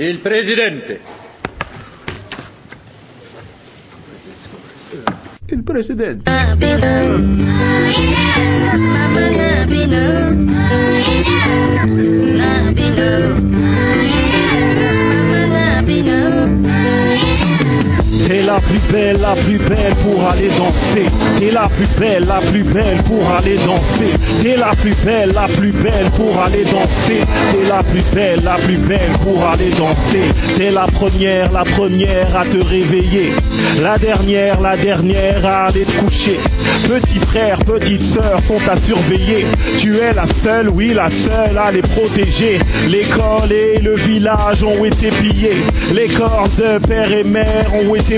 Il Presidente. Il Presidente. president T'es la plus belle, la plus belle pour aller danser. T'es la plus belle, la plus belle pour aller danser. T'es la plus belle, la plus belle pour aller danser. T'es la plus belle, la plus belle pour aller danser. T'es la première, la première à te réveiller. La dernière, la dernière à aller te coucher. Petit frère, petite sœur sont à surveiller. Tu es la seule, oui, la seule à les protéger. L'école et le village ont été pillés. Les corps de père et mère ont été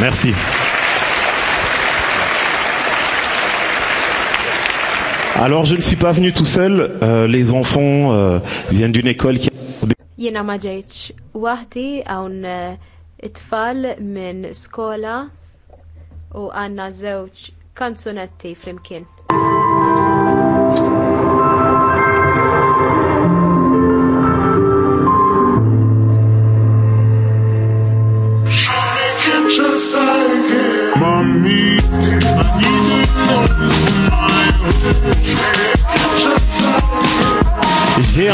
Merci. Alors je ne suis pas venu tout seul, euh, les enfants euh, viennent d'une école qui Jena ma ġejtx waħdi hawn euh, it-tfal minn skola u għanna żewġ kanzunetti flimkien.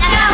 Ciao!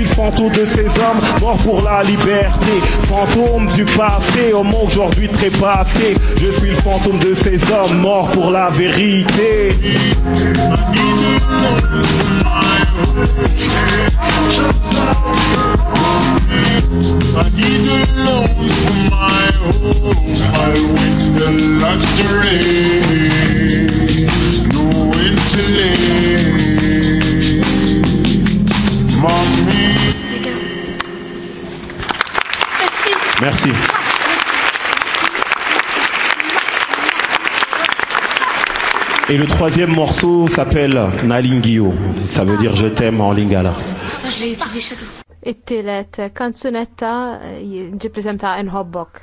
suis le fantôme de ces hommes morts pour la liberté. Fantôme du passé, homme aujourd'hui très passé. Je suis le fantôme de ces hommes morts pour la vérité. I need a loan for my home. I win the lottery. No intellect. Mommy. Merci. Et le troisième morceau s'appelle Nalingio. Ça veut dire je t'aime en lingala. Ça, je l'ai étudié chaque jour. it-tielet kanzunetta ġi preżenta Inhobbok.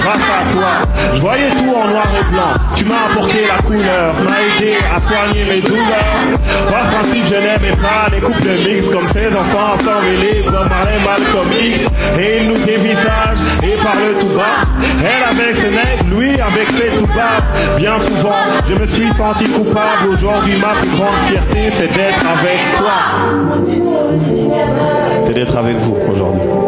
Grâce à toi, je voyais tout en noir et blanc. Tu m'as apporté la couleur, m'a aidé à soigner mes douleurs. Par principe, je n'aimais pas les couples mixtes comme ces enfants sans ensemble comme Marin mal Et il nous dévisage et parle tout bas. Elle avec ses nègres, lui avec ses tout bas. Bien souvent, je me suis senti coupable. Aujourd'hui, ma plus grande fierté, c'est d'être avec toi. C'est d'être avec vous aujourd'hui.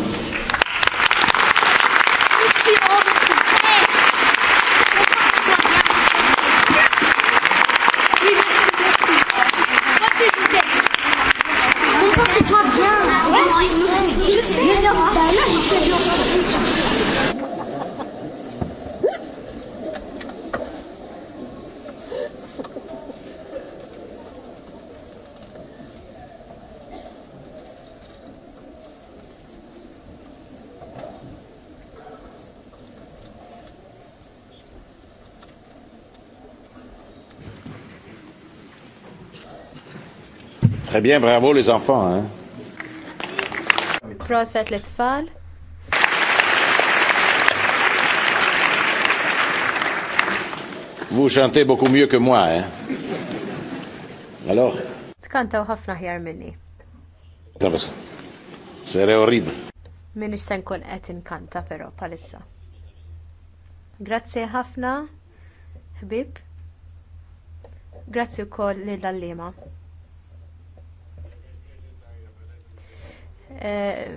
Très bien, bravo les enfants. Hein? Proset tfal Vous chantez beaucoup mieux que moi, hein? Alors? Tkantaw ħafna ħjar minni. Tabas. Sere horrible. Min ix senkun qed inkanta però palissa. Grazzi ħafna, ħbib. Grazzi wkoll lil lima Eh,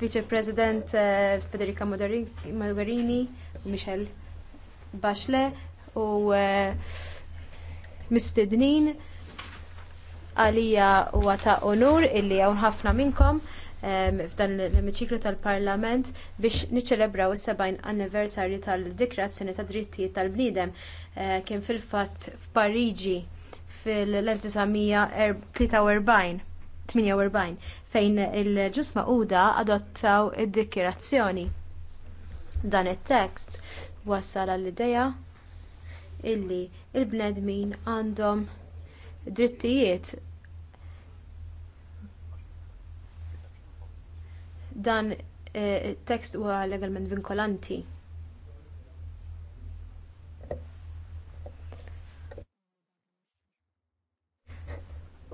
Vice President eh, Federica Mogherini, Michel Bachelet u eh, mistednin għalija u ta' onur illi hawn ħafna minnkom f'dan l-emiċiklu tal-Parlament biex niċċelebraw is-70 anniversari tal-Dikrazzjoni ta' Drittijiet tal-Bniedem kien fil-fatt f'Pariġi fil-1943 48 fejn il-ġusma Uda adottaw id-dikjerazzjoni. Dan it-tekst wassal għall-ideja illi il-bnedmin għandhom drittijiet dan it-tekst eh, huwa legalment vinkolanti.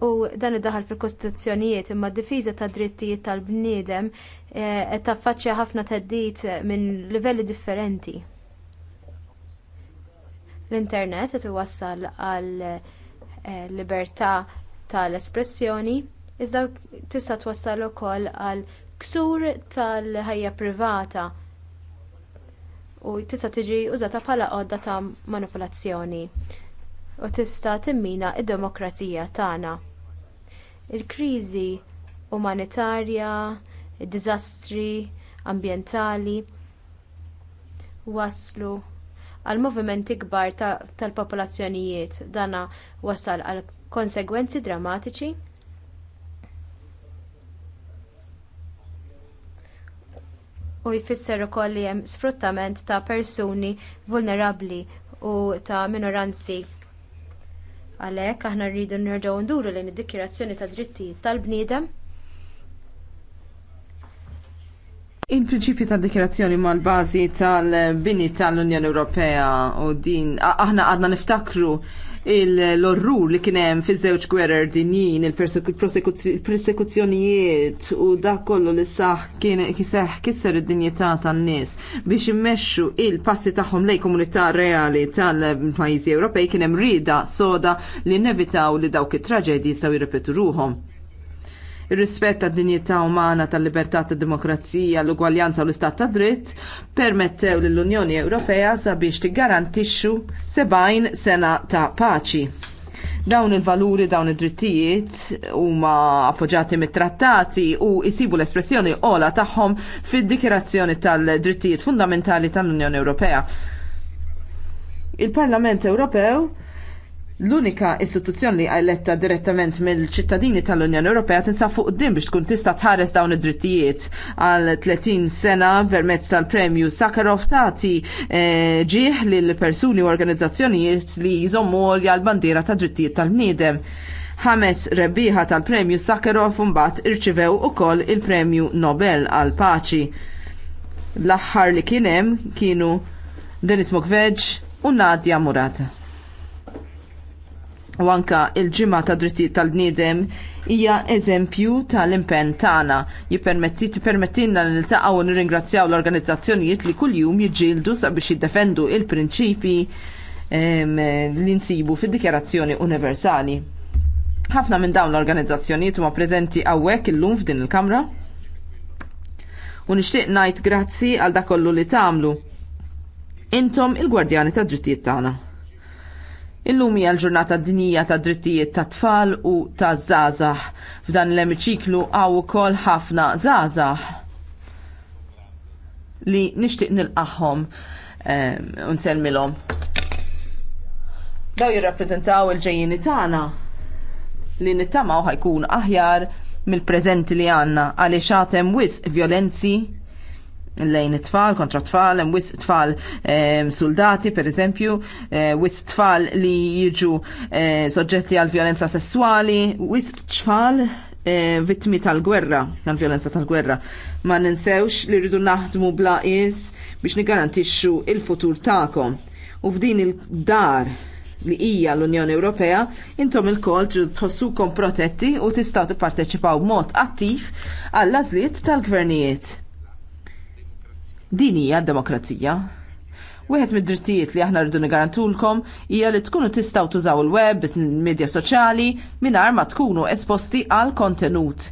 u dan id-daħal fil-kostituzzjonijiet imma d-difiża ta' drittijiet tal-bniedem eh, qed taffaċċja ħafna teddit minn livelli differenti. L-internet qed iwassal għal eh, libertà tal-espressjoni iżda tista' twassal ukoll għal ksur tal-ħajja privata u tista' tiġi użata bħala għodda ta' manipolazzjoni u tista' timmina d demokrazija tagħna. Il-kriżi umanitarja, id-diżastri ambjentali waslu għal movimenti kbar tal-popolazzjonijiet ta dana wasal għal konsegwenzi drammatiċi u jfisser ukoll li hemm sfruttament ta' persuni vulnerabbli u ta' minoranzi Għalhekk aħna rridu nerġgħu nduru lejn id-dikjerazzjoni ta' drittijiet tal-bniedem. Il-prinċipju ta' dikjerazzjoni mal-bażi tal-bini tal-Unjoni Ewropea u din aħna għadna niftakru l-orrur li kien hemm fiż-żewġ gwerer dinjin, il-persekuzzjonijiet u dak kollu li saħ kien kiseħ kisser id-dinjità tan-nies biex immexxu il-passi tagħhom lej komunità reali tal-pajjiżi Ewropej kien hemm rieda soda li nevitaw li dawk it-traġedji jistgħu jirrepetu ruhom ir-rispett tad-dinjità umana tal-libertà tad-demokrazija, l-ugwaljanza u l-istat ta' dritt permettew lill-Unjoni Ewropea sabiex tiggarantixxu sebajn sena ta' paċi. Dawn il-valuri, dawn id-drittijiet huma appoġġati mit-trattati u jsibu l-espressjoni ola tagħhom fid-dikirazzjoni tal-drittijiet fundamentali tal-Unjoni Ewropea. Il-Parlament Ewropew L-unika istituzzjoni li għalletta direttament mill-ċittadini tal-Unjoni Ewropea tinsab fuq din biex tkun tista' tħares dawn id-drittijiet għal 30 sena permezz tal-Premju Sakharov tagħti eh, ġieħ lil persuni u organizzazzjonijiet li jżommu għal bandiera ta' drittijiet tal-bniedem. Ħames rebbieħa tal-Premju Sakharov mbagħad irċivew ukoll il-Premju Nobel għal paċi. L-aħħar li kien hemm kienu Denis Mukveġ u Nadja Murata u anka il-ġimgħa ta' drittijiet tal-bniedem hija eżempju tal-impenn tagħna. Jippermetti tippermettilna li niltaqgħu u nirringrazzjaw l-organizzazzjonijiet li kuljum jiġġieldu sabiex jiddefendu il-prinċipi li nsibu fid-Dikjarazzjoni Universali. Ħafna minn dawn l-organizzazzjonijiet huma preżenti hawnhekk illum f'din il-Kamra. U nixtieq ngħid grazzi għal dak kollu li tagħmlu. Intom il-gwardjani tad drittijiet tagħna. Illum hija l-ġurnata dinija ta' drittijiet ta' tfal u ta' żgħażagħ. F'dan l-emiċiklu għaw ukoll ħafna żgħażagħ li nixtieq nilqahom ehm, u nsemmilhom. Daw jirrappreżentaw il-ġejjini tagħna li nittamaw ħajkun aħjar mill-preżenti li għandna għaliex għatem wisq violenzi lejn it-tfal, kontra tfal, hemm wis tfal ehm, soldati per eżempju, eh, wis tfal li jiġu eh, soġġetti għal violenza sessuali, wis tfal eh, vittmi tal-gwerra, tal-violenza tal-gwerra. Ma ninsewx li rridu naħdmu bla is biex nigarantixxu il-futur tagħkom. U f'din il-dar li hija l-Unjoni Ewropea, intom il-kol tħossukom protetti u tistgħu tipparteċipaw b'mod attiv għall-għażliet tal-gvernijiet. Din hija d-demokrazija. Wieħed mid-drittijiet li aħna rridu nigarantulkom hija li tkunu tistgħu tużaw il-web, il-medja soċjali mingħajr ma tkunu esposti għal kontenut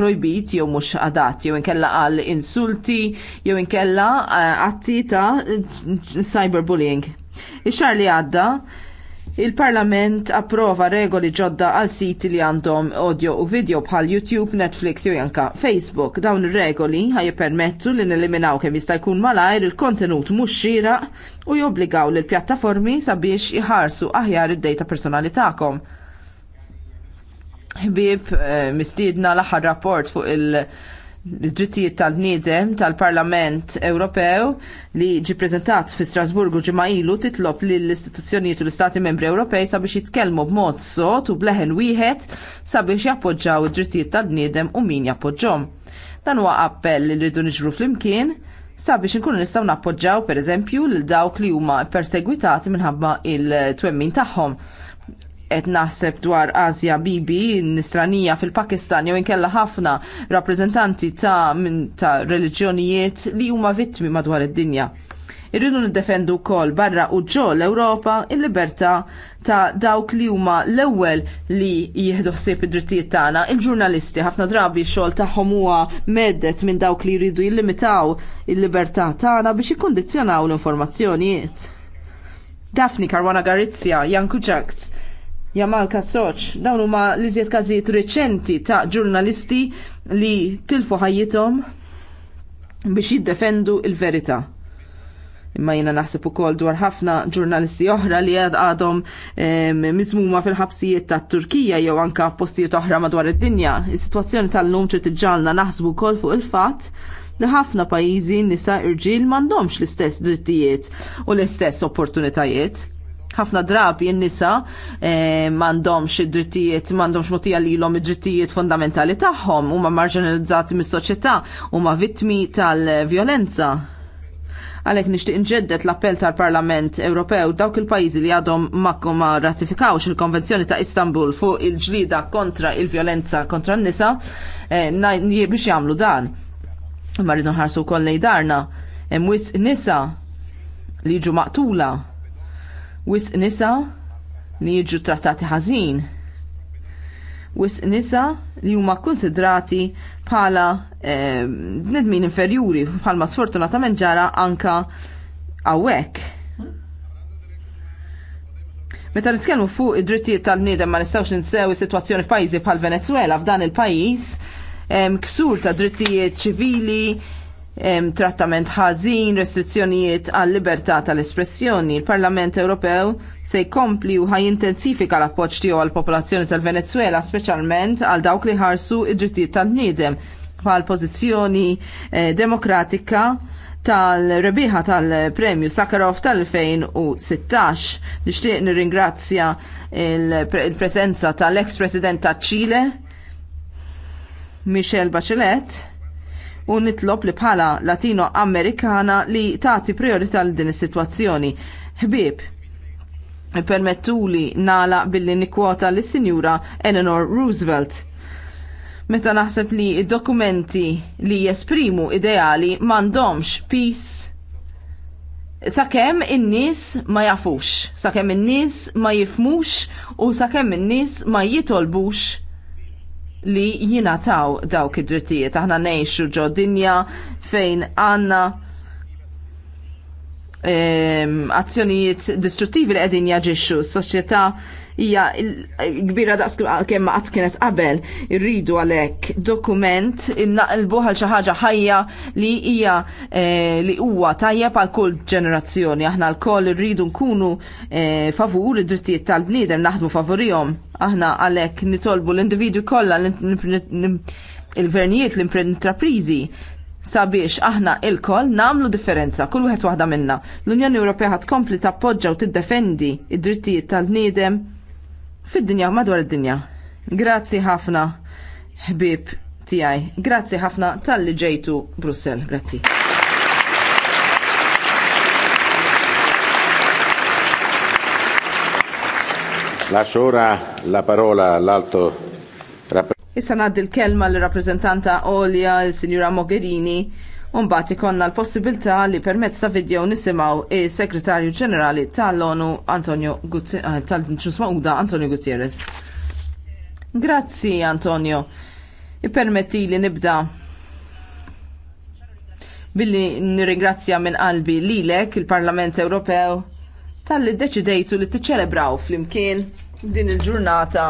projbit jew mhux adat, jew inkella għal insulti, jew inkella eh, atti ta' eh, cyberbullying. Ix-xar li għadda Il-Parlament approva regoli ġodda għal siti li għandhom audio u video bħal YouTube, Netflix jew anka Facebook. Dawn ir-regoli permettu li neliminaw kemm jista' jkun malajr il-kontenut mhux xieraq u jobbligaw lill pjattaformi sabiex iħarsu aħjar id-data personali tagħkom. Ħbieb eh, mistiedna l-aħħar rapport fuq il- drittijiet tal-bniedem tal-Parlament Ewropew li ġi prezentat fi Strasburgu ġimgħa ilu titlob li l-istituzzjonijiet u l-Istati membri Ewropej sabiex jitkellmu b'mod sot u bleħen wieħed sabiex jappoġġaw id-drittijiet tal-bniedem u min jappoġġhom. Dan huwa appell li rridu niġbru flimkien sabiex inkunu nistgħu nappoġġaw pereżempju lil dawk li huma perseguitati minħabba il-twemmin tagħhom qed naħseb dwar Asja Bibi, nisranija fil-Pakistan, jew inkella ħafna rappreżentanti ta' minn ta' reliġjonijiet li huma vittmi madwar id-dinja. Irridu niddefendu wkoll barra u ġo l-Ewropa il-libertà ta' dawk li huma l-ewwel li jieħdu ħsieb id-drittijiet tagħna. Il-ġurnalisti ħafna drabi x-xogħol tagħhom huwa medet minn dawk li jridu jillimitaw il-libertà tagħna biex jikkundizzjonaw l-informazzjonijiet. Daphne Karwana Garizia, Janku Jacks, Jamal Kazzoċ, dawn huma l-iżjed każijiet reċenti ta' ġurnalisti li tilfu ħajjithom biex jiddefendu l verità Imma jiena naħseb ukoll dwar ħafna ġurnalisti oħra li għadhom miżmuma fil-ħabsijiet tat Turkija jew anke postijiet oħra madwar id-dinja. Is-sitwazzjoni tal-lum trid tiġġalna naħsbu wkoll fuq il-fatt li ħafna pajjiżi nisa irġiel m'għandhomx l-istess drittijiet u l-istess opportunitajiet ħafna drabi n-nisa eh, m'għandhomx id-drittijiet, m'għandhomx motija lilhom id-drittijiet fundamentali tagħhom huma marġinalizzati mis-soċjetà huma vittmi tal-vjolenza. Għalhekk nixtieq inġeddet l-appell tal-Parlament Ewropew dawk il-pajjiżi li għadhom makku ma ratifikawx il-Konvenzjoni ta' Istanbul fuq il-ġlida kontra il-vjolenza kontra n-nisa eh, biex jagħmlu dan. Ma rridu nħarsu kollej darna hemm wisq nisa li ġu maqtula Wis nisa li jiġu trattati ħażin. Wis nisa li huma konsidrati bħala eh, inferjuri bħalma sfortunatament ġara anka hawnhekk. Meta nitkellmu fuq id-drittijiet tal-bniedem ma nistgħux ninsew is-sitwazzjoni f'pajjiżi bħal Venezuela f'dan il-pajjiż ksur ta' drittijiet ċivili, trattament ħażin, restrizzjonijiet għal libertà tal-espressjoni. Il-Parlament Ewropew se jkompli u ħajintensifika l-appoġġ tiegħu għall popolazzjoni tal-Venezuela, speċjalment għal dawk li ħarsu id-drittijiet tal-bniedem bħal pożizzjoni eh, demokratika tal-rebiħa tal-premju Sakharov tal-2016. Nixtieq nirringrazzja il-presenza tal-ex-president tal Ċile, Michel Bachelet, u nitlob li bħala Latino Amerikana li tagħti priorità l din is-sitwazzjoni. Ħbieb, permettuli nala billi nikwota lis sinjura Eleanor Roosevelt meta naħseb li dokumenti li jesprimu ideali mandomx peace sakemm in-nies ma jafux, sakemm in-nies ma jifmux u sakemm in-nies ma jitolbux li taw dawk id-drittijiet. Aħna nejxu ġo dinja fejn għanna ehm, azzjonijiet distruttivi li għedin jaġixxu s-soċjetà hija kbira daqs kemm qatt kienet qabel. Irridu għalhekk dokument innaqlbu għal xi ħaġa ħajja li hija eh, li huwa tajjeb għal kull ġenerazzjoni. Aħna lkoll irridu nkunu eh, favur id-drittijiet tal-bniedem naħdmu favurihom. Aħna għalhekk nitolbu l-individwi kollha il-vernijiet l-intraprizi sabiex aħna il-koll namlu differenza, kull wieħed waħda minna. L-Unjoni Ewropea tkompli tappoġġa u tiddefendi id-drittijiet tal-bniedem fid-dinja madwar id-dinja. Grazzi ħafna ħbib tiegħi. Grazzi ħafna tal-li ġejtu Brussel. Grazzi. Lascio ora la parola all'alto rappresentante. Issa naddi l-kelma l-rappresentanta Olja, l-Sinjura Mogherini, Umbat ikonna l-possibilità li permezz ta' video nisimaw il-Segretarju Ġenerali tal-ONU Antonio Guterres. Eh, Antonio Gutierrez. Grazzi Antonio. Ipermetti li nibda billi nirringrazzja minn qalbi lilek il-Parlament Ewropew tal-li deċidejtu li tiċċelebraw fl-imkien din il-ġurnata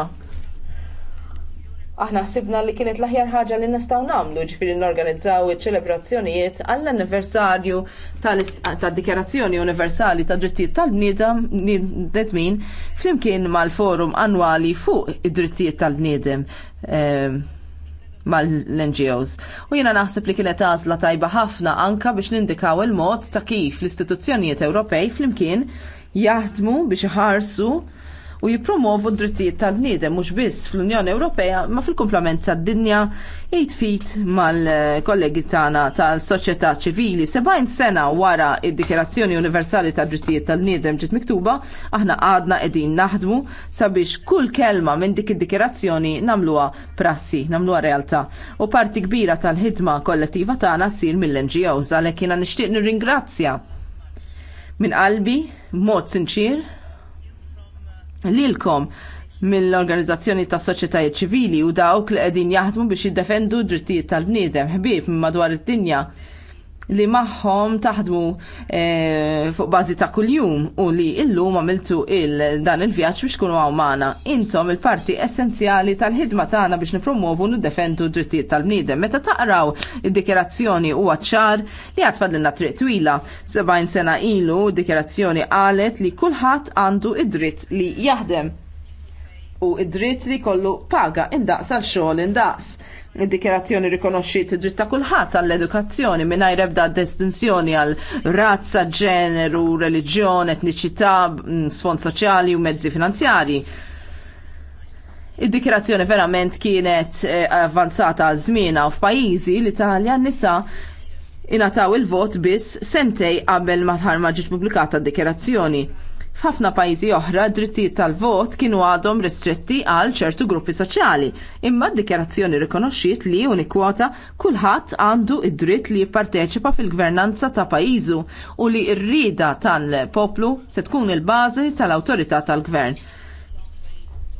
Aħna ħsibna li kienet l-aħjar ħaġa li nistgħu nagħmlu ġifieri norganizzaw iċ-ċelebrazzjonijiet għall-anniversarju tad-Dikjarazzjoni Universali tad Drittijiet tal-Bniedem flimkien mal-forum annwali fuq id-drittijiet tal-bniedem ehm, mal-NGOs. U jiena naħseb li kienet għażla tajba ħafna anka biex nindikaw il-mod ta' kif l-istituzzjonijiet Ewropej flimkien jaħdmu biex iħarsu u jipromovu drittijiet tal-bniedem mhux biss fl-Unjoni Ewropea ma fil-kumplament tad-dinja jgħid mal-kollegi tagħna tal-soċjetà ċivili 70 sena wara id-Dikerazzjoni Universali tad Drittijiet tal-Bniedem ġiet miktuba aħna għadna qegħdin naħdmu sabiex kull kelma minn dik id-dikerazzjoni nagħmluha prassi, nagħmluha realtà. U parti kbira tal-ħidma kollettiva tagħna ssir mill-NGOs għalhekk jiena nixtieq nirringrazzja minn qalbi, b'mod sinċir, lilkom mill-organizzazzjoni ta' soċjetajiet ċivili u dawk li qegħdin jaħdmu biex jiddefendu d-drittijiet tal-bniedem ħbieb madwar id-dinja li magħhom taħdmu eh, fuq bażi ta' kuljum u li illum għamiltu il dan il-vjaġġ biex kunu hawn Intom il-parti essenzjali tal-ħidma tagħna biex nippromovu u niddefendu d-drittijiet tal-bniedem. Meta taqraw id-dikerazzjoni huwa ċar li għatfad l triq twila. 70 sena ilu dikerazzjoni qalet li kulħadd għandu id-dritt li jaħdem u id-dritt li kollu paga indaqs għal xogħol indaqs. Id-dikjerazzjoni rikonoxxi id-dritt ta' kulħadd għall-edukazzjoni mingħajr ebda distinzjoni għal razza, ġeneru, reliġjoni, etniċità, mm, sfond soċjali u mezzi finanzjarji. Id-dikjerazzjoni verament kienet eh, avvanzata għal żmiena u f'pajjiżi l-Italja nisa inataw il-vot biss sentej qabel ma tħarma ġiet pubblikata d-dikjerazzjoni F'ħafna pajjiżi oħra drittijiet tal-vot kienu għadhom ristretti għal ċertu gruppi soċjali, imma d-dikjarazzjoni rikonoxxiet li unikwota kulħadd għandu id-dritt li jipparteċipa fil-gvernanza ta' pajjiżu u li r rieda tal-poplu se tkun il-bażi tal-awtorità tal-gvern.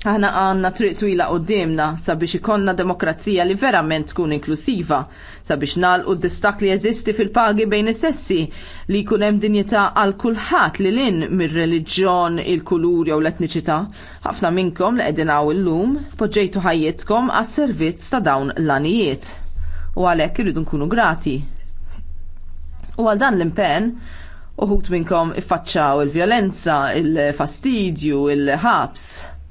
Aħna għanna triq twila qoddimna sabiex ikonna demokrazija li verament tkun inklusiva, sabiex nagħlqu d-distak li jeżisti fil-pagi bejn is-sessi li jkun hemm dinjità għal kulħadd li lin mir-reliġjon, il-kulur jew l-etniċità. Ħafna minnkom li qegħdin hawn illum poġġejtu ħajjitkom għas-servizz ta' dawn l-anijiet. U għalhekk irridu nkunu grati. U għal dan l-impenn uħut minnkom iffaċċaw il-vjolenza, il-fastidju, il-ħabs. il il fastidju il ħabs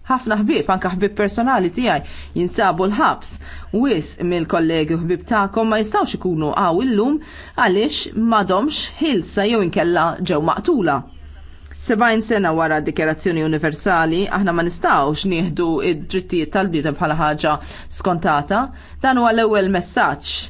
ħafna ħbib, anka ħbib personali tiegħi jinsabu l-ħabs. Wis mill-kollegi u ħbib tagħkom ma jistgħux ikunu għaw illum għaliex m'għadhomx ħilsa jew inkella ġew maqtula. 70 sena wara Dikjerazzjoni Universali, aħna ma nistgħux nieħdu id-drittijiet tal-bniedem bħala ħaġa skontata, dan huwa l-ewwel messaġġ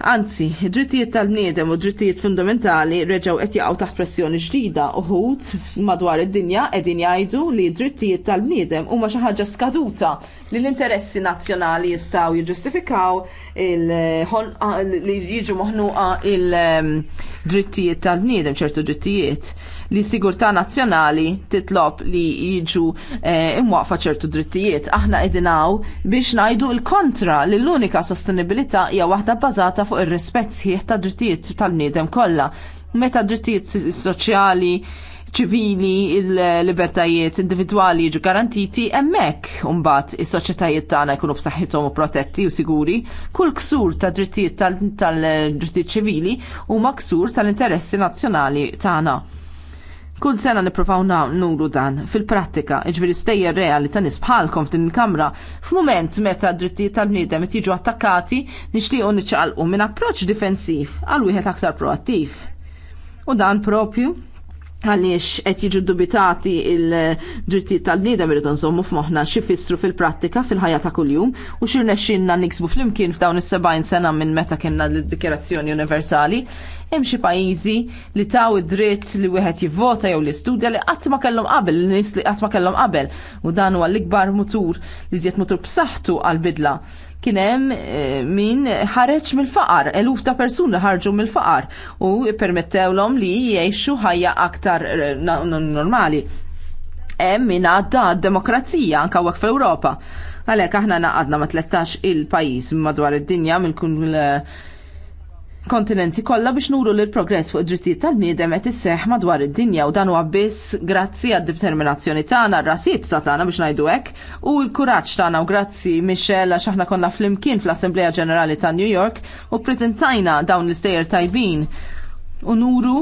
Anzi, drittijiet tal-bniedem u drittijiet fundamentali reġgħu qed jaqgħu taħt pressjoni ġdida uħud madwar id-dinja qegħdin jgħidu li drittijiet tal-bniedem huma xi ħaġa skaduta li l-interessi nazzjonali jistgħu jiġġustifikaw li jiġu moħnuqa il-drittijiet ehm, tal-bniedem ċertu drittijiet li sigurtà nazzjonali titlob li jiġu eh, imwaqfa ċertu drittijiet. Aħna idinaw biex ngħidu l-kontra li l-unika sostenibilità hija waħda bbażata fuq ir-rispett sħiħ ta' drittijiet tal-bniedem kollha. Meta drittijiet soċjali, ċivili, il-libertajiet individwali jiġu garantiti hemmhekk imbagħad is-soċjetajiet tagħna jkunu b'saħħithom u protetti u siguri, kull ksur ta' drittijiet tal-drittijiet ċivili huma ksur tal-interessi nazzjonali tagħna. Kull sena niprofaw nuru dan fil-prattika, iġveri stejjer reali ta' nisbħalkom f'din il-kamra, f'mument meta drittijiet tal-bniedem jiġu attakkati nixtiequ niċċaqalqu minn approċċ difensiv għal wieħed aktar proattiv. U dan propju għaliex qed jiġu dubitati il ġirti tal bnida irridu nżommu f'moħħna xifissru fil-prattika fil-ħajja ta' kuljum u xi niksbu flimkien f'dawn is-70 sena minn meta kienna l-Dikjerazzjoni Universali. Hemm xi pajjiżi li taw id-dritt li wieħed jivvota jew li studja li qatt ma kellhom qabel, nies li qatt ma kellhom qabel u dan huwa l-ikbar mutur li żied mutur b'saħħtu għall-bidla kien hemm eh, min ħareġ mill-faqar, eluf ta' persuni ħarġu mill-faqar u permettewlhom li jgħixu ħajja aktar eh, normali. Hemm min għadda d-demokrazija anke hawnhekk fl europa Għalhekk aħna naqadna ma' 13 il-pajjiż madwar id-dinja mill-kull eh, kontinenti kollha biex nuru li l-progress fuq id-drittijiet tal-miedem qed isseħħ madwar id-dinja u dan huwa biss grazzi għad-determinazzjoni tagħna, r-rasib sa tagħna biex ngħidu hekk u l-kuraġġ tagħna u grazzi Michelle għax aħna konna flimkien fl-Assembleja Ġenerali ta' New York u ppreżentajna dawn l-istejjer tajbin u nuru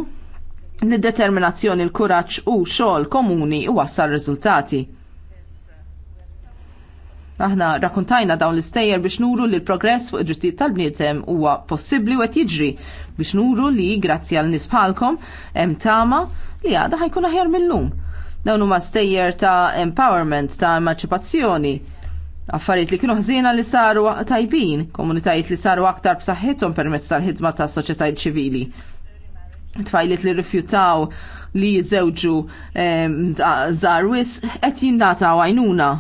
li determinazzjoni l-kuraġġ u xogħol komuni u wassal riżultati. Aħna rakkuntajna dawn l-istejjer biex nuru li l-progress fuq id-drittijiet tal-bniedem huwa possibbli u qed jiġri biex nuru li grazzi għal nies bħalkom hemm tama li għadha ħajkun aħjar mill-lum. Dawn huma stejjer ta' empowerment, ta' emancipazzjoni. Affarijiet li kienu ħżiena li saru tajbin, komunitajiet li saru aktar b'saħħithom permezz tal-ħidma ta' soċjetajiet ċivili. Tfajliet li rifjutaw li jżewġu eh, żar wisq qed jingħataw għajnuna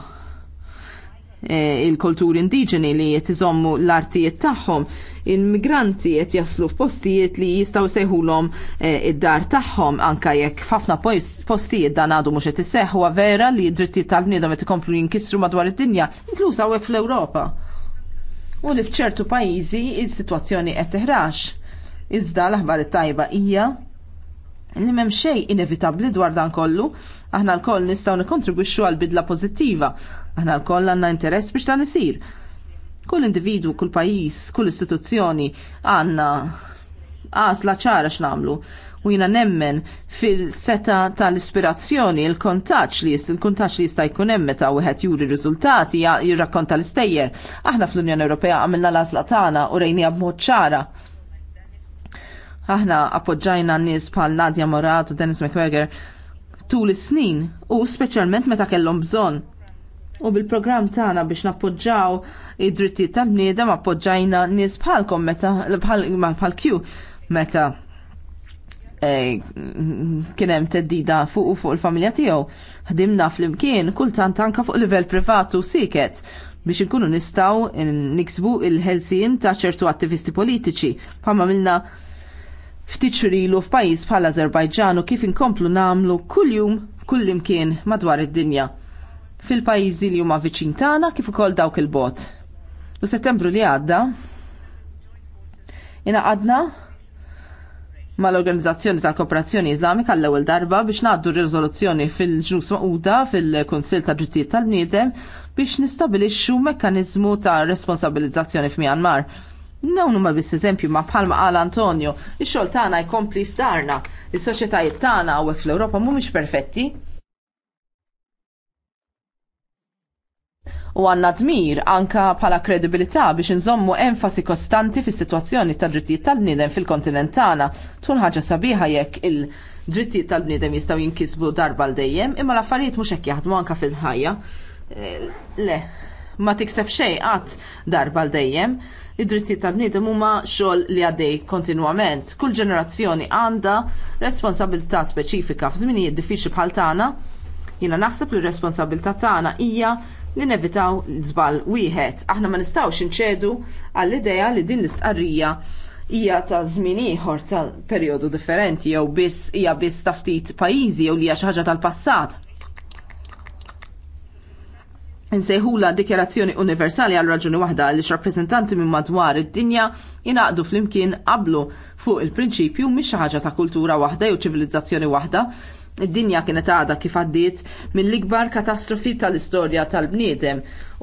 Eh, il-kulturi indiġeni li qed iżommu l-artijiet tagħhom. Il-migranti qed jaslu f'postijiet li jistgħu sejħulhom eh, id-dar tagħhom anke jekk f'ħafna postijiet dan għadu mhux qed iseħħu vera li d-drittijiet tal-bniedem qed ikomplu jinkisru madwar id-dinja, inkluż hawnhekk fl-Ewropa. U li f'ċertu pajjiżi is-sitwazzjoni qed teħrax. Iżda l-aħbar it-tajba hija li m'hemm xejn inevitabbli dwar dan kollu, aħna lkoll nistgħu nikkontribwixxu għal bidla pożittiva Aħna l-koll għanna interess biex dan isir. Kull individu, kull pajis, kull istituzzjoni għanna għażla ċara x'namlu u jina nemmen fil-seta tal-ispirazzjoni, il-kontaċ li jist, il-kontaċ li jista' jkun hemm meta wieħed juri riżultati jirrakkonta l-istejjer. Aħna fl-Unjoni Ewropea għamilna l-għażla tagħna u rejnija b'mod ċara. Aħna appoġġajna nies bħal Nadja Morat u Dennis McWeger tul is-snin u speċjalment meta kellhom bżonn U bil-programm tagħna biex nappoġġaw id-drittijiet tal-bniedem appoġġajna nies bħalkom meta bħal Q meta e, kien hemm teddida fuq u fuq il-familja tiegħu. Ħdimna flimkien kultant anke fuq livell privat u siket biex inkunu nistgħu niksbu il-ħelsien ta' ċertu attivisti politiċi. Bħalma milna ftit xurilu f'pajjiż bħal Azerbajġan u kif inkomplu nagħmlu kuljum kullimkien madwar id-dinja fil-pajjiżi li huma viċin tagħna kif ukoll dawk il-bot. U settembru li għadda inaqadna mal-Organizzazzjoni tal-Kooperazzjoni Islamika l-ewwel darba biex ngħaddu riżoluzzjoni fil ġus maquda fil-Kunsill ta' Ġittijiet tal-Bniedem biex nistabilixxu mekkaniżmu ta' responsabilizzazzjoni f'Myanmar. Nawnu ma biss eżempju ma bħalma qal Antonio, ix-xogħol tagħna jkompli f'darna, is-soċjetajiet tagħna hawnhekk fl-Ewropa mhumiex perfetti, u għandna dmir anka bħala kredibilità biex nżommu enfasi kostanti fis-sitwazzjoni tad-drittijiet tal-bniedem fil-kontinent tagħna. Tkun ħaġa sabiħa jekk il-drittijiet tal-bniedem jistgħu jinkisbu darba l dejjem, imma l-affarijiet mhux hekk jaħdmu anke fil-ħajja. Eh, le, ma tikseb xejn qatt darba l dejjem id-drittijiet tal-bniedem huma xogħol li għaddej kontinwament. Kull ġenerazzjoni għandha responsabilità speċifika f'żminijiet diffiċli bħal tagħna. Jiena naħseb li r responsabilità tagħna hija li nevitaw żball wieħed. Aħna ma nistgħux inċedu għall-idea li din l-istqarrija hija ta' żmien ieħor ta' perjodu differenti jew biss hija biss ta' ftit pajjiżi jew li hija xi ħaġa tal-passat. Insejħula dikjarazzjoni universali għal raġuni waħda li x-rappresentanti minn madwar id-dinja jinaqdu flimkien qablu fuq il-prinċipju mhix xi ħaġa ta' kultura waħda jew ċivilizzazzjoni waħda, Id-dinja kienet għada kif għaddiet mill-ikbar katastrofi tal-istorja tal-bniedem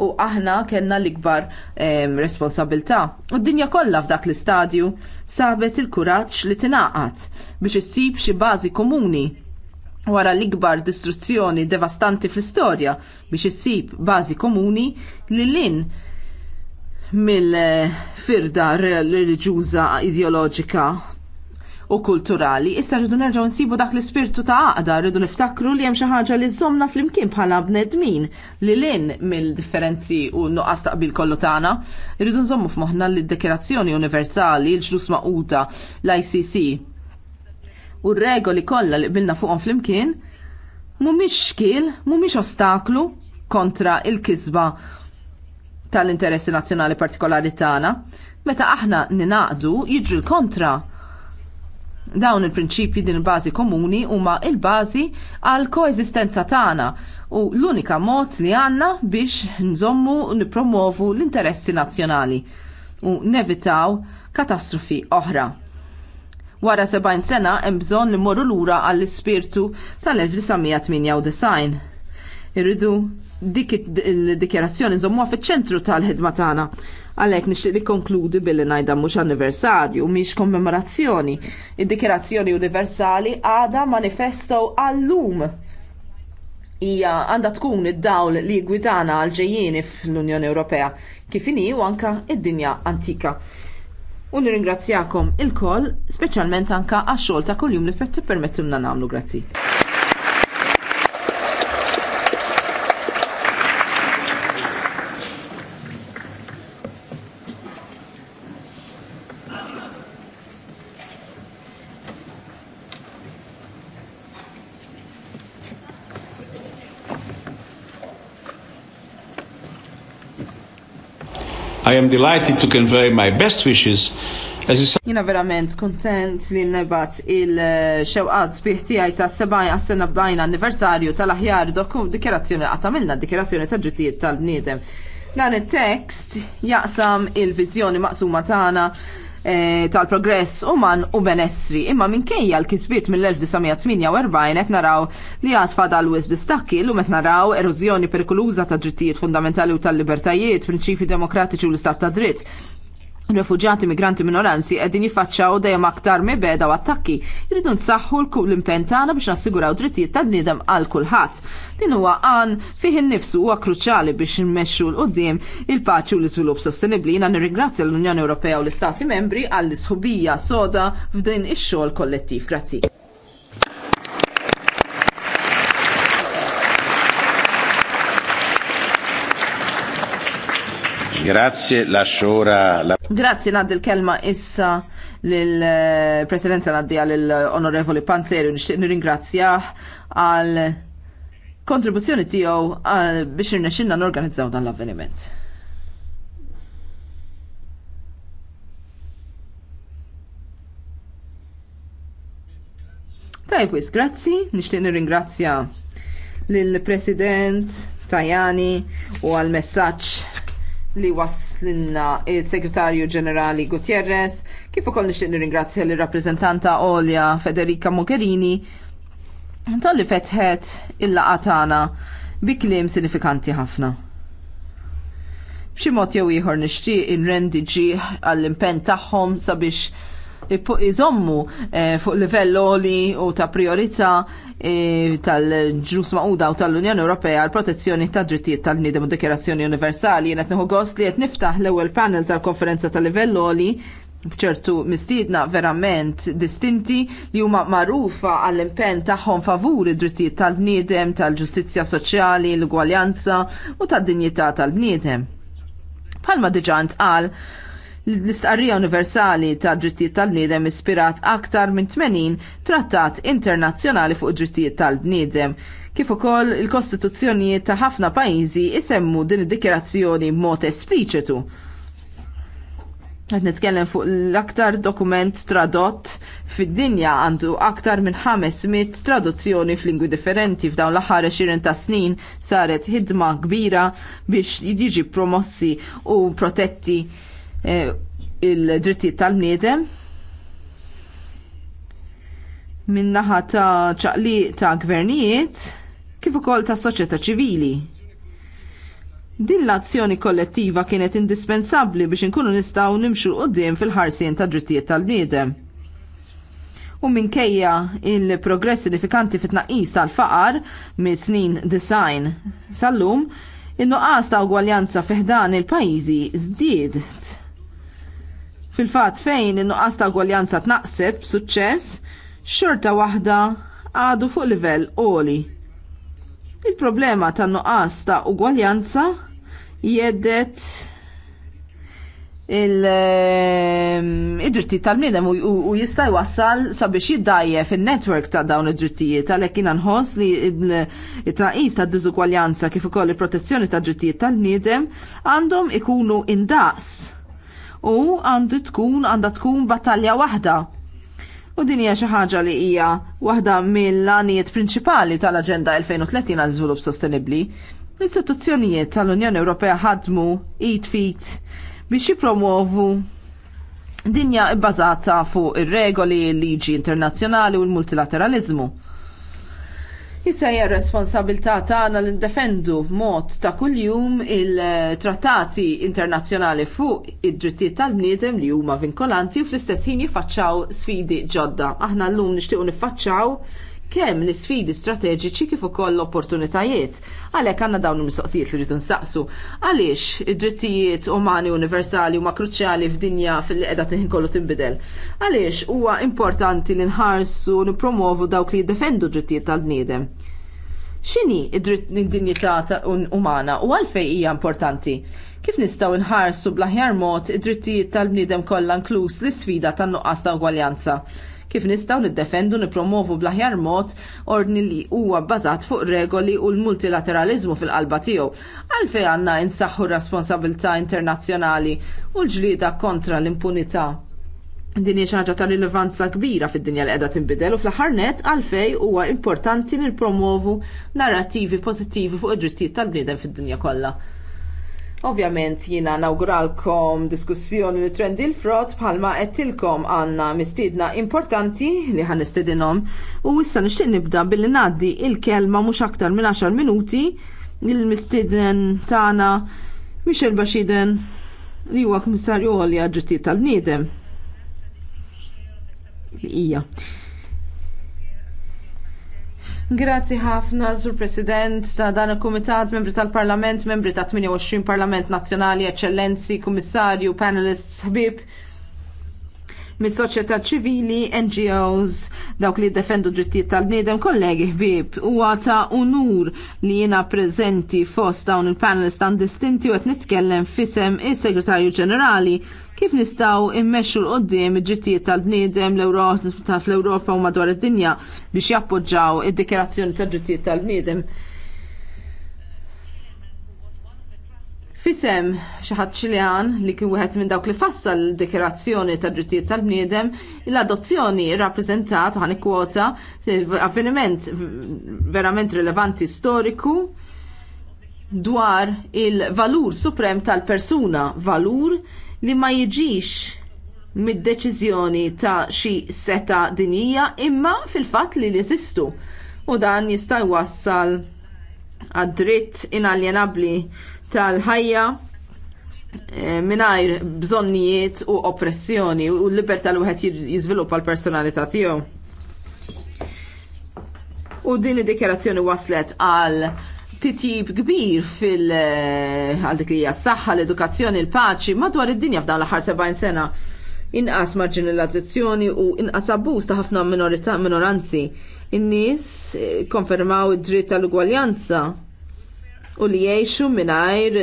u aħna kellna l-ikbar responsabilità. U d-dinja kollha f'dak l-istadju sabet il-kuraġġ li tingħaqad biex issib xi bażi komuni wara l-ikbar distruzzjoni devastanti fl-istorja biex issib bażi komuni li lin mill-firda reliġjuża ideoloġika u kulturali. Issa rridu nerġgħu nsibu dak l-ispirtu ta' għaqda, rridu niftakru li hemm xi ħaġa li żżomna flimkien bħala bnedmin li lin mill-differenzi u nuqqas taqbil kollu tagħna. Rridu nżommu f'moħħna li d Universali, l-ġlus maquta, l-ICC u r-regoli kollha li qbilna fuqhom flimkien mhumiex xkiel, mhumiex ostaklu kontra il-kisba tal-interessi nazzjonali partikolari tagħna. Meta aħna ninaqdu jiġri l-kontra Dawn il-prinċipji din il-bażi komuni huma il-bażi għal koeżistenza tagħna u l-unika mod li għandna biex nżommu u nippromovu l-interessi nazzjonali u nevitaw katastrofi oħra. Wara 70 sena hemm bżonn li mmorru lura għall-ispirtu tal-1998. Irridu dik id-dikjerazzjoni nżommuha fiċ-ċentru tal-ħidma tagħna Għalhekk nixtieq nikkonkludi billi ngħidha mhux anniversarju, mhix kommemorazzjoni. Id-Dikirazzjoni Universali għadha manifesto għallum hija għandha tkun id-dawl li gwidana għal ġejjieni fl-Unjoni Ewropea kif inhi u anka id-dinja antika. U nirringrazzjakom il-koll, speċjalment anka għax-xogħol ta' kuljum li permettimna nagħmlu grazzi. I am delighted to convey my best wishes Jina verament kontent li nebat il-xewqat biħti għaj ta' sena 70 anniversarju tal-aħjar dikerazzjoni dikjerazzjoni għatamilna dikerazzjoni ta' ġutijiet tal-bniedem. Dan il-tekst jaqsam il-vizjoni maqsuma tagħna Eh, tal-progress uman u benessri. Imma minkejja l-kisbiet mill-1948 qed naraw li għad fadal wis distakki l qed naraw erużjoni perikoluża ta' drittijiet fundamentali u tal-libertajiet, prinċipji demokratiċi u l-istat ta' dritt. Refugjati migranti minoranzi qegħdin jifacċaw dejjem aktar beda u attakki. Jridu nsaħħu l-impenn tagħna biex nassiguraw drittijiet ta' dnidem għal kulħadd. Din huwa għan fih innifsu huwa kruċjali biex nmexxu l qudiem il-paċi u l-iżvilupp sostenibbli. Jiena nirringrazzja l-Unjoni Ewropea u l-Istati Membri għall-isħubija soda f'din ix-xogħol kollettiv. Grazzi. Grazie, lascio ora la... Grazie, naddi l-kelma issa l-presidenza eh, naddi lill onorevoli Panzeri, nishtiq nirringrazzja għal kontribuzzjoni tiegħu eh, biex irnexxinna norganizzaw dan l-avveniment. Tajb wis, grazzi, nixtieq nirringrazzja lill-President Tajani u għal messaġġ li waslinna il-Segretarju Ġenerali Gutierrez, kif ukoll nixtieq nirringrazzja l-rappreżentanta Olja Federica Mogherini tal-li fetħet il laqgħa tagħna bi kliem sinifikanti ħafna. B'xi mod jew ieħor nixtieq inrendi ġieħ għall-impenn tagħhom sabiex iżommu eh, fuq livell oli u ta' priorità eh, tal-ġus maquda u tal-Unjoni Ewropea għal protezzjoni ta' drittijiet tal-bniedem u dekjerazzjoni Universali. Jien qed nieħu gost li qed niftaħ l-ewwel panel tal-konferenza tal-livell oli bċertu mistiedna verament distinti li huma magħrufa għall impenn tagħhom favur id-drittijiet tal-bniedem, tal-ġustizzja soċjali, l-ugwaljanza u tad-dinjità tal-bniedem. Palma diġant qal L-istqarrija universali ta' drittijiet tal-bniedem ispirat aktar minn 80 trattat internazzjonali fuq drittijiet tal-bniedem. Kif ukoll il-kostituzzjonijiet ta' ħafna pajjiżi isemmu din id-dikjerazzjoni b'mod espliċitu. Qed nitkellem fuq l-aktar dokument tradott fid-dinja għandu aktar minn 500 traduzzjoni f'lingwi differenti f'dawn l-aħħar 20 ta' snin saret ħidma kbira biex jiġi promossi u protetti Eh, il-drittijiet tal-bniedem minnaħa ta' ċaqli ta' gvernijiet kif ukoll ta' soċjetà ċivili. Din l-azzjoni kollettiva kienet indispensabbli biex inkunu nistgħu nimxu qudiem fil-ħarsien ta' drittijiet tal-bniedem. U minkejja il-progress sinifikanti fit-tnaqqis tal-faqar minn snin design sal-lum, in-nuqqas ta' ugwaljanza fiħdan il-pajjiżi żdied Fil-fatt fejn in-nuqqas ta' gwaljanza tnaqset b'suċċess, xorta waħda għadu fuq livell qoli. Il-problema ta' nuqqas ta' ugwaljanza jeddet il-drittijiet ehm, tal minem u jista' jwassal sabiex jiddajje fil netwerk ta' dawn id-drittijiet għalhekk jiena nħoss li t-tnaqqis tad diżugwaljanza kif ukoll il-protezzjoni tad drittijiet tal minem għandhom ikunu indaqs u għandu tkun għandha tkun battalja waħda. U din hija xi ħaġa li hija waħda mill-għanijiet prinċipali tal-Aġenda 2030 għal żvilupp sostenibbli. L-istituzzjonijiet tal-Unjoni Ewropea ħadmu id fit biex jipromovu dinja bbażata fuq ir-regoli, l-liġi internazzjonali u l-multilateralizmu. Issa hija responsabilità tagħna li ndefendu b'mod ta' kuljum il-trattati internazzjonali fuq id-drittijiet tal-bniedem li huma vinkolanti u fl-istess ħin jiffaċċaw sfidi ġodda. Aħna llum nixtiequ niffaċċaw kemm l-isfidi strateġiċi kif ukoll l-opportunitajiet. Għalhekk għandna dawn il-mistoqsijiet li rridu nsaqsu. Għaliex id-drittijiet umani universali huma kruċjali f'dinja fil-li qiegħda tinħin kollu tinbidel. Għaliex huwa importanti li nħarsu nippromovu dawk li jiddefendu d-drittijiet tal-bniedem. X'inhi id-dinjità umana u għalfejn hija importanti? kif nistgħu nħarsu bl-aħjar mod id-drittijiet tal-bniedem kollha inkluż l-isfida tan-nuqqas ta' ugwaljanza kif nistgħu niddefendu nippromovu bl-aħjar mod ordni li huwa bbażat fuq regoli u l-multilateralizmu fil-qalba tiegħu. Għalfejn għandna insaħħu responsabilità internazzjonali u l-ġlieda kontra l-impunità din hija ħaġa ta' rilevanza kbira fid-dinja li qiegħda tinbidel u fl-aħħar net għalfej huwa importanti nippromovu narrativi pożittivi fuq id-drittijiet tal-bniedem fid-dinja kollha. Ovvjament jina nawguralkom diskussjoni li trendi l-frott bħalma għettilkom għanna mistidna importanti li għan istedinom u issa nixtieq nibda billi naddi il-kelma mhux aktar minn 10 minuti il-mistidnen tagħna Michel Bashiden li huwa komissarju għolja ġittijiet tal-bniedem. Ija. Grazzi ħafna, Sur President, ta' dan il-Kumitat, membri tal-Parlament, membri ta' 28 Parlament Nazzjonali, Eccellenzi, Kummissarju, Panelists, Ħbib mis-soċjetà ċivili, NGOs, dawk li defendu drittijiet tal-bniedem, kollegi ħbib, huwa ta' unur li jiena preżenti fost dawn il-panelist għan distinti u għet nitkellem fisem is-Segretarju Ġenerali kif nistgħu immexxu l qoddim id-drittijiet tal-bniedem l-Ewropa fl-Ewropa u madwar id-dinja biex jappoġġaw id-dikjerazzjoni tad-drittijiet tal-bniedem. tal bniedem l europa fl ewropa u madwar id dinja biex jappoġġaw id dikjerazzjoni tad drittijiet tal tal bniedem Fisem xaħat ċiljan li kien wieħed minn dawk li l-dekorazzjoni ta' drittijiet tal-bniedem, l-adozzjoni rappresentat ħani kwota avveniment verament rilevanti storiku dwar il-valur suprem tal-persuna, valur li ma jiġix mid-deċiżjoni ta' xi seta dinija imma fil-fatt li jeżistu. U dan jista' jwassal għad-dritt inaljenabbli tal-ħajja eh, minajr bżonnijiet u oppressjoni u l-libertà l wieħed jiżviluppa l-personalità tiegħu. U din id-dikjerazzjoni waslet għal titjib kbir fil- eh, għal dik li hija s-saħħa, l-edukazzjoni, l-paċi madwar id-dinja f'dan l-aħħar 70 sena inqas marġinalizzazzjoni u inqas abbuż ta' ħafna minoranzi. In-nies eh, konfermaw id-dritt tal-ugwaljanza u li jgħixu mingħajr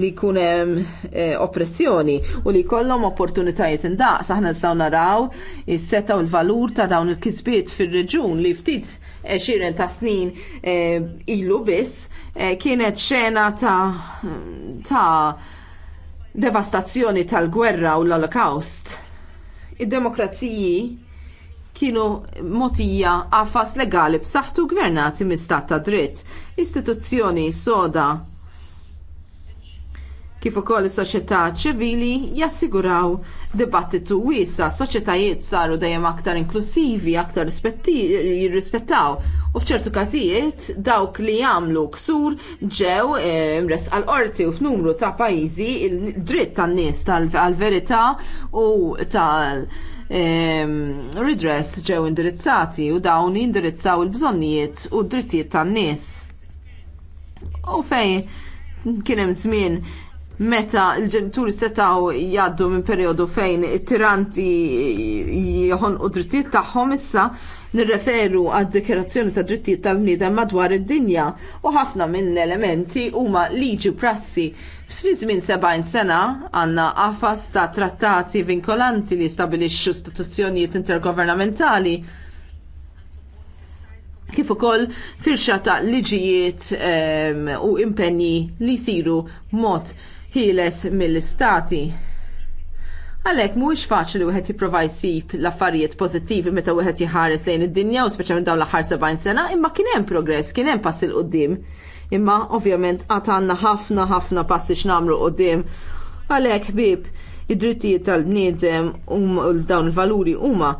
li jkun hemm eh, oppressjoni u li jkollhom opportunitajiet indaqs. Aħna nistgħu naraw is-seta u l-valur ta' dawn il-kisbiet fir-reġun li ftit eh, xiren ta' snin eh, ilu biss kienet xena ta' devastazzjoni tal-gwerra u l-Holocaust. Id-demokraziji kienu motija għafas legali b'saħħtu gvernati mistat ta' dritt, istituzzjoni soda kif ukoll is-soċjetà ċivili jassiguraw dibattitu wiesa, soċjetajiet saru dejjem aktar inklusivi, aktar jirrispettaw u f'ċertu każijiet dawk li jagħmlu ksur ġew eh, mres għal qorti u f'numru ta' pajjiżi il-dritt tan-nies tal-verità u tal-, -tal redress ġew indirizzati u dawn jindirizzaw il-bżonnijiet u d-drittijiet tan-nies. U fejn kien hemm żmien meta l-ġenituri setaw jgħaddu minn perjodu fejn it-tiranti jħonqu drittijiet tagħhom issa nirreferu għad dikerazzjoni ta' drittijiet tal-bniedem madwar id-dinja u ħafna minn elementi huma liġi prassi Fi żmien 70 sena għandna qafas ta' trattati vinkolanti li stabilixxu istituzzjonijiet intergovernamentali kif ukoll firxa ta' liġijiet um, u impenji li jsiru mod ħieles mill-istati. Għalhekk mhuwiex faċli wieħed jipprova jsib l-affarijiet pożittivi meta wieħed jħares lejn id-dinja u speċjalment dawn l-aħħar 70 sena, imma kien hemm progress, kien hemm pass il qudiem Imma ovvjament għatanna ħafna ħafna passi x'namlu qudiem. Għalhekk ħbieb id-drittijiet tal-bniedem u um, dawn il-valuri huma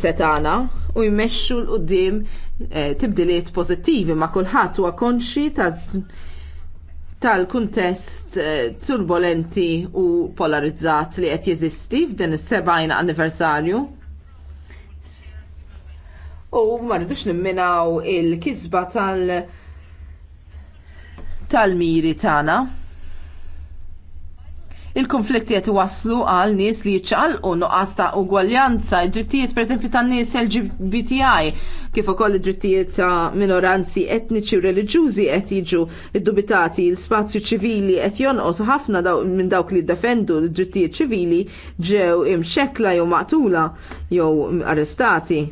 setana u jmexxu l qudiem eh, tibdiliet pożittivi ma' kulħadd huwa konxi taż tal-kuntest eh, turbolenti u polarizzat li qed jeżisti f'din is-sebgħin anniversarju. U ma rridux nimminaw il-kisba tal- tal-miri tagħna. Il-konflitti qed waslu għal nies li jċalqu nuqqas ta' ugwaljanza, id-drittijiet pereżempju tan-nies LGBTI, kif ukoll id-drittijiet ta' minoranzi etniċi u reliġjużi qed jiġu ddubitati, l-spazju ċivili qed jonqos ħafna minn dawk li ddefendu l-drittijiet ċivili ġew imxekkla jew maqtula jew arrestati.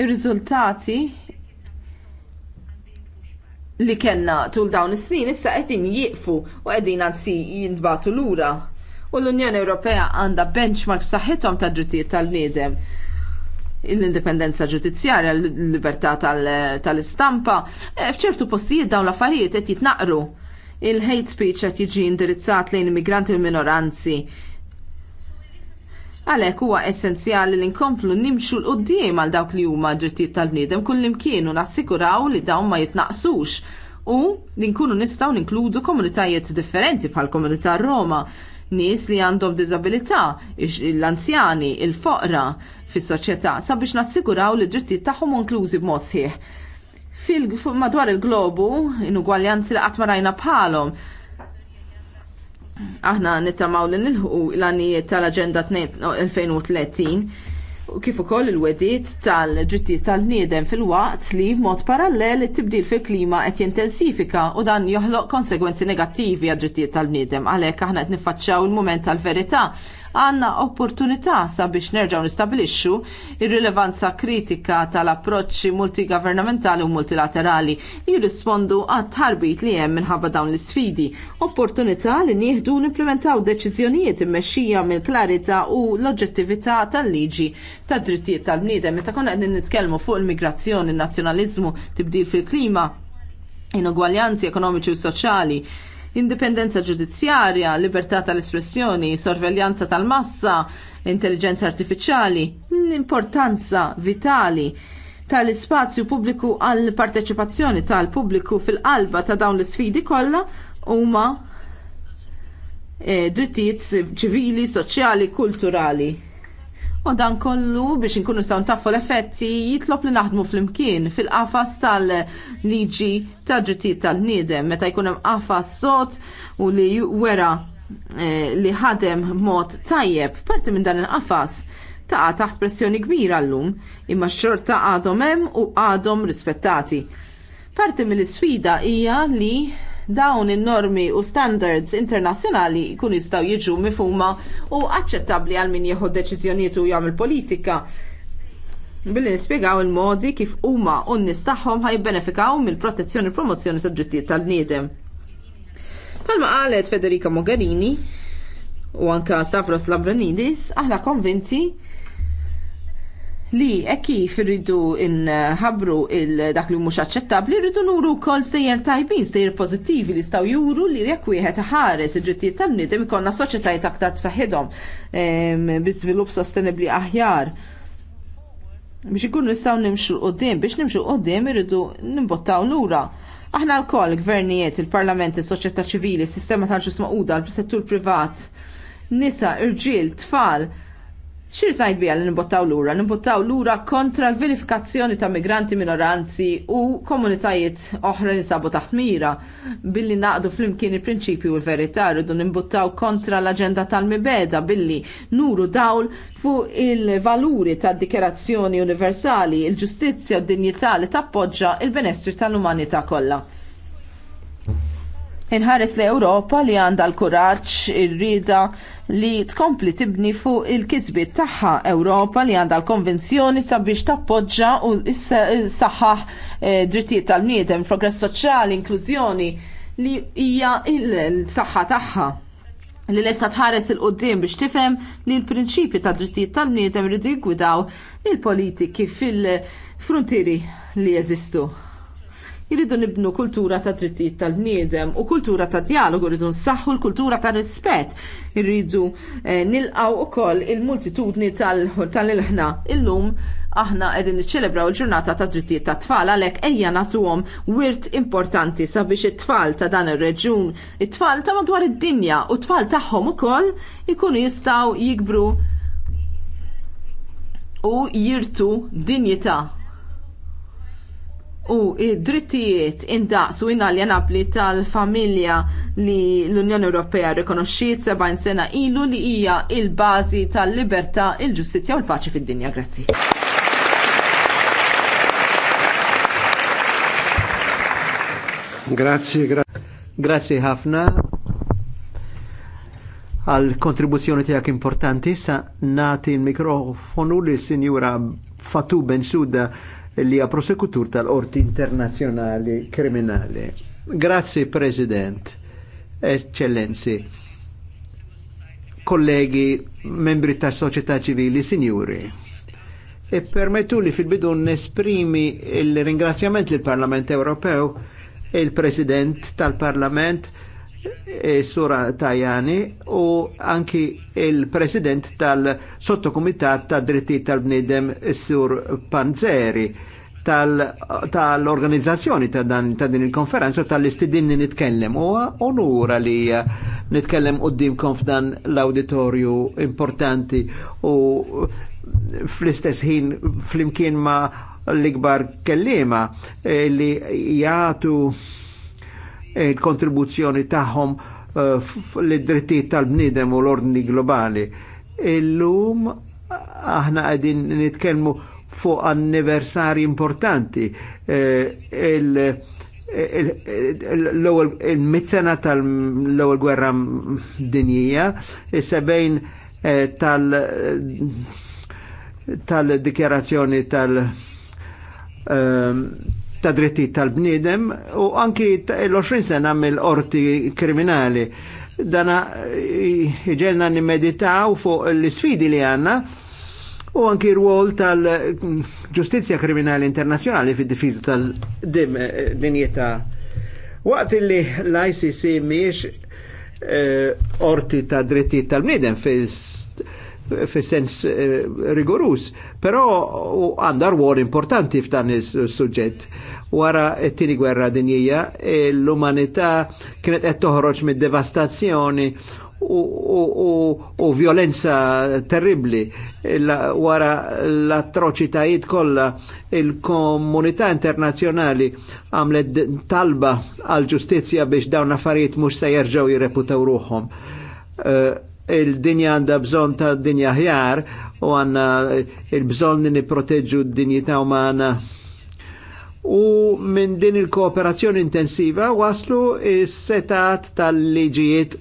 Ir-riżultati li kellna tul dawn is-snin issa qegħdin jieqfu u qegħdin anzi jintbagħtu lura. U l-Unjoni Ewropea għandha benchmark b'saħħithom ta' drittijiet tal-bniedem l-indipendenza ġudizzjarja, l-libertà tal-istampa, eh, fċertu postijiet dawn l-affarijiet qed jitnaqru. Il-hate speech qed jiġi indirizzat lejn immigranti u minoranzi, Għalhekk huwa essenzjali li nkomplu nimxu l qudiem għal dawk li huma drittijiet tal-bniedem kullimkien u nassikuraw li dawn ma jitnaqsux u li nkunu nistgħu ninkludu komunitajiet differenti bħal komunità Roma nies li għandhom diżabilità, l-anzjani, il-foqra fis-soċjetà sabiex nassiguraw li drittijiet tagħhom inklużi b'mod sħiħ. Fil madwar il-globu, in-ugwaljanzi li qatt ma rajna bħalhom, Aħna nittamaw li nilħu l-għanijiet tal-Aġenda 2030 kif ukoll il-wedit tal-ġittijiet tal-bniedem fil-waqt li b'mod parallel tibdil fil-klima qed jintensifika u dan joħloq konsegwenzi negattivi għad ġittijiet tal-bniedem għalhekk aħna qed niffaċċaw il-mument tal-verità għanna opportunità sabiex nerġgħu nistabilixxu ir-rilevanza kritika tal-approċċi multigovernamentali u multilaterali li jirrispondu għat tarbit li hemm minħabba dawn l-isfidi. Opportunità li nieħdu nimplementaw deċiżjonijiet immexxija mill-klarità u l-oġġettività tal-liġi tad-drittijiet tal-bniedem meta konna qegħdin nitkellmu fuq il-migrazzjoni, il nazzjonaliżmu, tibdil fil-klima, inugwaljanzi ekonomiċi u soċjali indipendenza ġudizzjarja, libertà tal-espressjoni, sorveljanza tal-massa, intelligenza artifiċjali, l-importanza vitali tal-ispazju pubbliku għall parteċipazzjoni tal-pubbliku fil-qalba ta' dawn l-sfidi kollha huma e, drittijiet ċivili, soċjali, kulturali. U dan kollu biex inkunu saw ntaffu l-effetti jitlob li naħdmu fl-imkien fil-qafas tal-liġi ta' ġrittijiet tal nidem meta jkun hemm qafas sot u li wera eh, li ħadem mod tajjeb parti minn dan il-qafas taqa taħt pressjoni kbira llum imma x-xorta għadhom hemm u għadhom rispettati. Parti mill-isfida hija li dawn in-normi u standards internazzjonali jkun jistgħu jiġu mifhuma u aċċettabbli għal min jieħu deċiżjonijiet u jagħmel politika billi nispjegaw il-modi kif huma u n-nies tagħhom ħajbenefikaw mill-protezzjoni u promozzjoni tad-drittijiet tal-bniedem. Palma qalet Federica Mogherini u anka Stavros Labranidis aħna konvinti li e kif irridu inħabru il-dak li mhux aċċettabbli rridu nuru wkoll stejjer tajbin, stejjer pożittivi li jistgħu juru li jekk wieħed ħares id-drittijiet tan-nidem ikollna soċjetajiet aktar b'saħħithom biżvilupp sostenibbli aħjar biex ikunu nistgħu nimxu l biex nimxu l irridu nimbottaw lura. Aħna l-koll, gvernijiet, il-parlament, is soċjetà ċivili, is sistema tal-ġus maquda, il-settur privat, nisa, irġiel, tfal, Xirtajt bija li nimbottaw lura, l lura kontra l-verifikazzjoni ta' migranti minoranzi u komunitajiet oħra li sabu taħt mira billi naqdu fl-imkien il-prinċipju u l-verità rridu nibottaw kontra l-agenda tal-mibeda billi nuru dawl fuq il-valuri ta' dikerazzjoni universali, il-ġustizja u d-dinjità li tappoġġa il-benestri tal-umanità kollha inħares li Ewropa li għandha l-kuraġġ ir-rieda li tkompli tibni fuq il-kisbiet tagħha Ewropa li għandha l-konvenzjoni sabiex tappoġġa u s-saħħaħ eh, drittijiet tal-bniedem, progress soċjali, inklużjoni li hija l-saħħa tagħha li lesta tħares il-qoddim biex tifhem li l-prinċipji ta' drittijiet tal-bniedem ridu jgwidaw il-politiki fil-frontieri li jeżistu. Jiridu nibnu kultura ta' drittijiet tal-bniedem u kultura ta' dialogu, jiridu nsaħħu l-kultura ta' rispett, jiridu eh, nilqaw koll il-multitudni tal-ilħna tal illum aħna qegħdin niċċelebraw il-ġurnata ta' drittijiet ta' tfal għalhekk ejja nagħtuhom wirt importanti sabiex it-tfal ta' dan ir-reġun, it-tfal ta' madwar id-dinja u t-tfal tagħhom ukoll ikunu jistgħu jikbru u jirtu dinjità u id-drittijiet indaqsu inaljenabbli tal-familja li l-Unjoni Ewropea rikonoxxiet 70 sena ilu li hija il bażi tal-libertà, il-ġustizzja u l-paċi fid-dinja. Grazzi. Grazzi, gra Grazzi ħafna għal kontribuzzjoni tiegħek importanti sa nagħti l-mikrofonu lis sinjura Fatu Bensuda li ha prosekutur tal-Qorti Internazzjonali Kriminali. Grazzi President, Eccellenzi, kollegi, membri ta' soċjetà ċivili, sinjuri. E permettu li fil-bidu nesprimi il-ringrazzjament l parlament Ewropew e il-President tal-Parlament E, Sura Tajani u anki il-president tal-sottokumitat ta' dritti tal-bnidem Sur Panzeri tal-organizzazzjoni ta, ta' din il-konferenza u tal-istidinni nitkellem. U onura li eh, nitkellem u dimkom f'dan l-auditorju importanti u fl-istess ħin fl-imkien ma' l-ikbar kellima eh, li jgħatu il-kontribuzzjoni tagħhom eh, l-drittijiet tal-bniedem u l-ordni globali. Illum aħna qegħdin nitkellmu fuq anniversari importanti. Eh, Il-mizzena tal-ewwel gwerra dinjija, is-sebejn eh, tal- tal-dikjarazzjoni tal- ta' dritti tal-bniedem u anki l-20 sena mill-orti kriminali. Dana eh, iġelna nimmeditaw fuq l-sfidi li għanna u anki r-wol tal-ġustizja kriminali internazjonali fid difiż tal-dinjeta. Eh, Waqt li l-ICC miex eh, orti ta' dritti tal-bniedem fil f sens eh, rigorus, però għanda rwol importanti f'dan il-sujġet. Eh, wara t tini gwerra dinjija, eh, l-umanità kienet qed toħroġ mid-devastazzjoni u, violenza terribli wara l-atroċitajiet kollha il-komunità internazzjonali għamlet talba għal ġustizzja biex dawn affarijiet mhux se jerġgħu jirreputaw ruħhom. Uh, il-dinja għanda bżon ta' dinja ħjar u għanna il-bżon li niproteġu d-dinjita umana. U minn din il-kooperazzjoni intensiva waslu is-setat tal-liġijiet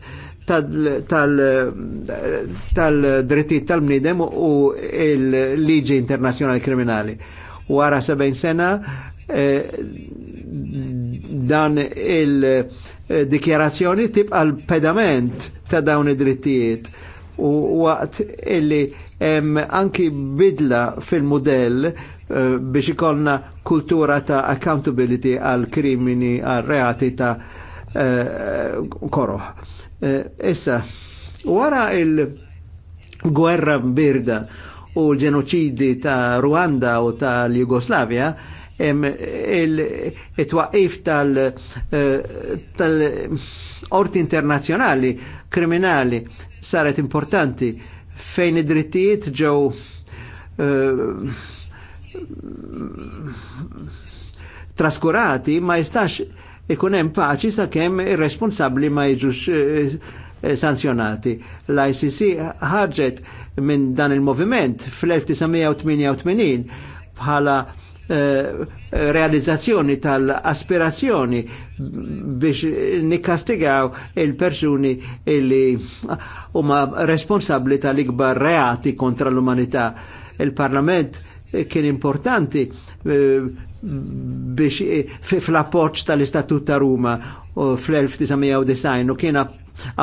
tal-drittijiet tal mnidem u il-liġi internazjonali kriminali. għara 70 sena eh, dan il- Eh, dikjerazzjoni tibqa l-pedament ta' dawn id-drittijiet u waqt illi anki bidla fil-modell eh, biex ikonna kultura ta' accountability għal krimini għal reati ta' eh, koroħ. Issa, wara il-gwerra birda u l-ġenoċidi ta' Ruanda u ta' l-Jugoslavia, il-twaqif tal-orti eh, internazjonali kriminali saret importanti fejn id-drittijiet ġew eh, traskurati ma jistax ikun hemm paċi sakemm ir-responsabbli ma jiġux eh, sanzjonati. L-ICC ħarġet minn dan il-moviment fl-1988 bħala Eh, realizzazzjoni tal-aspirazzjoni biex nikastigaw il-persuni illi huma responsabli tal-ikbar reati kontra l-umanità. Il-Parlament kien importanti eh, biex eh, fl-appoċ tal-Istatut ta' Ruma fl-1990 u kien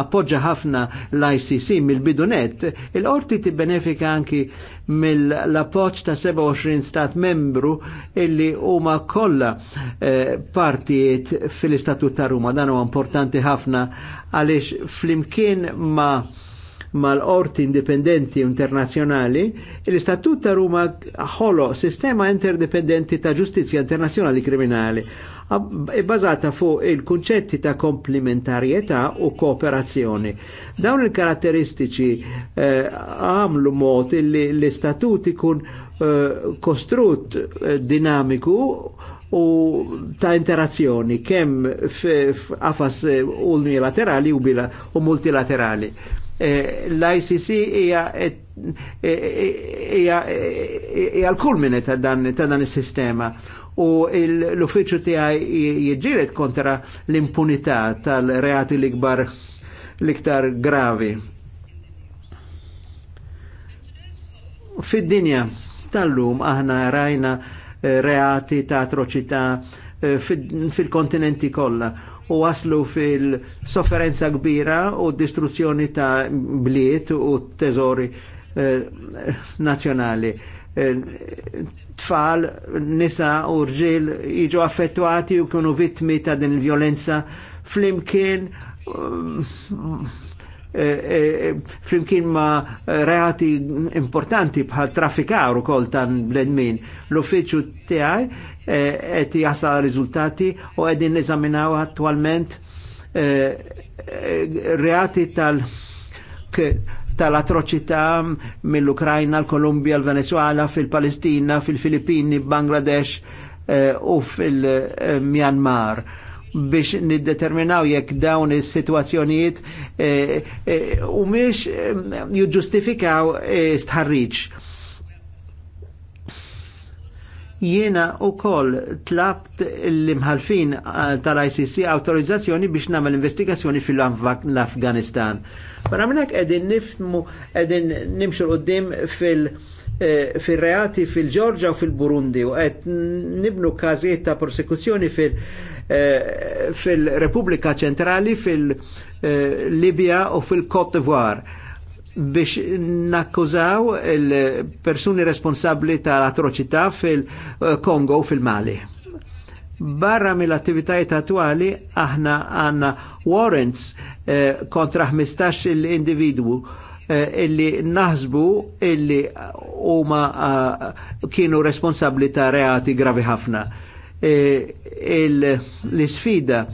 appoġġa ħafna l-ICC mill-bidunet, il-qorti tibbenefika anki mill-appoġġ ta' 27 stat membru illi huma kollha eh, partijiet fil-Istatut ta' Ruma. Dan huwa importanti ħafna għaliex flimkien ma' mal-orti indipendenti internazjonali, l-istatut ta' Ruma ħolo sistema Interdependenti ta' ġustizja internazjonali kriminali, e bazata fuq il-kunċetti ta' komplementarjetà u kooperazzjoni. Dawn il-karatteristiċi eh, għamlu eh, mod li l-istatut ikun eh, kostrut eh, dinamiku u ta' interazzjoni kemm f'afas eh, unilaterali u, bila, u multilaterali. L-ICC hija eh, eh, eh, l-kulmine ta' dan is-sistema u l-uffiċċju tiegħi jiġġieled kontra l-impunità tal-reati l-ikbar l-iktar gravi. Fid-dinja tal-lum aħna rajna reati ta' atroċità fil-kontinenti kollha u waslu fil-sofferenza kbira u distruzzjoni ta' bliet u teżori eh, nazjonali eh, tfal, nisa u rġil iġu affettuati u kienu vittmi ta' din il-violenza flimkien eh, Eh, eh, flimkien ma reati importanti bħal trafikar u kol tan bledmin. L-uffiċu tiegħi eh, qed jasal riżultati u qegħdin neżaminaw attualment reati tal tal-atroċità mill-Ukrajna, l-Kolumbja, l-Venezuela, fil-Palestina, fil-Filippini, Bangladesh u fil-Myanmar. Uh, biex niddeterminaw jekk dawn is-sitwazzjonijiet eh, eh, u mhix eh, jiġġustifikaw stħarriġ. Jiena wkoll tlabt l-imħalfin tal-ICC autorizzazzjoni biex nagħmel investigazzjoni fil-Afganistan. Barra hekk qegħdin nifmu, qegħdin nimxu l fil- fil-reati fil-ġorġa u fil-Burundi u qed nibnu każijiet ta' prosekuzzjoni fil- Eh, fil republika Ċentrali, fil-Libja u fil-Cote d'Ivoire biex nakkużaw il-persuni responsabli tal-atroċità fil-Kongo u fil-Mali. Barra mill-attivitajiet attuali aħna għanna warrants eh, kontra 15 l-individwu eh, illi naħsbu illi huma kienu responsabli ta' reati gravi ħafna E, l-sfida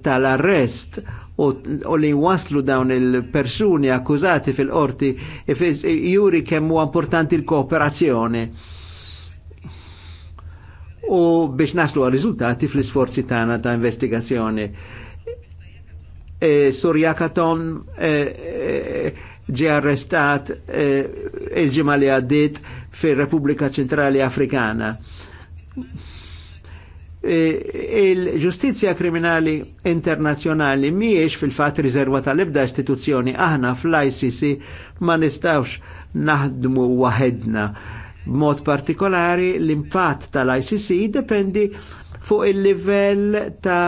tal-arrest u li waslu dawn il-persuni akkużati fil-qorti e, e, juri kemm importanti l-kooperazzjoni u biex naslu għal riżultati fl-isforzi tagħna ta' investigazzjoni. E, Surjakaton e, e, ġi arrestat il ġimali għaddit fil repubblika Ċentrali Afrikana Eh, il-ġustizja kriminali internazjonali miex fil-fat riserva tal-ebda istituzzjoni aħna fl-ICC ma nistawx naħdmu waħedna. B'mod partikolari l-impatt tal-ICC dependi fuq il-livell ta'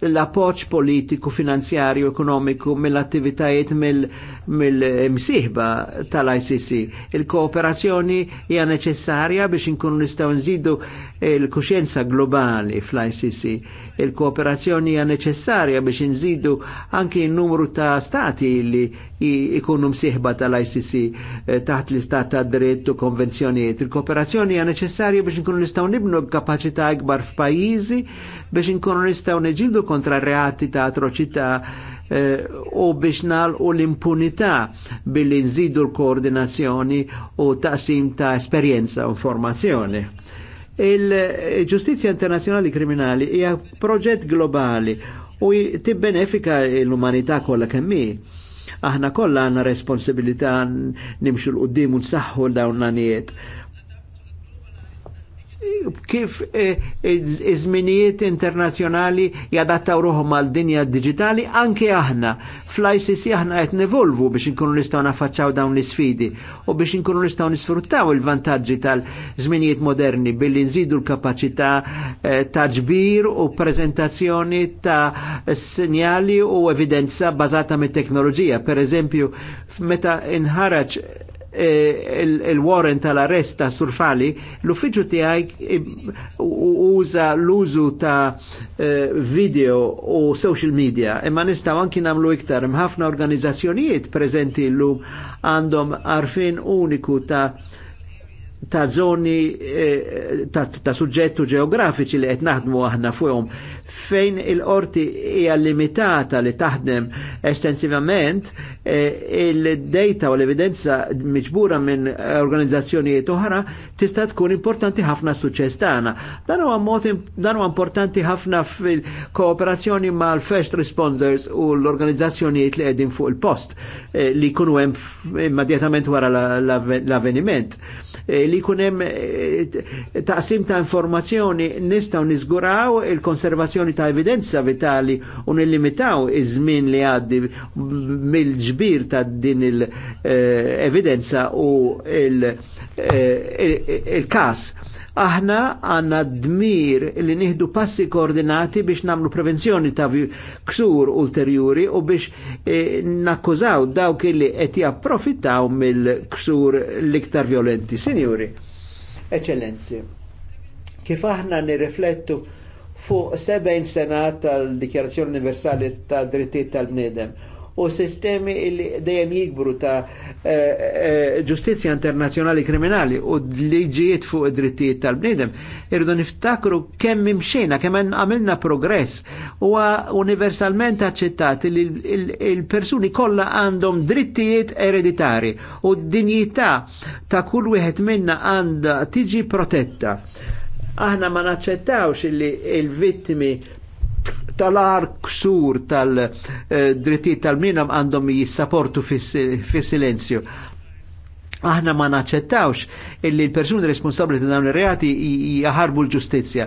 l-appoċ politiku, finanzjarju, ekonomiku mill-attivitajiet mill-msiħba mil tal-ICC. Il-kooperazzjoni hija neċessarja biex inkunu nistgħu nżidu l-kuxjenza globali fl-ICC Il-kooperazzjoni hija neċessarja biex inżidu anki n-numru ta' stati li ikunu msieħba tal-ICC eh, taħt l-istat ta' dritt u konvenzjonijiet. Il-kooperazzjoni hija neċessarja biex nkunu nistgħu nibnu kapaċità ikbar f'pajjiżi biex nkunu nistgħu neġildu kontra reati ta' atroċità eh, u biex u l-impunità billi nżidu l-koordinazzjoni u taqsim ta' esperjenza u informazzjoni. Il-ġustizja internazjonali kriminali hija proġett globali u tibbenefika l-umanità kollha kemm Aħna kollha għandna responsabilità nimxu l-qudiem u nsaħħu dawn l-għanijiet kif eh, iż-żminijiet internazzjonali jadattaw ruħu mal dinja digitali anke aħna. Fl-ICC aħna qed nevolvu biex inkunu nistgħu nafaċċaw dawn l-isfidi u biex inkunu nistgħu nisfruttaw il-vantaġġi tal-żminijiet moderni billi nżidu l-kapaċità eh, ta' ġbir u preżentazzjoni ta' sinjali u evidenza bażata mit-teknoloġija. Per eżempju, meta inħaraġ Eh, il-warrant tal-arrest ta' Surfali, l-uffiċu tiegħi eh, uża l-użu ta' eh, video u social media, imma nistaw anki namlu iktar, mħafna organizazzjonijiet prezenti l-lum għandhom arfin uniku ta' ta' zoni eh, ta', ta suġġettu ġeografiċi li qed naħdmu aħna fuqhom fejn il-qorti hija limitata li taħdem estensivament eh, il-data u l-evidenza miġbura minn organizzazzjonijiet oħra tista' tkun importanti ħafna suċċess tagħna. Dan huwa mod dan huwa importanti ħafna fil-kooperazzjoni mal-first responders u l-organizzazzjonijiet li qegħdin fuq il-post eh, li jkunu hemm immedjatament wara l-avveniment. La, eh, la li kunem eh, taqsim ta' informazzjoni nistaw nizguraw il-konservazzjoni ta' evidenza vitali u nillimitaw iż-żmien li għaddi mill-ġbir ta' din il-evidenza eh, u eh, il-kas. Il Aħna għanna dmir li nieħdu passi koordinati biex namlu prevenzjoni ta' ksur ulterjuri u biex e, nakkużaw dawk li qed japprofittaw mill-ksur l-iktar violenti. Sinjuri, Eccellenzi, kif aħna nirriflettu fuq 70 sena tal-Dikjarazzjoni Universali ta' Drittijiet tal-Bniedem u sistemi li dejjem jikbru ta' eh, eh, ġustizja internazjonali kriminali u liġijiet fuq id-drittijiet tal-bnidem, irridu niftakru kemm imxina, kemm għamilna progress u universalment accettati li il-persuni kollha għandhom drittijiet ereditari u d-dinjità ta' kull wieħed minna għandha tiġi protetta. Aħna ma naċċettawx li il-vittimi tal-ar ksur tal-drittijiet tal-minam għandhom jissaportu fis-silenzju. Aħna ma naċċettawx illi l-persuni responsabli ta' dawn ir-reati jaħarbu l-ġustizzja.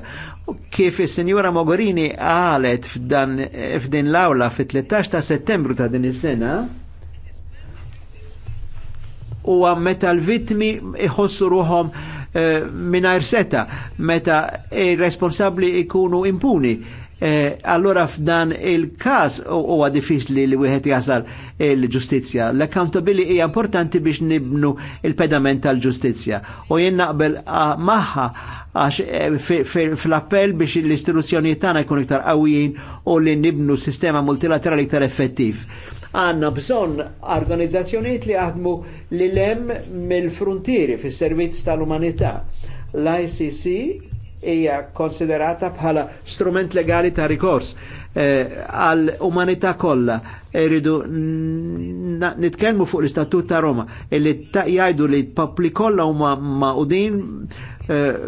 Kif is-Sinjura Mogorini qalet f'din l-awla fit-13 ta' Settembru ta' din is-sena, u meta l vittmi iħossu ruħom eh, seta, meta ir-responsabli ikunu impuni Eh, allora f'dan il-kas huwa diffiċli li wieħed jasal il-ġustizzja. L-accountability hija importanti biex nibnu il-pedament tal-ġustizzja. U jien naqbel ah, maħħa għax eh, fl-appell biex l-istituzzjonijiet tagħna jkunu iktar qawwijin u li nibnu sistema multilaterali iktar effettiv għanna bżon organizzazzjonijiet li għadmu li lem mill-frontieri fis servizz tal-umanità. L-ICC hija konsiderata bħala strument legali ta' rikors eh, għal eh, umanità kollha iridu nitkellmu fuq l-Istatut ta' Roma illi jgħidu li l popli kollha huma maqudin eh,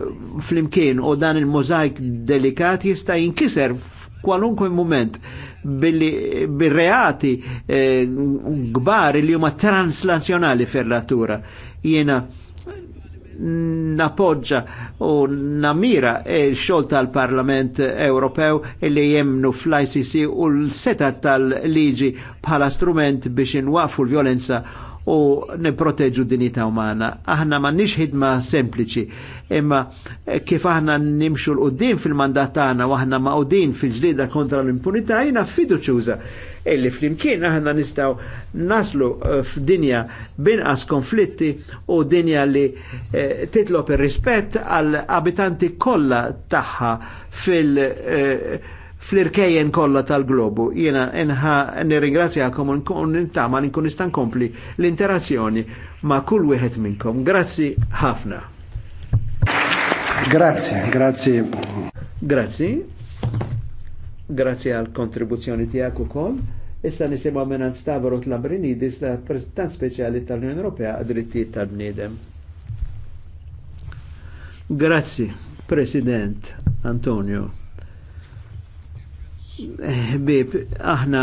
flimkien u dan il-mużajk delikat jista' jinkiser f'kwalunkwe moment bil-reati bil eh, gbar li huma translazzjonali fir-natura. Jiena napoġġa u namira il-xol tal-Parlament Ewropew li jemnu fl-ICC u l-seta tal-liġi bħala strument biex inwaffu l-violenza u niproteġu dinita umana. Aħna ma nix ħidma sempliċi, imma kif aħna nimxu l-qoddim fil-mandat tagħna u aħna ma' fil-ġlida kontra l-impunità, jina fiduċuża illi flimkien aħna nistaw naslu eh, f'dinja binqas konflitti u dinja li eh, titlop ir-rispett għal abitanti kollha tagħha fil- eh, fl-irkejjen kollha tal-globu. Jiena inħa nirringrazzjakom u nintama li nkun nista' nkompli l-interazzjoni ma' kull wieħed minnkom. Grazzi ħafna. Grazie, grazie. Grazie. Grazzi għal kontribuzzjoni tijak u kol. Issa nisimaw minnant Stavro Tlambrinidis, la prezentant speċjali tal-Unjoni Europea għad-drittijiet tal-bniedem. Grazzi, President Antonio. Bib, aħna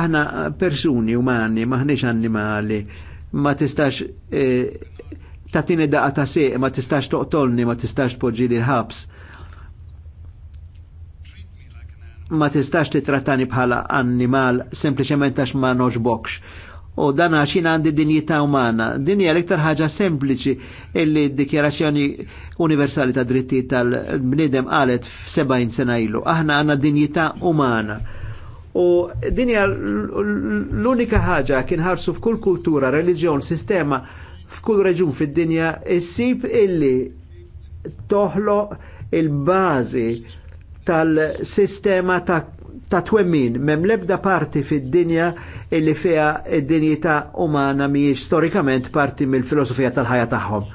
aħna persuni umani, maħniex annimali, ma tistax eh, tatini daqa ta' seq, ma tistax toqtolni, ma tistax poġġili l-ħabs ma tistax titrattani bħala annimal sempliċement għax ma noġbokx. U dan għax għandi dinjità umana. Din hija l-iktar ħaġa sempliċi illi d-dikjarazzjoni universali ta' dritti tal-bniedem qalet 70 sena ilu. Aħna għandna dinjità umana. U dinja l-unika ħaġa kien ħarsu f'kull kultura, reliġjon, sistema f'kull reġun fid-dinja issib illi toħloq il-bażi tal-sistema ta' ta' twemmin mem lebda parti fid-dinja illi fija id-dinjità umana mi storikament parti mill-filosofija tal-ħajja tagħhom.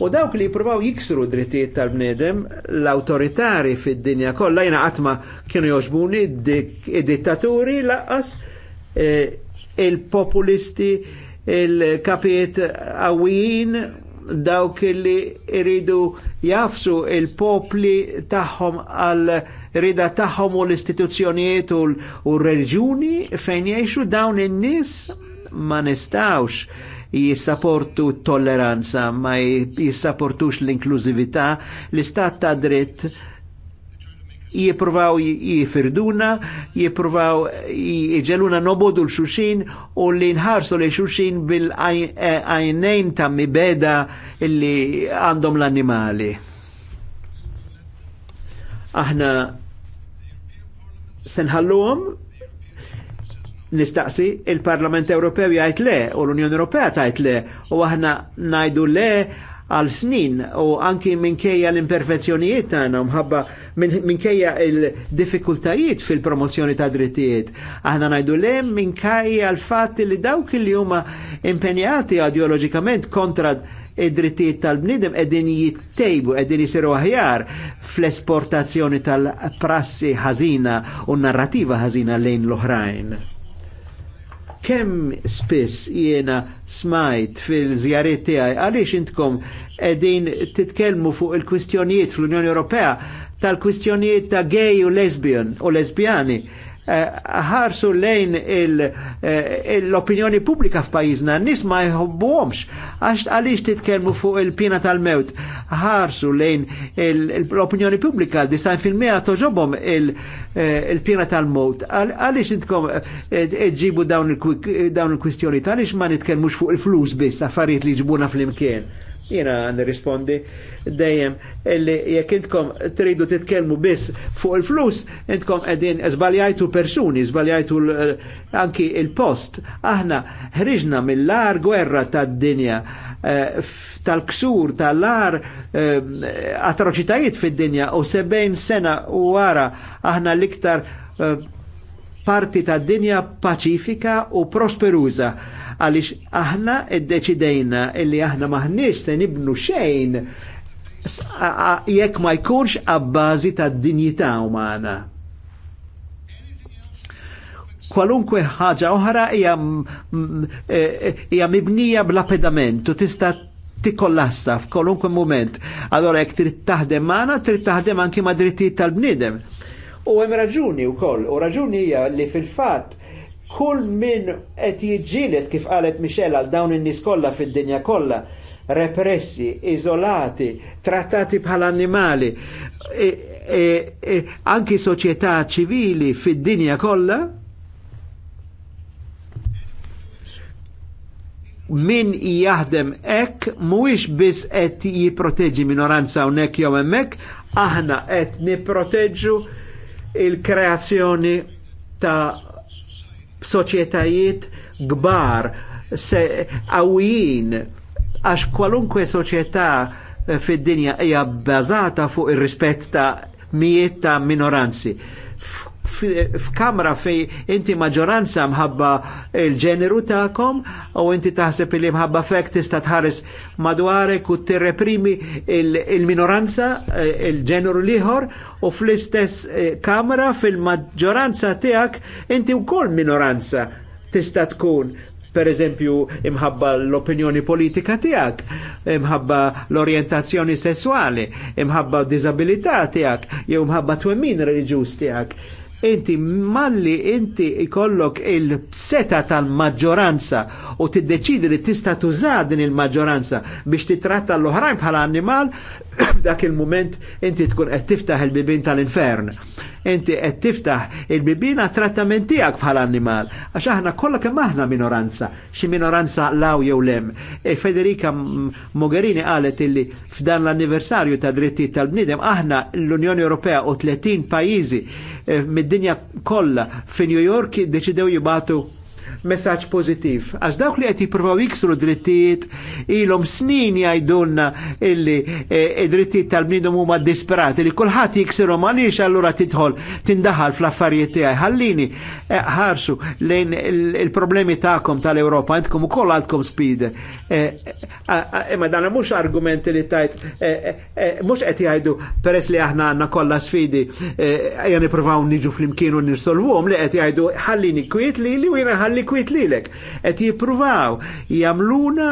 U dawk li jipruvaw jiksru drittijiet tal-bnedem, l-autoritari fid-dinja kollha jina għatma kienu joġbuni id-dittaturi laqqas eh, il-populisti, il-kapiet għawijin dawk li iridu jafsu il-popli tagħhom għal rida tagħhom u l-istituzzjonijiet u l-reġuni fejn jgħixu dawn in-nies ma nistawx jissaportu tolleranza, ma jissaportux l-inklużività, l-istat ta' dritt jipruvaw jifirduna, jipruvaw jġeluna nobodu l-xuxin u li nħarsu li xuxin bil-ajnejn ta' mibeda illi għandhom l-animali. Aħna senħalluhom nistaqsi il-Parlament Ewropew jgħid le u l-Unjoni Ewropea tajt le u aħna najdu le għal snin u anki minkejja l-imperfezzjonijiet tagħna mħabba minkejja l diffikultajiet fil-promozzjoni ta' drittijiet. Aħna ngħidu le minkejja l-fatt li dawk li huma impenjati ideoloġikament kontra id-drittijiet tal-bnidem edin jittejbu, edin jisiru aħjar fl-esportazzjoni tal-prassi ħażina u narrativa ħażina lejn l-oħrajn kemm spiss jiena smajt fil-żjarit tiegħi għaliex intkom qegħdin titkellmu fuq il-kwistjonijiet fl-Unjoni Ewropea tal-kwistjonijiet ta' gay u lesbian u lesbjani Eh, ħarsu lejn eh, l-opinjoni pubblika f'pajjiżna, nis ma jħobbuhomx għax għaliex titkellmu fuq il-pina tal-mewt. Ħarsu lejn l-opinjoni pubblika disajn fil-mija toġobhom eh, il-pina tal-mewt. Għaliex intkom ġibu dawn il-kwistjoni għaliex ma nitkellmux fuq il-flus biss affarijiet li ġbuna fl-imkien. Jena nirrispondi dejjem illi jekk intkom tridu titkellmu biss fuq il-flus, intkom qegħdin żbaljajtu persuni, żbaljajtu anki il-post. Aħna ħriġna mill-lar gwerra tad-dinja eh, tal-ksur, tal-lar eh, atroċitajiet fid-dinja u sebejn sena u wara aħna l-iktar eh, parti tad-dinja paċifika u prosperuża għaliex aħna id-deċidejna illi aħna maħniex se nibnu xejn jekk ma jkunx għabbażi ta' dinjità umana. Kwalunkwe ħaġa oħra hija e- e- mibnija bla pedament u tista' tikollassa f'kolunkwe moment. Allora jekk trid taħdem magħna, trid taħdem anki ma' drittijiet tal-bniedem. U hemm raġuni wkoll, u raġuni hija li fil-fatt kull min qed jiġġieled kif qalet Michelle għal dawn in-nies kollha fid-dinja kollha repressi, izolati, trattati bħal animali, e, e, e, anki soċjetà ċivili fid-dinja kollha min jaħdem ek mhuwiex biss qed jiproteġi minoranza hawnhekk jew hemmhekk aħna qed niproteġu il-kreazzjoni ta' b'soċjetajiet gbar, għawijin, għax kwalunkwe soċjetà eh, fid-dinja hija bbażata fuq ir-rispett ta' mijiet ta' minoranzi f'kamra fej inti maġoranza mħabba il-ġeneru ta'kom u inti taħseb li mħabba fek tista tħares madwarek u tirreprimi il-minoranza, eh, il-ġeneru liħor u fl-istess eh, kamra fil-maġoranza tiegħek inti wkoll minoranza tista tkun per eżempju imħabba l-opinjoni politika tijak, imħabba l-orientazzjoni sessuali, imħabba disabilità tijak, jew imħabba twemmin religjus tijak, inti malli inti ikollok il-seta tal-maġġoranza u tiddeċidi li tista' tuża din il-maġġoranza biex titratta l-oħrajn bħala annimal, dak il-moment inti tkun qed tiftaħ il-bibin tal-infern inti qed tiftaħ il-bibina trattament tiegħek bħal annimal għax aħna kollha kemm aħna minoranza, xi minoranza law jew lem. E Federica Mogherini qalet illi f'dan l-anniversarju ta' drittijiet tal-bniedem aħna l-Unjoni Ewropea u 30 pajjiżi e, mid-dinja kollha fi New York deċidew jibatu messaċ pozitiv. Għax dawk li qed jippruvaw jiksru drittijiet ilhom snin jgħidulna illi id-drittijiet e, e, tal-bniedem huma disperati li kulħadd jiksirhom għaliex allura tidħol tindaħal fl-affarijiet tijaj. Ħallini e, ħarsu lejn il-problemi tagħkom tal europa għandkom ukoll għandkom spide. Imma dan mhux argument li tajt mhux qed jajdu peress li aħna għandna kollha sfidi jan nippruvaw niġu fl imkienu u għom li qed jajdu ħallini kwiet li li wina ħalli kwiet lilek, et jippruvaw jamluna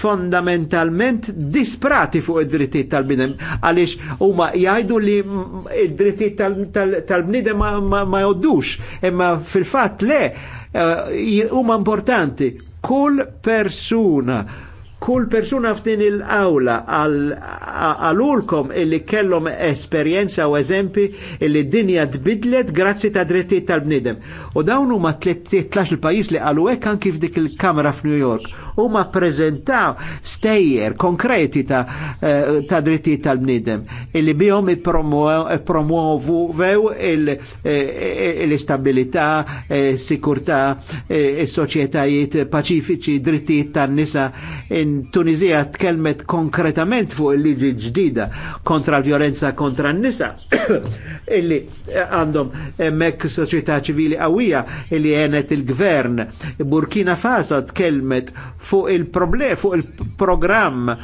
fondamentalment disprati fuq id-drittijiet tal-bnidem għaliex huma jgħidu li id-drittijiet tal-bnidem ma jgħoddux, imma fil-fatt le eh, huma importanti kull persuna kull persuna f'din il-awla għal-ulkom illi kellhom esperjenza u eżempi illi dinja tbidlet grazzi ta' drittijiet tal-bnidem. U dawn huma 13 il-pajjiż li qalu hekk anki f'dik il kamera f'New York. Huma prezentaw stejjer konkreti ta', eh, ta drittijiet tal-bnidem illi bihom promuovu vew eh, eh, l-istabilità, sikurtà, is-soċjetajiet paċifiċi, drittijiet tan-nisa in Tunizija tkellmet konkretament fuq il-liġi ġdida kontra l-violenza kontra n-nisa illi għandhom mekk soċjetà ċivili qawwija illi għenet il-gvern. Burkina Faso tkellmet fuq il-problem, fuq il-programm e,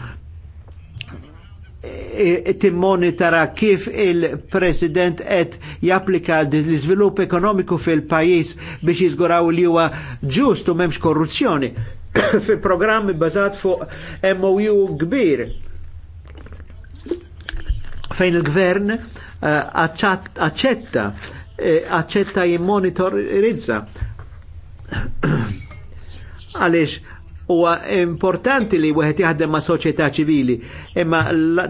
e, timmonitara kif il-president et japplika l-iżvilupp ekonomiku fil pajis biex jizguraw li huwa ġust u m'hemmx korruzzjoni fi programmi bazat fuq MOU kbir fejn il-gvern eh, accetta eh, aċċetta jimmonitorizza għalix huwa importanti li wieħed jaħdem ma' soċjetà ċivili, imma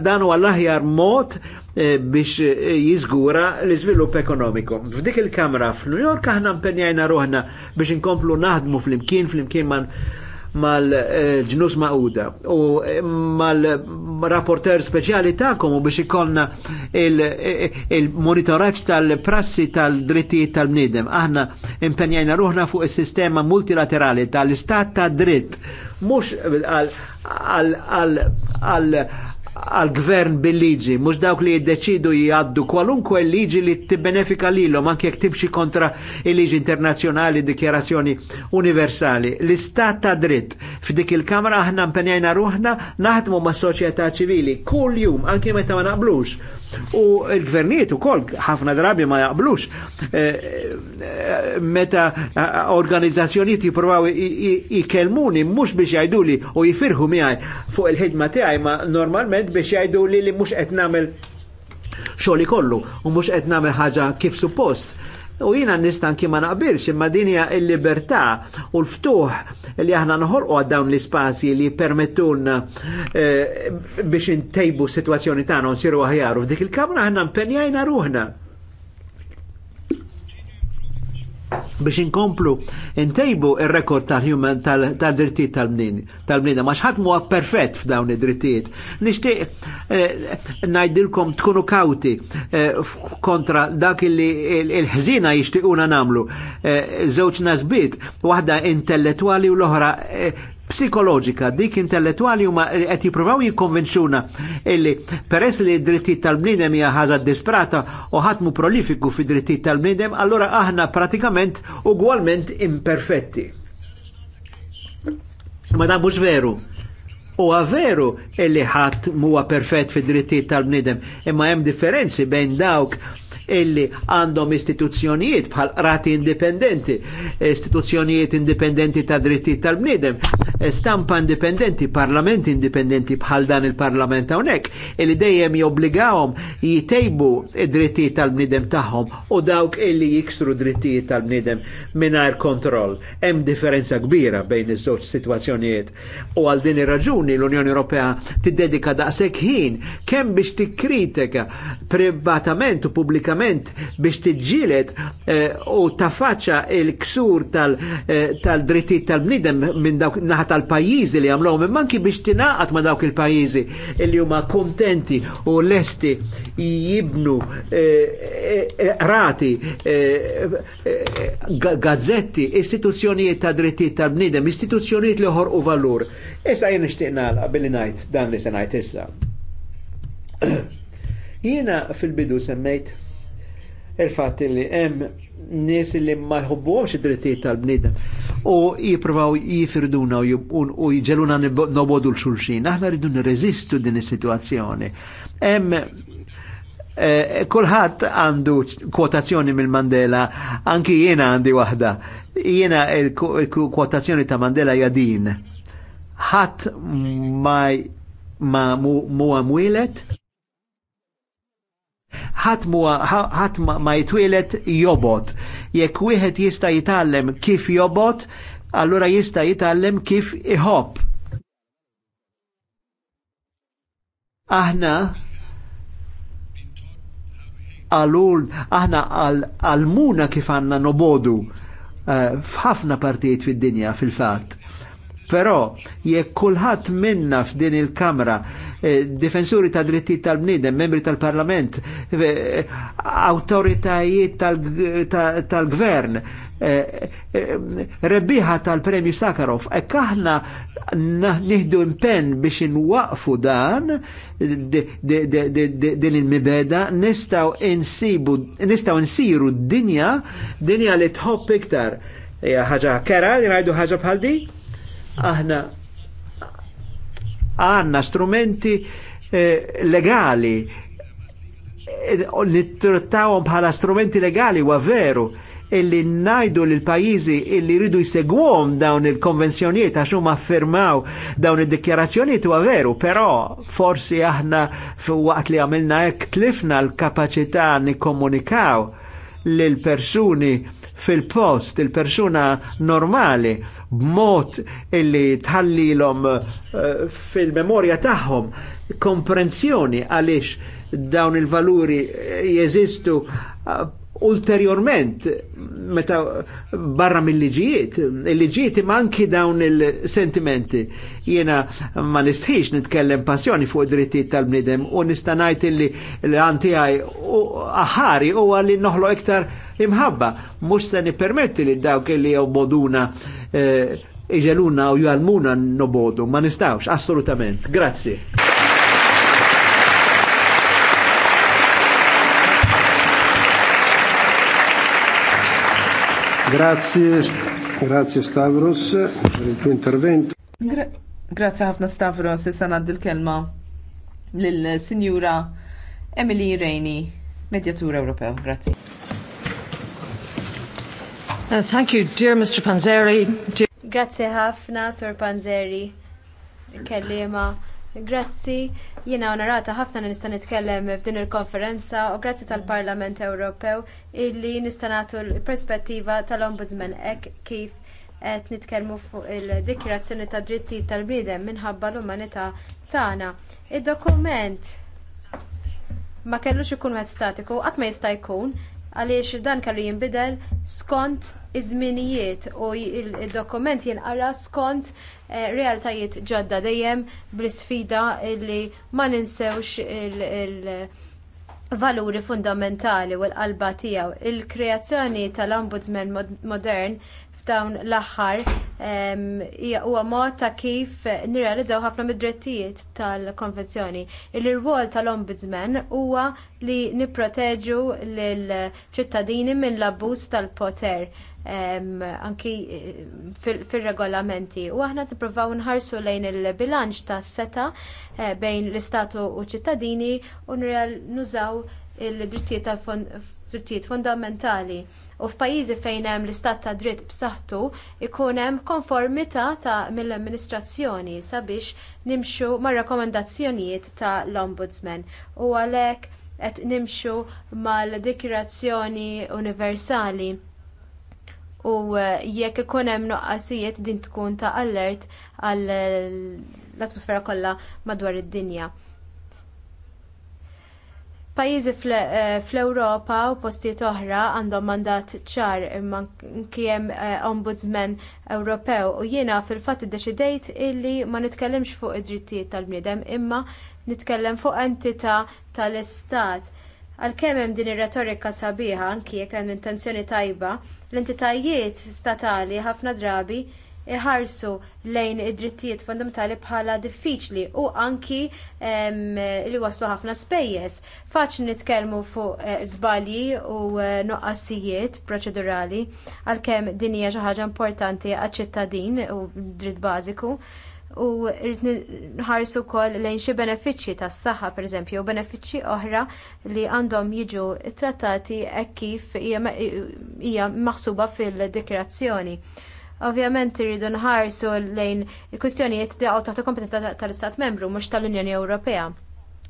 dan huwa l-aħjar mod eh, biex jiżgura l-iżvilupp ekonomiku. F'dik il-Kamra f'New York aħna mpenjajna ruħna biex inkomplu naħdmu fl-imkien fl-imkien mal-ġnus ma'uda u eh, mal-rapporter speċjali ta'kom u biex ikonna il-monitoraċ tal-prassi tal-drittijiet tal-bnidem. Aħna impenjajna ruħna fuq il-sistema multilaterali tal-istat ta' dritt, mux għal għal-gvern bil-liġi, mux dawk li jiddeċidu jgħaddu kwalunkwe liġi li t-benefika lilhom anke jekk kontra il-liġi internazzjonali d-dikjerazzjoni universali. L-istat ta' dritt f'dik il-Kamra aħna mpenjajna ruħna naħdmu ma' soċjetà ċivili kull jum anke meta ma naqblux U l-gvernijiet ukoll ħafna drabi ma jaqblux eh, eh, meta eh, organizzazzjonijiet jippruvaw ikelmuni mhux biex jgħiduli u jifirħu miħaj fuq il-ħidma tiegħi ma normalment biex jgħiduli li mhux qed nagħmel xogħli kollu u mhux qed nagħmel ħaġa kif suppost. U jina nistan kima naqbilx imma dinja il-libertà u l-ftuħ li aħna nħolqu għaddawn l-ispazji li permettun eh, biex intejbu situazzjoni tagħna u nsiru aħjar. U f'dik il-kamra aħna mpenjajna ruħna biex inkomplu intejbu il-rekord tal-human tal-drittijiet tal-bnin tal-bnina ma xħat muwa perfett f'dawn id-drittijiet nishtiq eh, najdilkom tkunu kauti eh, kontra dak li il ħzina jishtiquna namlu zewċ eh, nazbit waħda intellettuali u l-oħra psikoloġika, dik intellettuali huma eh, qed jippruvaw jikkonvinċuna illi peress li d-drittijiet tal-bniedem hija ħaża disprata u ħatmu prolifiku fi drittijiet tal-bniedem, allora aħna pratikament ugwalment imperfetti. Ma dan mhux veru. U veru illi ħadd huwa perfett fi drittijiet tal-bniedem, imma hemm differenzi bejn dawk illi għandhom istituzzjonijiet bħal rati indipendenti, istituzzjonijiet indipendenti ta' dritti tal-bniedem, stampa indipendenti, parlament indipendenti bħal dan il-parlament hawnhekk illi dejjem jobbligawhom jitejbu dritti tal-bniedem tagħhom u dawk illi jiksru dritti tal-bniedem mingħajr kontroll. Hemm differenza kbira bejn iż-żewġ sitwazzjonijiet u għal din ir-raġuni l-Unjoni Ewropea tiddedika daqshekk ħin kemm biex tikkritika privatament u pubblikament verament biex tiġġielet eh, u tafaċċa il-ksur eh, tal-drittijiet tal-bniedem minn dawk naħa tal-pajjiżi li jagħmlu, imma anki biex tingħaqad ma' dawk il-pajjiżi li huma kontenti u lesti jibnu eh, rati gazzetti, istituzzjonijiet ta' drittijiet tal-bniedem, istituzzjonijiet li ħorqu valur. Issa jien nixtieq nagħlaq billi ngħid dan li se ngħid issa. Jiena fil-bidu semmejt il-fatt li hemm nies li ma jħobbuhomx id-drittijiet tal-bniedem u jippruvaw jifirduna u jġeluna nobodu l-xulxin. Aħna rridu nirreżistu din is-sitwazzjoni. Hemm eh, kulħadd għandu kwotazzjoni mill-Mandela, anki jiena għandi waħda. Jiena il-kwotazzjoni ta' Mandela hija din. Ħadd ma mu għamwilet ħadd ma jitwilet jobot. Jekk wieħed jista' jitgħallem kif jobot, allura jista' jitgħallem kif iħobb. Aħna għalul, aħna għalmuna kif għanna nobodu eh, f'ħafna partijiet fid-dinja fil-fatt. Però jekk kulħadd minna f'din il-Kamra eh, difensuri ta' dritti tal-bniedem, membri tal-Parlament, eh, autoritajiet tal-gvern, eh, eh, rebbiħa tal-Premju Sakharov, ekk aħna nieħdu impenn biex inwaqfu dan din il-mibeda nistaw insibu insiru d-dinja dinja li tħobb iktar. Ħaġa kera li ħaġa bħal di? aħna għanna strumenti eh, legali nittrattawhom eh, bħala strumenti legali wa veru illi najdu l pajizi illi ridu jsegwhom dawn il-konvenzjonijiet għax huma affirmaw dawn id-dikjarazzjonijiet huwa veru, però forsi aħna waqt li għamilna hekk tlifna l-kapaċità nikkomunikaw lil persuni fil-post il-persuna normali b'mod illi tħallilhom eh, fil-memorja tagħhom komprensjoni għaliex dawn il-valuri jeżistu eh, ulterjorment meta barra mill-liġijiet, il-liġijiet manki dawn il-sentimenti. Jiena ma nistħiġ nitkellem passjoni fuq drittijiet tal-bnidem u nistanajt li l-anti aħari u għalli noħlo iktar imħabba, mux se nipermetti li dawk kelli jew boduna eh, iġeluna u jgħalmuna nobodu, ma nistawx, assolutament. Grazzi. Grazie, grazie Stavros per il tuo intervento. Gra grazie ħafna Stavros, e naddi l-kelma lill signora Emily Reini, Medjatura Europea. Grazie. Uh, thank you, dear Mr. Panzeri. Dear... Grazie ħafna, Sir Panzeri, kellima. Grazzi, jiena onorata ħafna nistan nista' nitkellem f'din il-konferenza u grazzi tal-Parlament Ewropew illi nista' nagħtu l-perspettiva tal-Ombudsman hekk kif qed nitkellmu fuq il-Dikjerazzjoni ta' Drittijiet tal-Bniedem minħabba l-umanità tagħna. Id-dokument ma kellux ikun wieħed statiku qatt ma jista' jkun għaliex dan kellu jinbidel skont iż-żminijiet u il-dokument jinqara skont eh, realtajiet ġodda dejjem bl-isfida li ma ninsewx il-valuri fundamentali u l-qalba tiegħu. Il-kreazzjoni tal-Ombudsman modern dawn l-aħħar huwa mod ta' kif nirrealizzaw ħafna mid-drittijiet tal-konvenzjoni. Il-rwol tal-ombudsman huwa li nipproteġu lill-ċittadini minn l-abbuż tal-poter anki fil-regolamenti. U aħna nippruvaw nħarsu lejn il-bilanċ tas seta eh, bejn l-istatu u ċittadini u nużaw il-drittijiet fundamentali u f'pajjiżi fejn hemm l-istat ta' dritt b'saħħtu ikun hemm konformità ta' mill-amministrazzjoni sabiex nimxu mar-rakkomandazzjonijiet tal ombudsman u għalhekk qed nimxu mal-Dikirazzjoni Universali u eh, jekk ikun hemm noqqasijiet din tkun ta' allert għall atmosfera kollha madwar id-dinja. Pajjiżi eh, fl-Ewropa u postijiet oħra għandhom mandat ċar imma kien eh, Ombudsman Ewropew u jiena fil-fatt iddeċidejt illi ma nitkellimx fuq id-drittijiet tal-bniedem imma nitkellem fuq entita tal-Istat. Għalkemm hemm din ir-retorika sabiħa anki jekk hemm intenzjoni tajba, l-entitajiet statali ħafna drabi iħarsu lejn id-drittijiet fondamentali bħala diffiċli u anki li waslu ħafna spejjeż. Faċli nitkellmu fuq eh, żbalji u eh, noqqasijiet proċedurali għalkemm din hija xi ħaġa importanti għaċ-ċittadin u dritt bażiku u rrid nħarsu wkoll lejn xi benefiċċji tas-saħħa pereżempju u benefiċċji oħra li għandhom jiġu trattati hekk kif hija maħsuba fil-dikrazzjoni Ovvjament irridu nħarsu lejn il-kwistjonijiet li għaw taħt kompetenza tal-Istat membru, mhux tal-Unjoni Ewropea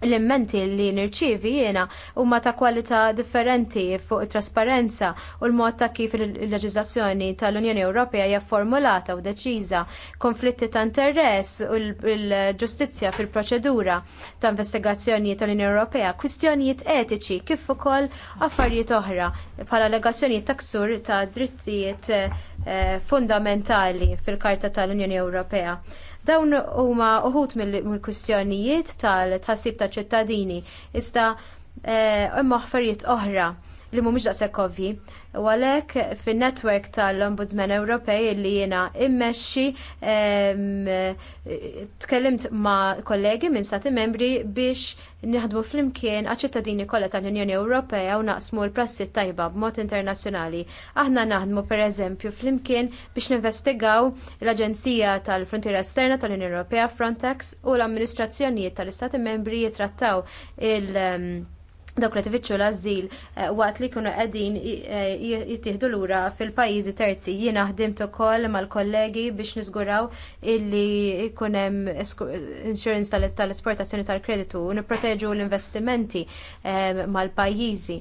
l-immenti li nirċievi jiena huma ta' kwalità differenti fuq it trasparenza u l-mod ta' kif il leġizlazzjoni tal-Unjoni Ewropea hija formulata u deċiża, konflitti ta' interess u l-ġustizzja fil-proċedura ta' investigazzjoni tal-Unjoni Ewropea, kwistjonijiet etiċi kif ukoll affarijiet oħra bħala allegazzjonijiet ta' ksur ta' drittijiet eh, fundamentali fil-Karta tal-Unjoni Ewropea. Dawn huma uħut mill-kwistjonijiet tal-tħassib ta' ċittadini, iżda imma eh, affarijiet oħra li mhumiex daqshekk ovvji. U għalhekk fin-netwerk tal-Ombudsman Ewropej li jiena immexxi tkellimt ma' kollegi minn stati membri biex nieħdmu flimkien għax ċittadini kollha tal-Unjoni Ewropea u naqsmu l-prassi tajba b'mod internazzjonali. Aħna naħdmu pereżempju flimkien biex ninvestigaw l-Aġenzija tal-Frontiera Esterna tal-Unjoni Ewropea Frontex u l-amministrazzjonijiet tal-Istati membri jitrattaw il- dawk li tfittxu l azzil eh, waqt li jkunu qegħdin eh, jittieħdu lura fil-pajjiżi terzi. Jiena ħdimt ukoll mal-kollegi biex niżguraw illi jkun hemm insurance tal-esportazzjoni tal-kreditu u nipproteġu l-investimenti eh, mal-pajjiżi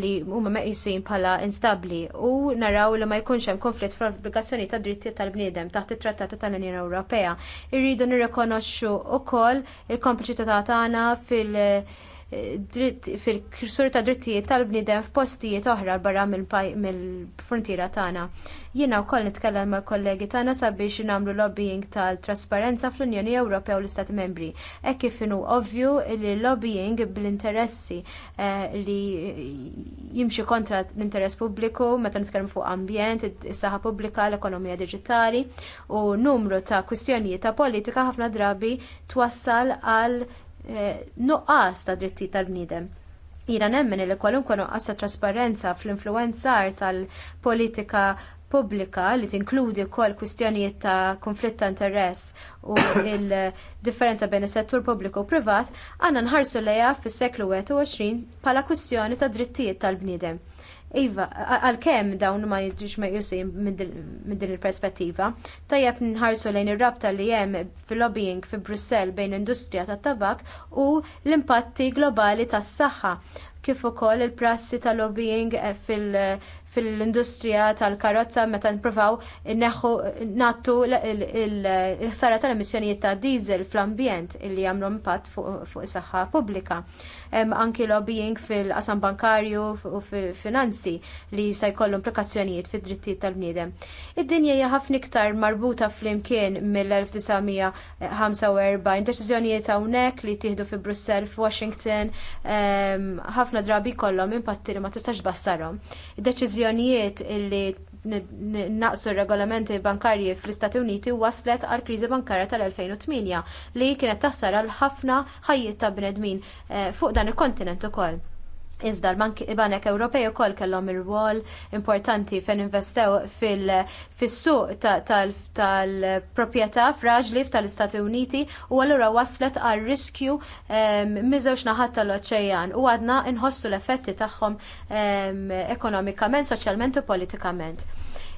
li huma meqjusin bħala instabbli u naraw li ma jkunx hemm konflitt fl-obbligazzjoni ta' drittijiet tal-bniedem taħt it-Trattati tal-Unjoni Ewropea. Irridu nirrikonoxxu wkoll il-kompliċità tagħna fil- dritt fil kursur ta' drittijiet tal-bniedem f'postijiet oħra barra mill-frontiera tagħna. Jiena wkoll nitkellem mal-kollegi tagħna sabiex nagħmlu lobbying tal-trasparenza fl-Unjoni Ewropea u l-Istati Membri. Hekk kif inhu ovvju li lobbying bl-interessi eh, li jimxi kontra l-interess pubbliku meta nitkellmu fuq ambjent, is-saħħa pubblika, l-ekonomija diġitali u numru ta' kwistjonijiet ta' politika ħafna drabi twassal għal nuqqas ta' dritti tal-bniedem. Jira nemmen li kwalunkwe nuqqas ta' trasparenza fl-influenzar tal-politika pubblika li tinkludi wkoll kwistjonijiet ta' konflitt ta' interess u il-differenza bejn is-settur pubbliku u privat għandna nħarsu lejha fis-seklu 21 bħala kwistjoni ta' drittijiet tal-bniedem. Iva, għalkemm dawn ma jiġux meqjusin minn din il-perspettiva, tajjeb nħarsu lejn ir-rabta li hemm fil-lobbying fi Brussell bejn industrija tat-tabak u l-impatti globali tas-saħħa kif ukoll il-prassi ta' lobbying eh, fil- fil-industrija tal-karozza meta nipruvaw neħu nattu l-ħsara tal-emissjonijiet ta' diesel fl-ambjent illi jagħmlu impatt fuq is-saħħa pubblika. Anki lobbying fil-qasam bankarju u fil-finanzi li se jkollu implikazzjonijiet fid-drittijiet tal-bniedem. Id-dinja hija ħafna iktar marbuta flimkien mill-1945 deċiżjonijiet hawnhekk li tieħdu fi Brussell, f'Washington, ehm, ħafna drabi kollhom impatti li ma tistax bassarhom. Id-deċiżjoni deċiżjonijiet illi naqsu regolamenti bankarji fl-Istati Uniti waslet għal kriżi bankarja tal-2008 li kienet tassar għal ħafna ħajjiet ta' bnedmin eh, fuq dan il-kontinent ukoll. Iżda l-Banek Ewropej ukoll kellhom ir-rwol importanti fejn investew fis-suq tal-proprjetà fraġli tal-Istati Uniti u allura waslet għal riskju miżewx naħat tal-oċejan u għadna nħossu l-effetti tagħhom ekonomikament, soċjalment u politikament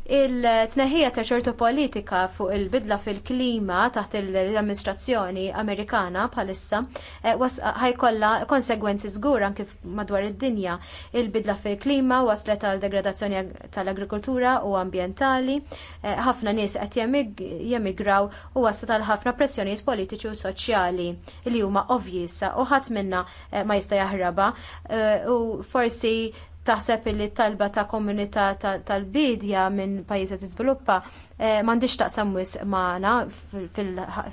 il-tneħija ta' ċertu politika fuq il-bidla fil-klima taħt l-amministrazzjoni Amerikana bħalissa eh, ħajkollha konsegwenzi żgur anke madwar id-dinja. Il-bidla fil-klima waslet għal degradazzjoni tal-agrikoltura u ambjentali, eh, ħafna nies qed jemigraw u waslet għal ħafna pressjonijiet politiċi u soċjali li huma ovvji sa u ħadd minna eh, ma jista' jaħraba u forsi taħseb illi talba ta' komunità tal-bidja minn pajjiżi ta' żviluppa eh, m'għandix taqsam wis magħna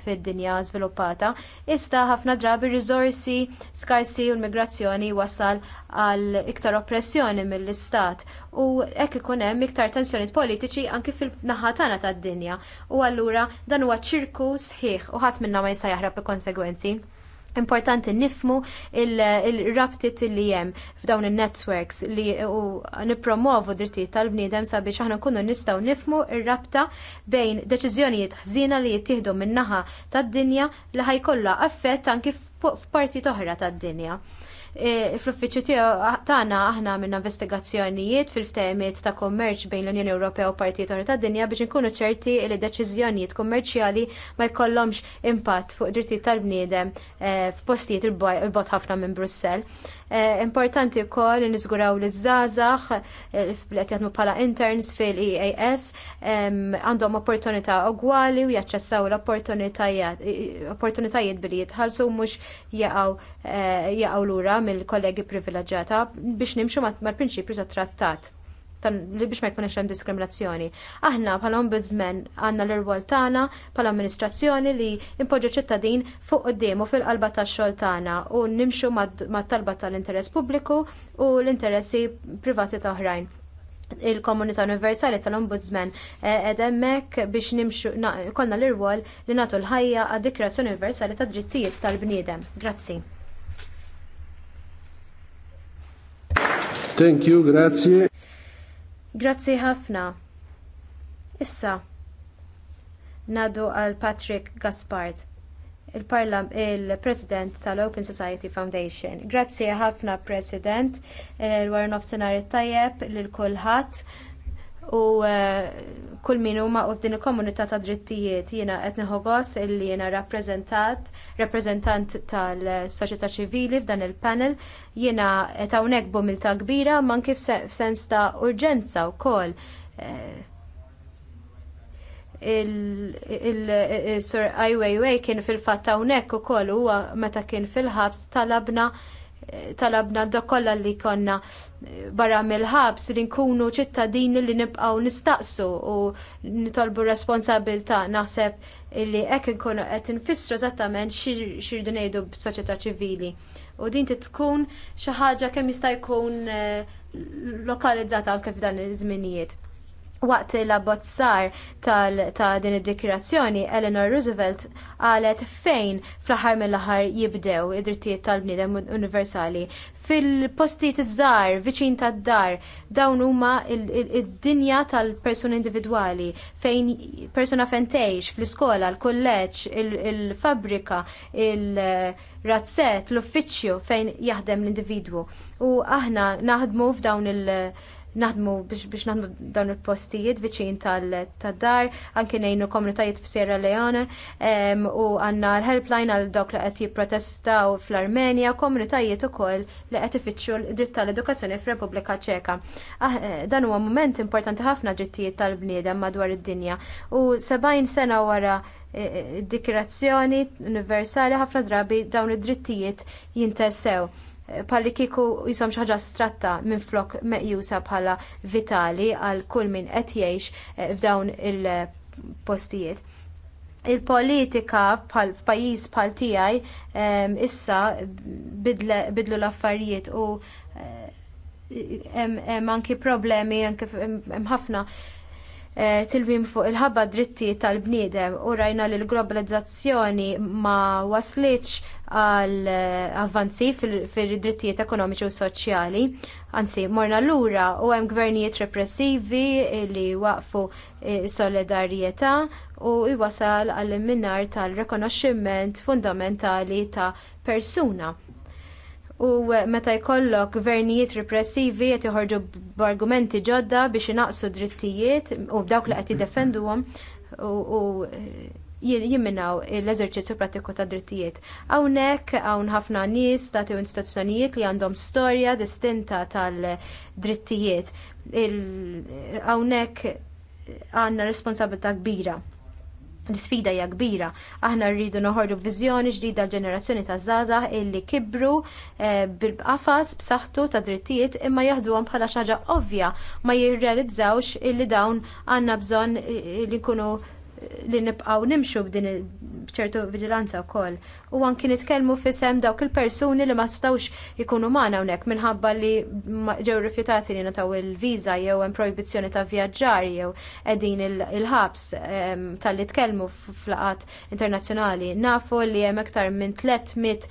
fid-dinja żviluppata, iżda ħafna drabi riżorsi skarsi u l-migrazzjoni wassal għal iktar oppressjoni mill-istat u hekk ikun hemm iktar tensjonijiet politiċi anki fil-naħa tagħna tad-dinja u allura dan huwa ċirku sħiħ u ħadd minnha ma jista' jaħrab bi konsegwenzi importanti nifmu il-rabtit il li jem f'dawn il-networks li u nipromovu drittijiet tal-bniedem sabiex aħna nkunu nistgħu nifmu il rabta bejn deċiżjonijiet ħżina li jittieħdu min-naħa tad-dinja li ħajkollha affett anki f'parti oħra tad-dinja. E, fl-uffiċċju tiegħu tagħna aħna minn investigazzjonijiet fil-ftehimiet ta' kummerċ bejn l-Unjoni Ewropea u Partijiet Unita tad-Dinja biex inkunu ċerti li deċiżjonijiet kummerċjali ma jkollhomx impatt fuq drittijiet tal-bniedem e, f'postijiet il-bot ħafna minn Brussell. Eh, importanti wkoll li l li żgħażagħ eh, li qed pala bħala interns fil-EAS għandhom opportunità ogwali u jaċċessaw l-opportunitajiet eh, billi jitħallsu mhux jaqgħu lura mill-kollegi privilagġata biex nimxu mal-prinċipju ta' trattat li biex ma jkunx hemm diskriminazzjoni. Aħna bħala ombudsman għandna l-irwol tagħna bħala amministrazzjoni li impoġġu ċittadin fuq quddiem u fil-qalba tax-xogħol tagħna u nimxu mat-talba tal-interess pubbliku u l-interessi privati ta' oħrajn il-komunità universali tal-ombudsman eh, ed hemmhekk biex nimxu konna l-irwol li nagħtu l-ħajja għad dikrazzjoni universali ta' drittijiet tal-bniedem. Grazzi. Thank you, grazie. Grazzi ħafna. Issa, nadu għal Patrick Gaspard, il-President il tal-Open Society Foundation. Grazzi ħafna, President, eh, l-Warren Senari Tajjeb, l-kulħat u eh, kull min huma u din il-komunità ta' drittijiet jiena qed neħogos illi jiena rappreżentat, rappreżentant tal-soċjetà ċivili f'dan il-panel, jiena qed hawnhekk bumilta kbira ma anke f'sens ta' urġenza wkoll eh, il-Sir Ai Weiwei kien fil-fatt hawnhekk ukoll huwa meta kien fil-ħabs talabna talabna dak kollha li konna eh, barra mill-ħabs li nkunu ċittadini li nibqgħu nistaqsu u nitolbu responsabilità naħseb li hekk nkunu qed infissru eżattament xirdu ngħidu b'soċjetà ċivili. U din tkun xi ħaġa kemm jista' jkun eh, lokalizzata anke f'dan iż-żminijiet. Waqt l-abbozzar ta' din id-dikirazzjoni, Eleanor Roosevelt għalet fejn fl-aħħar mill-aħħar jibdew id-drittijiet tal-bniedem universali. Fil-postijiet iż-żgħar, viċin tad-dar, dawn huma id-dinja tal persuna individwali fejn persuna fentejx, fl-iskola, l-kulleġġ, il-fabrika, il-razzett, l-uffiċċju fejn jaħdem l-individwu. U aħna naħdmu f'dawn il- naħdmu biex naħdmu dawn il-postijiet viċin tal-dar, anki nejnu komunitajiet f'Sierra Leone u għanna l-helpline għal dawk li qed jipprotestaw fl-Armenja, komunitajiet ukoll li qed ifittxu l-dritt tal-edukazzjoni f'Repubblika Ċeka. Ah, eh, dan huwa moment importanti ħafna drittijiet tal-bniedem madwar id-dinja u 70 sena wara id-dikirazzjoni eh, eh, universali ħafna drabi dawn id-drittijiet jintessew palli kiku jisom xaħġa stratta minn flok meqjusa bħala vitali għal kull min qed jgħix eh, f'dawn il-postijiet. Il-politika bħal pajjiż bħal tiegħi issa bidlu l-affarijiet u hemm eh, anki problemi hemm ħafna Eh, tilbim fuq il-ħabba dritti tal-bniedem u rajna li l-globalizzazzjoni ma waslitx għal eh, avvanzi fil-drittijiet ekonomiċi u soċjali. Anzi, morna lura u hemm gvernijiet repressivi li waqfu eh, solidarjetà u jwasal għal minnar tal rekonoximent fundamentali ta' persuna u meta jkollok gvernijiet repressivi qed joħorġu b'argumenti ġodda biex inaqsu drittijiet u b'dawk li qed jiddefenduhom u jimminaw l-eżerċizzju pratiku ta' drittijiet. Hawnhekk hawn ħafna nies tagħti istituzzjonijiet li għandhom storja distinta tal-drittijiet. Hawnhekk għandna responsabilità kbira l-sfida hija kbira. Aħna rridu noħorġu b'viżjoni ġdida l-ġenerazzjoni ta' żgħażagħ illi kibru eh, bil-qafas b'saħħtu ta' drittijiet imma jaħduhom bħala xi ħaġa ovvja ma jirrealizzawx illi dawn għandna bżonn li nkunu li nibqgħu nimxu b'din bċertu viġilanza wkoll. U anki nitkellmu fisem dawk il-persuni li ma stawx ikunu magħna hawnhekk minħabba li ġew rifjutati li nataw il-viża jew hemm projbizzjoni ta' vjaġġar jew qegħdin il-ħabs tal-li tkellmu f'laqat internazzjonali. Nafu li hemm aktar minn 300 eh,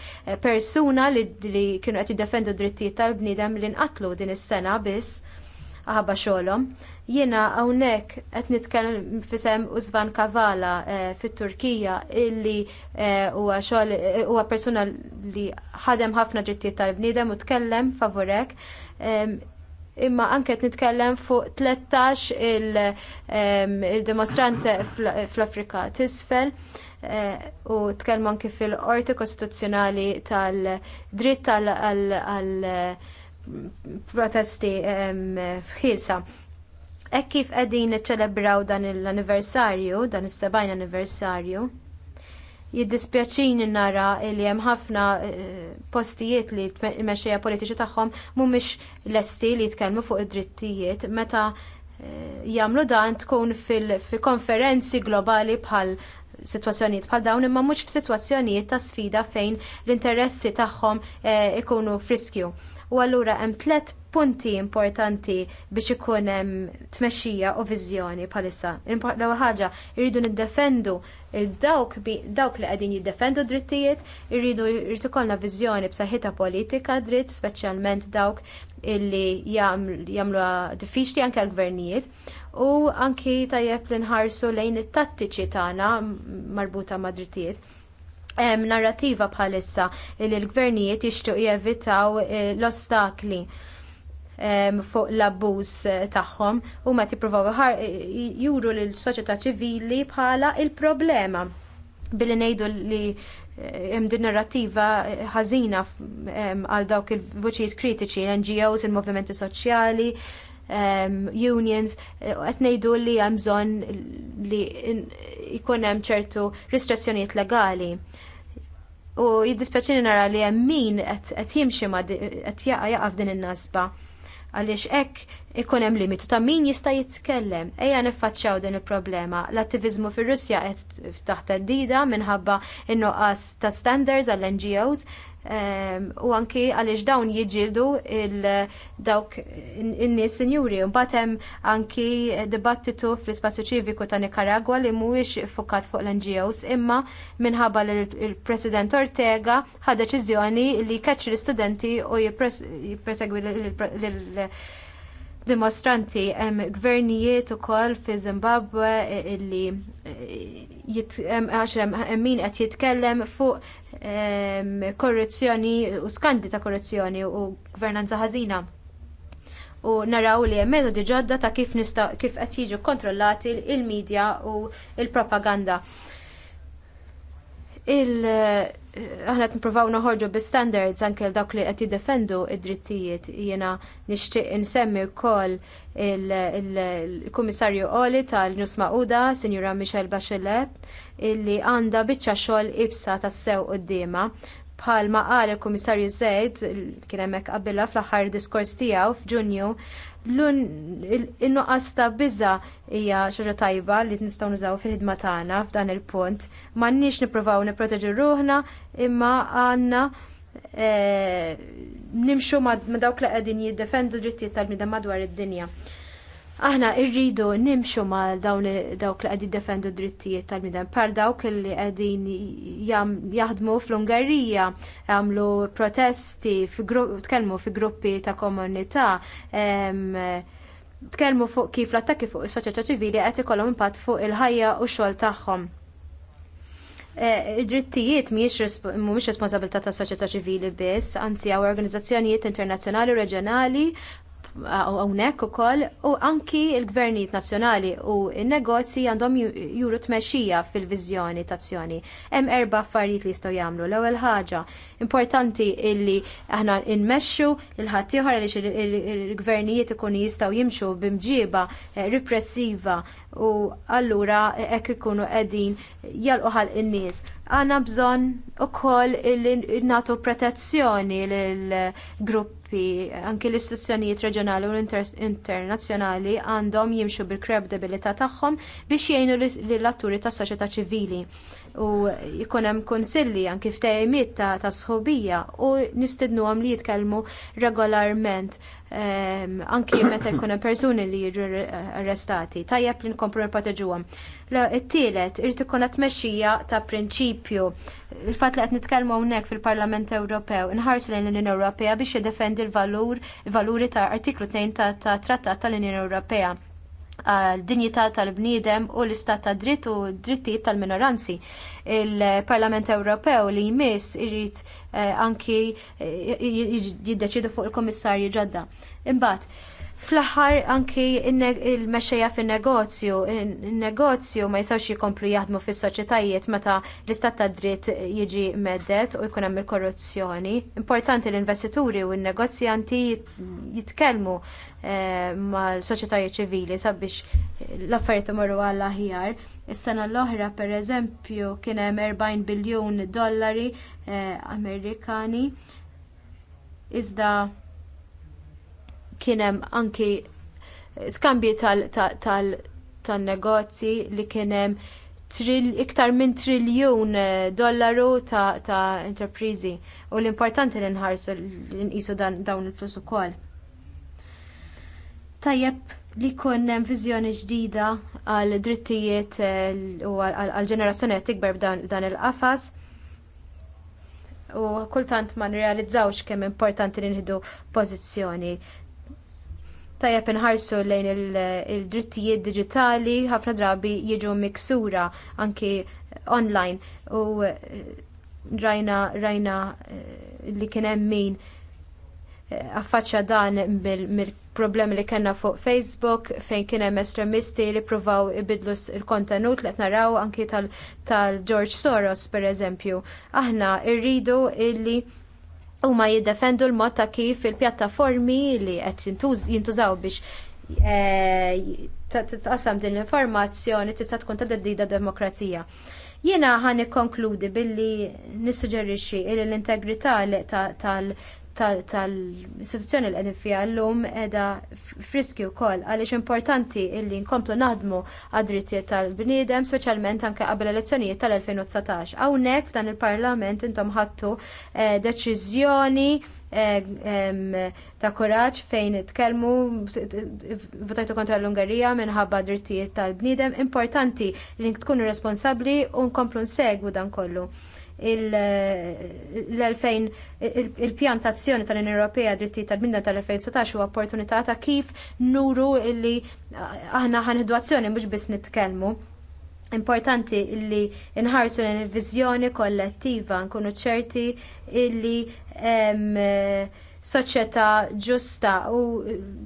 persuna li kienu qed jiddefendu drittijiet tal-bniedem li nqatlu din is-sena biss aħba xogħolhom. Jiena hawnhekk qed nitkellem fisem Uzvan Kavala eh, fit-Turkija illi eh, huwa xogħol eh, huwa persuna li ħadem ħafna drittijiet tal-bniedem u tkellem favorek imma anke qed nitkellem fuq 13 il dimostranti fl-Afrika t'isfel u tkellmu anke fil-qorti kostituzzjonali tal-dritt tal- protesti fħilsa. Ek kif qegħdin niċċelebraw dan l-anniversarju, dan is sebajn anniversarju, jiddispjaċini nara li hemm ħafna eh, postijiet li t mexxejja politiċi tagħhom mhumiex lesti li jitkellmu fuq id-drittijiet meta eh, jagħmlu dan tkun fil-konferenzi globali bħal situazzjonijiet bħal dawn imma mhux f'sitwazzjonijiet ta' sfida fejn l-interessi tagħhom eh, ikunu friskju. U allura hemm tliet punti importanti biex ikun hemm tmexxija u viżjoni bħalissa. L-ewwel ħaġa irridu niddefendu dawk dawk li qegħdin jiddefendu drittijiet, irridu jrid ikollna viżjoni b'saħħitha politika dritt, speċjalment dawk illi jagħmluha diffiċli anke għall-gvernijiet u anki tajjeb li nħarsu lejn it-tattiċi tagħna marbuta ma' drittijiet hemm narrativa bħalissa li l-gvernijiet jixtiequ jevitaw eh, l-ostakli fuq l-abbuż eh, tagħhom u ma tippruvaw eh, juru lis soċjetà ċivili bħala il-problema billi ngħidu li hemm din narrativa ħażina għal dawk il-vuċijiet kritiċi, l-NGOs, il-movimenti soċjali, Um, unions eh, qed ngħidu li hemm bżonn li jkun hemm ċertu restrizzjonijiet legali. U jiddispjaċini nara li hemm min qed jimxi qed jaqa' din in-nasba għaliex hekk ikun hemm limitu ta' min jista' jitkellem. Ejja niffaċċjaw din il-problema. L-attivizmu fir-Russja qed taħt dida minħabba in-noqqas ta' standards għall-NGOs Ehm, u anki għaliex dawn jiġildu il-dawk in-nies sinjuri. Mbagħad hemm anki dibattitu fl-ispazju ċiviku ta' Nikaragwa li mhuwiex fukat fuq l-NGOs imma minħabba l-President Ortega ħad deċiżjoni li jkeċċ l-istudenti u jipresegwi l dimostranti hemm gvernijiet ukoll fi Zimbabwe eh, illi eh, għax hemm min qed jitkellem fuq ehm, korruzzjoni u skandi ta' korruzzjoni u gvernanza ħażina. U naraw li hemm metodi ġodda ta' kif nista' kif qed jiġu kontrollati il-medja u l propaganda il- aħna t-nprovaw naħorġu bi standards anke dawk li qed jiddefendu id-drittijiet jiena nixtieq insemmi wkoll il-Kummissarju Oli tal-Nus Mauda, Sinjura Michelle Bachelet, illi għandha biċċa xogħol ibsa tas-sew qudiema. Bħalma qal il-Kummissarju Zed, kien hemmhekk fl-aħħar diskors tiegħu f'Ġunju l-nuqqas ta' biża hija xaġa tajba li nistgħu nużaw fil-ħidma tagħna f'dan il-punt. M'għandniex nippruvaw nipproteġu ruħna imma għandna e, nimxu ma' dawk li qegħdin jiddefendu drittijiet tal bnidem madwar id-dinja. Aħna irridu nimxu ma dawn dawk li qegħdin defendu drittijiet tal-midem par dawk li qegħdin jaħdmu fl-Ungerija, għamlu protesti, tkellmu fi gruppi ta' komunità, tkellmu fuq kif l-attakki fuq is-soċjetà ċivili qed ikollhom impatt fuq il-ħajja u xogħol tagħhom. E, id-drittijiet mhumiex responsabilità tas soċjetà ċivili biss, anzi hawn organizzazzjonijiet internazzjonali u reġjonali hawnhekk ukoll u anki l-gvernijiet nazzjonali u n-negozji għandhom juru tmexxija fil-viżjoni tazzjoni. Hemm erba' affarijiet li jistgħu jagħmlu. L-ewwel ħaġa importanti illi aħna nmexxu il ħadd ieħor għaliex il-gvernijiet ikunu jistgħu jimxu bimġiba eh, repressiva u allura hekk ikunu qegħdin jalquħal in-nies għana bżon u koll il-natu protezzjoni l-grupp l anki l-istituzzjonijiet reġjonali u internazzjonali għandhom jimxu bil-kredibilità tagħhom biex jgħinu l atturi tas-soċjetà ċivili u jkun hemm kunsilli anki ftehimiet ta' sħobija u nistidnuhom li jitkellmu regolarment anki meta jkun hemm persuni li jiġu arrestati, tajjeb li nkompru nipproteġuhom. It-tielet irid ikun qed ta' prinċipju. Il-fatt li qed nitkellmu hawnhekk fil-Parlament Ewropew inħarsu lejn l-Unjoni Ewropea biex jiddefendi l-valur, il-valuri ta' artiklu 2 ta' Trattat tal-Unjoni Ewropea għal-dinjità tal-bniedem u l-istat ta' dritt u drittijiet tal-minoranzi. Il-Parlament Ewropew li jmiss irrit eh, anki eh, jiddeċidu fuq il-Komissarji ġodda. Imbagħad, Fl-aħħar anki il-mexxejja fin-negozju, in-negozju ma jistgħux jikomplu jaħdmu fis-soċjetajiet meta l-istat ta' dritt jiġi meddet u jkun hemm il-korruzzjoni. Importanti l-investituri u n-negozjanti jitkellmu eh, mal-soċjetajiet ċivili sabiex l-affarijiet imorru għall aħjar. Is-sena l-oħra pereżempju kien hemm 40 biljun dollari eh, Amerikani. Iżda kienem anki skambji tal-negozji li kienem iktar minn triljun eh, dollaru ta' enterprizi u l-importanti li nħarsu li nqisu dawn il-flus ukoll. Tajjeb li jkun hemm viżjoni ġdida għal drittijiet eh, u għal ġenerazzjoni qed tikber b'dan il-qafas. U kultant ma nirrealizzawx kemm importanti li nħidu pożizzjoni tajjeb inħarsu lejn il-drittijiet il digitali ħafna drabi jiġu miksura anki online u eh, rajna rajna eh, li kien hemm min eh, affaċċa dan mill-problemi li kellna fuq Facebook fejn kien hemm estremisti li pruvaw ibidlu l kontenut li qed naraw anki tal-George tal Soros pereżempju. Aħna rridu illi huma jiddefendu l-mod ta' kif il-pjattaformi li qed jintużaw biex eh, tqassam din l-informazzjoni tista' tkun ta' deddida demokrazija. Jiena ħan ikkonkludi billi nissuġġerixxi li l-integrità tal tal-istituzzjoni li qegħdin fiha llum qiegħda friski wkoll għaliex importanti illi nkomplu naħdmu għad-drittijiet tal-bniedem speċjalment anke qabel elezzjonijiet tal-2019. Hawnhekk f'dan il-Parlament intom ħadtu eh, deċiżjoni eh, ta' kuraġġ fejn itkellmu votajtu kontra l-Ungerija minħabba drittijiet tal-bniedem importanti li tkunu responsabbli u nkomplu nsegwu dan kollu l-2000 il-pjantazzjoni tal-Unjoni Ewropea dritti tal-binda tal-2019 u opportunità ta' kif nuru illi aħna ħanħdu azzjoni mhux biss nitkellmu. Importanti illi nħarsu l-viżjoni kollettiva, nkunu ċerti illi soċjetà ġusta u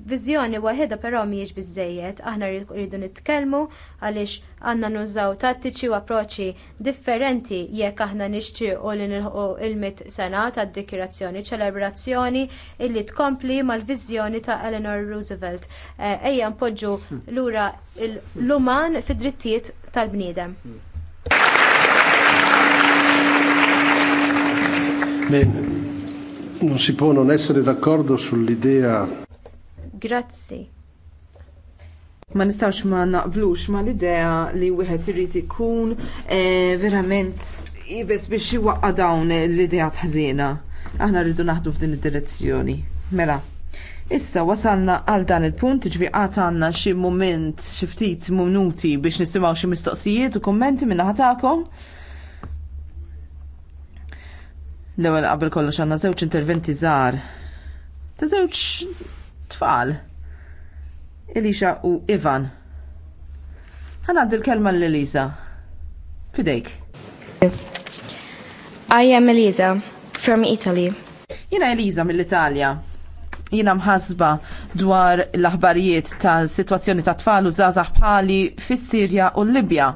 viżjoni waħedha però mhijiex biżżejjed. Aħna rridu nitkellmu għaliex għandna nużaw tattiċi u approċċi differenti jekk aħna nixtiequ li nilħu il sena tad-dikirazzjoni ċelebrazzjoni illi tkompli mal-viżjoni ta' Eleanor Roosevelt. Eh, ejja npoġġu lura l-uman fid-drittijiet tal-bniedem non si può non essere d'accordo sull'idea. Grazzi. Ma nistawx ma naqblux ma l-idea li wieħed irid ikun eh, verament jibes biex iwaqqa dawn l-idea tħażina. Aħna rridu naħdu f'din id-direzzjoni. Mela, Issa wasalna għal dan il-punt ġvi għat għanna xi mument, xi ftit minuti biex nisimgħu xi mistoqsijiet u kommenti minna ħatakom. L-ewwel qabel kollox għandna żewġ interventi żgħar. Ta' żewġ tfal. Elisha u Ivan. ngħaddi l-kelma l-Elisa. Fidejk. I am Elisa from Italy. Jina Elisa mill-Italja jina mħasba dwar l-aħbarijiet ta' situazzjoni ta' tfal u zazax bħali fis sirja u l-Libja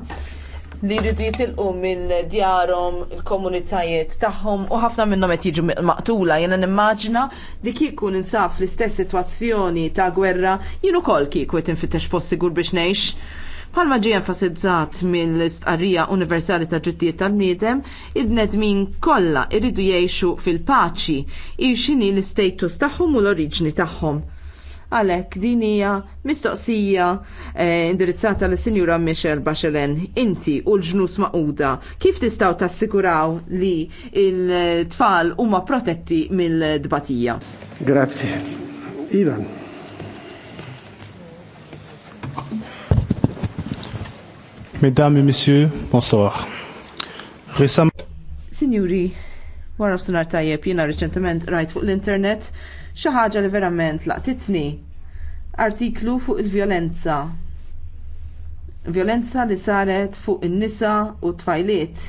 li jridu jitilqu minn djarhom il-komunitajiet tagħhom u ħafna minnhom qed jiġu maqtula jiena nimmaġina li kieku ninsab fl-istess sitwazzjoni ta' gwerra jien ukoll kieku qed infittex post sigur biex ngħix. Palma ġie enfasizzat mill-istqarrija universali ta' ġittijiet tal-bniedem, il-bnedmin kollha jridu jgħixu fil-paċi, ixini l-istatus tagħhom u l-oriġni tagħhom. Għalhekk din hija mistoqsija eh, indirizzata lis sinjura Michel Bachelen, Inti u l-ġnus maquda kif tistgħu tassikuraw li il-tfal huma protetti mill-dbatija? Grazzi. Ivan. Mesdames et messieurs, bonsoir. Récemment. Signori, warraf sunar tajjeb jiena riċentement rajt fuq l-internet xi ħaġa li verament laqtitni. Artiklu fuq il-vjolenza. Vjolenza li saret fuq in-nisa u t-tfajliet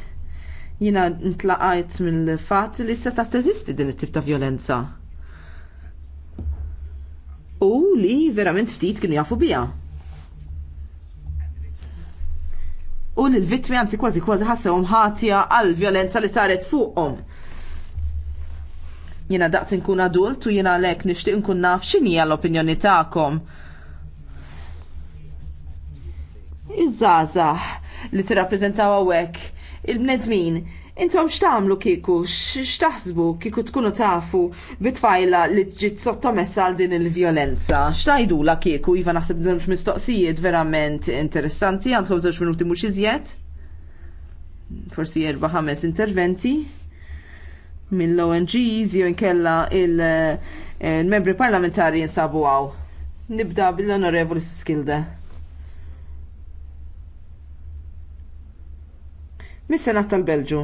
jina ntlaqajt mill fatt li se ta' teżisti din it-tip ta' violenza. U li verament ftit kienu jafu bija. U l-vittmi għanzi kważi kważi ħassehom ħatja għal violenza li saret fuqhom. Jiena daqs inkun adult u jiena għalhekk nixtieq nkun naf hija l-opinjoni tagħkom. iż żaza li tirrappreżentaw hekk il-bnedmin Intom x'tagħmlu kieku, x'taħsbu kieku tkunu tafu bitfajla li tġit sottomessa għal din il-vjolenza? X'tajdula kieku iva naħseb żewġ mistoqsijiet verament interessanti għandkom żewġ minuti mhux iżjed? Forsi erba' ħames interventi mill-ONGs jew inkella eh, il-membri parlamentari jinsabu għaw. Nibda bil-Onorevoli Skilda. Mis-Senat tal-Belġu.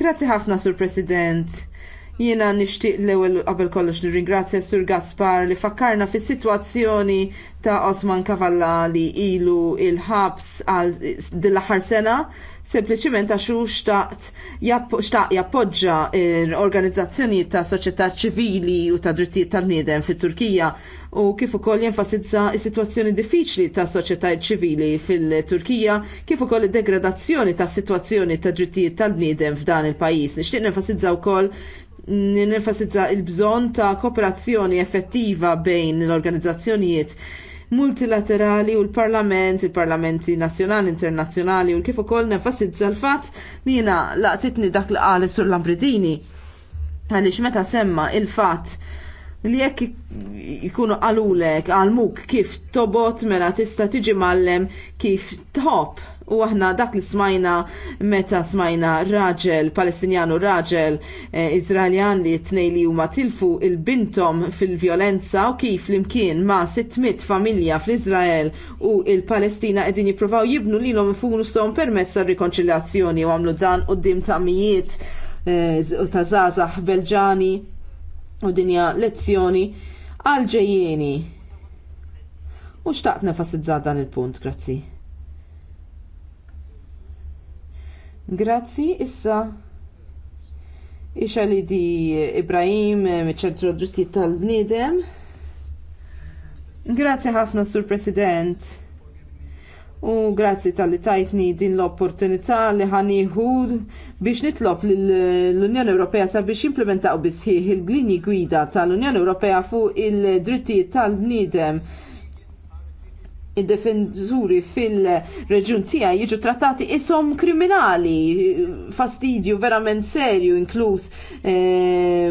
Grazzi ħafna, Sur President. Jiena nixtieq l-ewwel qabel kollox nirringrazzja Sur Gaspar li fakkarna fis-sitwazzjoni ta' Osman Kavalla li ilu il-ħabs għal dil-aħħar sena sempliċement għax hu xtaqt xtaq jappoġġa organizzazzjonijiet ta' soċjetà ċivili u ta' drittijiet tal-bniedem fit-Turkija u kif ukoll jenfasizza s-sitwazzjoni diffiċli ta' soċjetà ċivili fil-Turkija kif ukoll id-degradazzjoni ta' sitwazzjoni ta' drittijiet tal-bniedem f'dan il-pajjiż. Nixtieq nenfasizza wkoll ninfasizza il-bżon ta' kooperazzjoni effettiva bejn l-organizzazzjonijiet multilaterali u l-parlament, il-parlamenti nazjonali, internazjonali u kif ukoll nenfasizza l-fatt li jiena laqtitni dak li qal sur Lambridini. Għaliex meta semma il-fatt li jekk ikunu qalulek, għalmuk kif tobot mela tista' tiġi mallem kif tħobb u aħna dak li smajna meta smajna raġel palestinjanu raġel eh, Izraeljan li tnej li huma tilfu il-bintom fil-violenza u kif flimkien ma 600 familja fl-Izrael u il-Palestina qegħdin jippruvaw jibnu lilhom infushom permezz mezza rikonċiljazzjoni u għamlu dan dim ta' mijiet eh, u ta' zazax belġani u dinja lezzjoni għal ġejjeni. U xtaqt nefasizza dan il-punt, grazzi. Grazzi, issa ixa li di Ibrahim ċentru drittijiet tal-bniedem. Grazzi ħafna, Sur President. U grazzi tal-li tajtni din l-opportunità li ħaniħu biex nitlob l-Unjoni Ewropea sabiex implementaw bisħiħ il-glini gwida tal-Unjoni Ewropea fuq il-drittijiet tal-bniedem id-defenzuri fil-reġun tija jiġu trattati isom kriminali, fastidju verament serju, inkluż eh,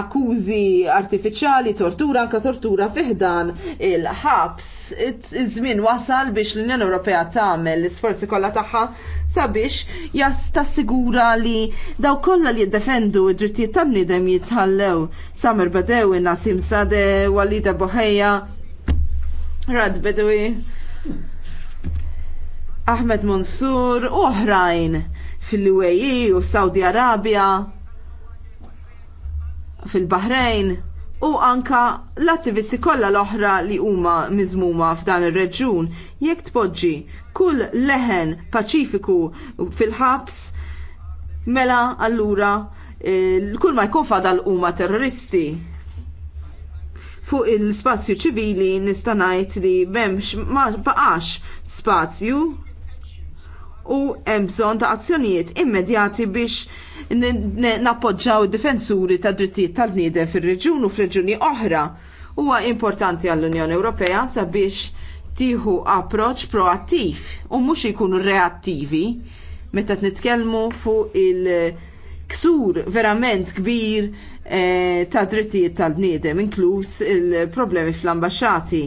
akkużi artifiċjali, tortura, anka tortura fiħdan il-ħabs. Iż-żmien wasal biex l-Unjoni Ewropea tagħmel l-isforzi kollha tagħha sabiex jassigura li daw kollha li jiddefendu d-drittijiet tan-nidem jitħallew. Samer Badew, Nasim Sade, Walida boħejja. Rad Bedwi, Ahmed Mansur u oħrajn fil-UAE u Saudi Arabia, fil-Bahrejn u anka l-attivisti kollha l-oħra li huma miżmuma f'dan ir-reġjun jekk tpoġġi kull leħen paċifiku fil-ħabs mela allura eh, kull ma jkun fadal huma terroristi fuq il-spazju ċivili nista' ngħid li m'hemmx ma baqax spazju u hemm bżonn ta' azzjonijiet immedjati biex nappoġġaw id-difensuri tad drittijiet tal-bniedem fir-reġjun u f'reġjuni oħra. Huwa importanti għall-Unjoni Ewropea sabiex tieħu approċċ proattiv u mhux ikunu reattivi meta nitkellmu fuq il- ksur verament kbir Eh, ta' drittijiet tal-bniedem, inkluż il-problemi fl-ambasċati.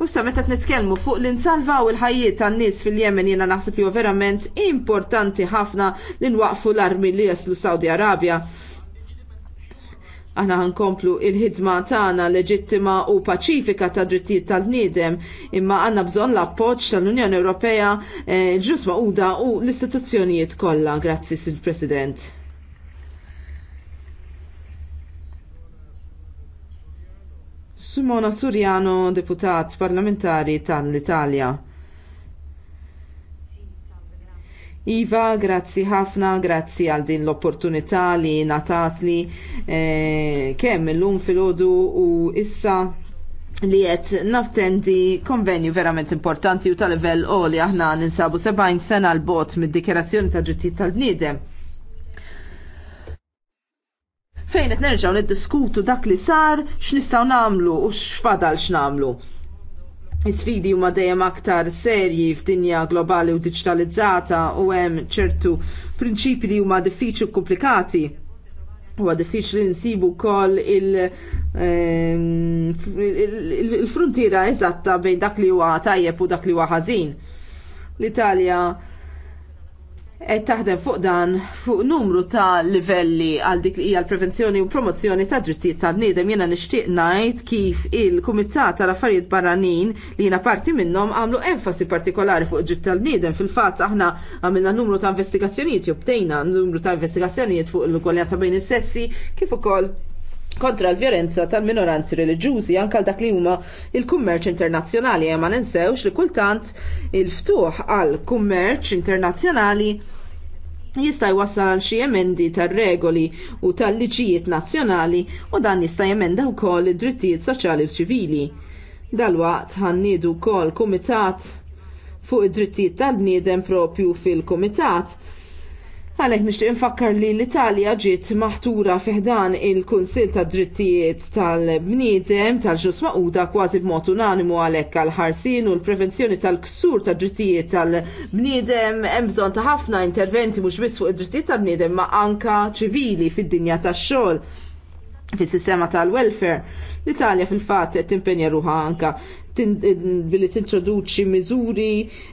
U sa meta nitkellmu fuq li nsalvaw il ħajiet tan-nies fil jemen jena naħseb li verament importanti ħafna li nwaqfu l-armi li jaslu Saudi Arabia. Aħna ħankomplu il-ħidma tagħna leġittima u paċifika ta' drittijiet tal-bniedem, imma għandna bżonn l-appoġġ tal-Unjoni Ewropea eh, ġus maquda u l-istituzzjonijiet kollha. Grazzi, Sil President. Simona Suriano, deputat parlamentari tal-Italja. Iva, grazzi ħafna, grazzi għal din l-opportunità li natatli eh, kemm l-lum fil-ħodu u issa li qed naftendi konvenju verament importanti u tal-level o li aħna ninsabu 70 sena l-bot mid-dikjerazzjoni ta' ġittijiet tal-bniedem fejn qed nerġgħu niddiskutu dak li sar, x'nistgħu nagħmlu u x'fadal x'nagħmlu. Is-sfidi huma dejjem aktar serji f'dinja globali u diġitalizzata u hemm ċertu prinċipji li huma diffiċli u komplikati huwa diffiċli nsibu wkoll ehm, il-frontiera eżatta bejn dak li huwa tajjeb u dak li huwa ħażin. L-Italja qed taħdem fuq dan fuq numru ta' livelli għal dik li hija l-prevenzjoni u promozzjoni ta' drittijiet tan-niedem jiena nixtieq ngħid kif il-Kumitat tal-Affarijiet Barranin li jiena parti minnhom għamlu enfasi partikolari fuq ġitt tal-niedem fil-fatt aħna għamilna numru ta' investigazzjonijiet jew bdejna numru ta' investigazzjonijiet fuq l-ugwaljanza bejn is-sessi kif ukoll kontra l-vjolenza tal-minoranzi reliġjużi anke dak li huma il-kummerċ internazzjonali ma ninsewx li kultant il-ftuħ għal kummerċ internazzjonali jista' jwassal xi emendi tar-regoli u tal-liġijiet nazzjonali u dan jista' jemenda wkoll id-drittijiet soċjali u ċivili. Dalwaqt ħanniedu wkoll kumitat fuq id-drittijiet tal-bniedem propju fil-kumitat Għalek nishtiq infakkar li l-Italja ġiet maħtura fiħdan il kunsill ta' Drittijiet tal-Bniedem tal-ġus maquda kważi b'mod unanimu għalek għal-ħarsin u l-prevenzjoni tal-ksur ta' drittijiet tal-bniedem hemm bżonn ta' ħafna interventi mhux biss fuq id-drittijiet tal-bniedem ma' anka ċivili fid-dinja tax-xogħol fis-sistema tal-welfare. L-Italja fil-fatt qed timpenja ruħa anka billi tintroduċi miżuri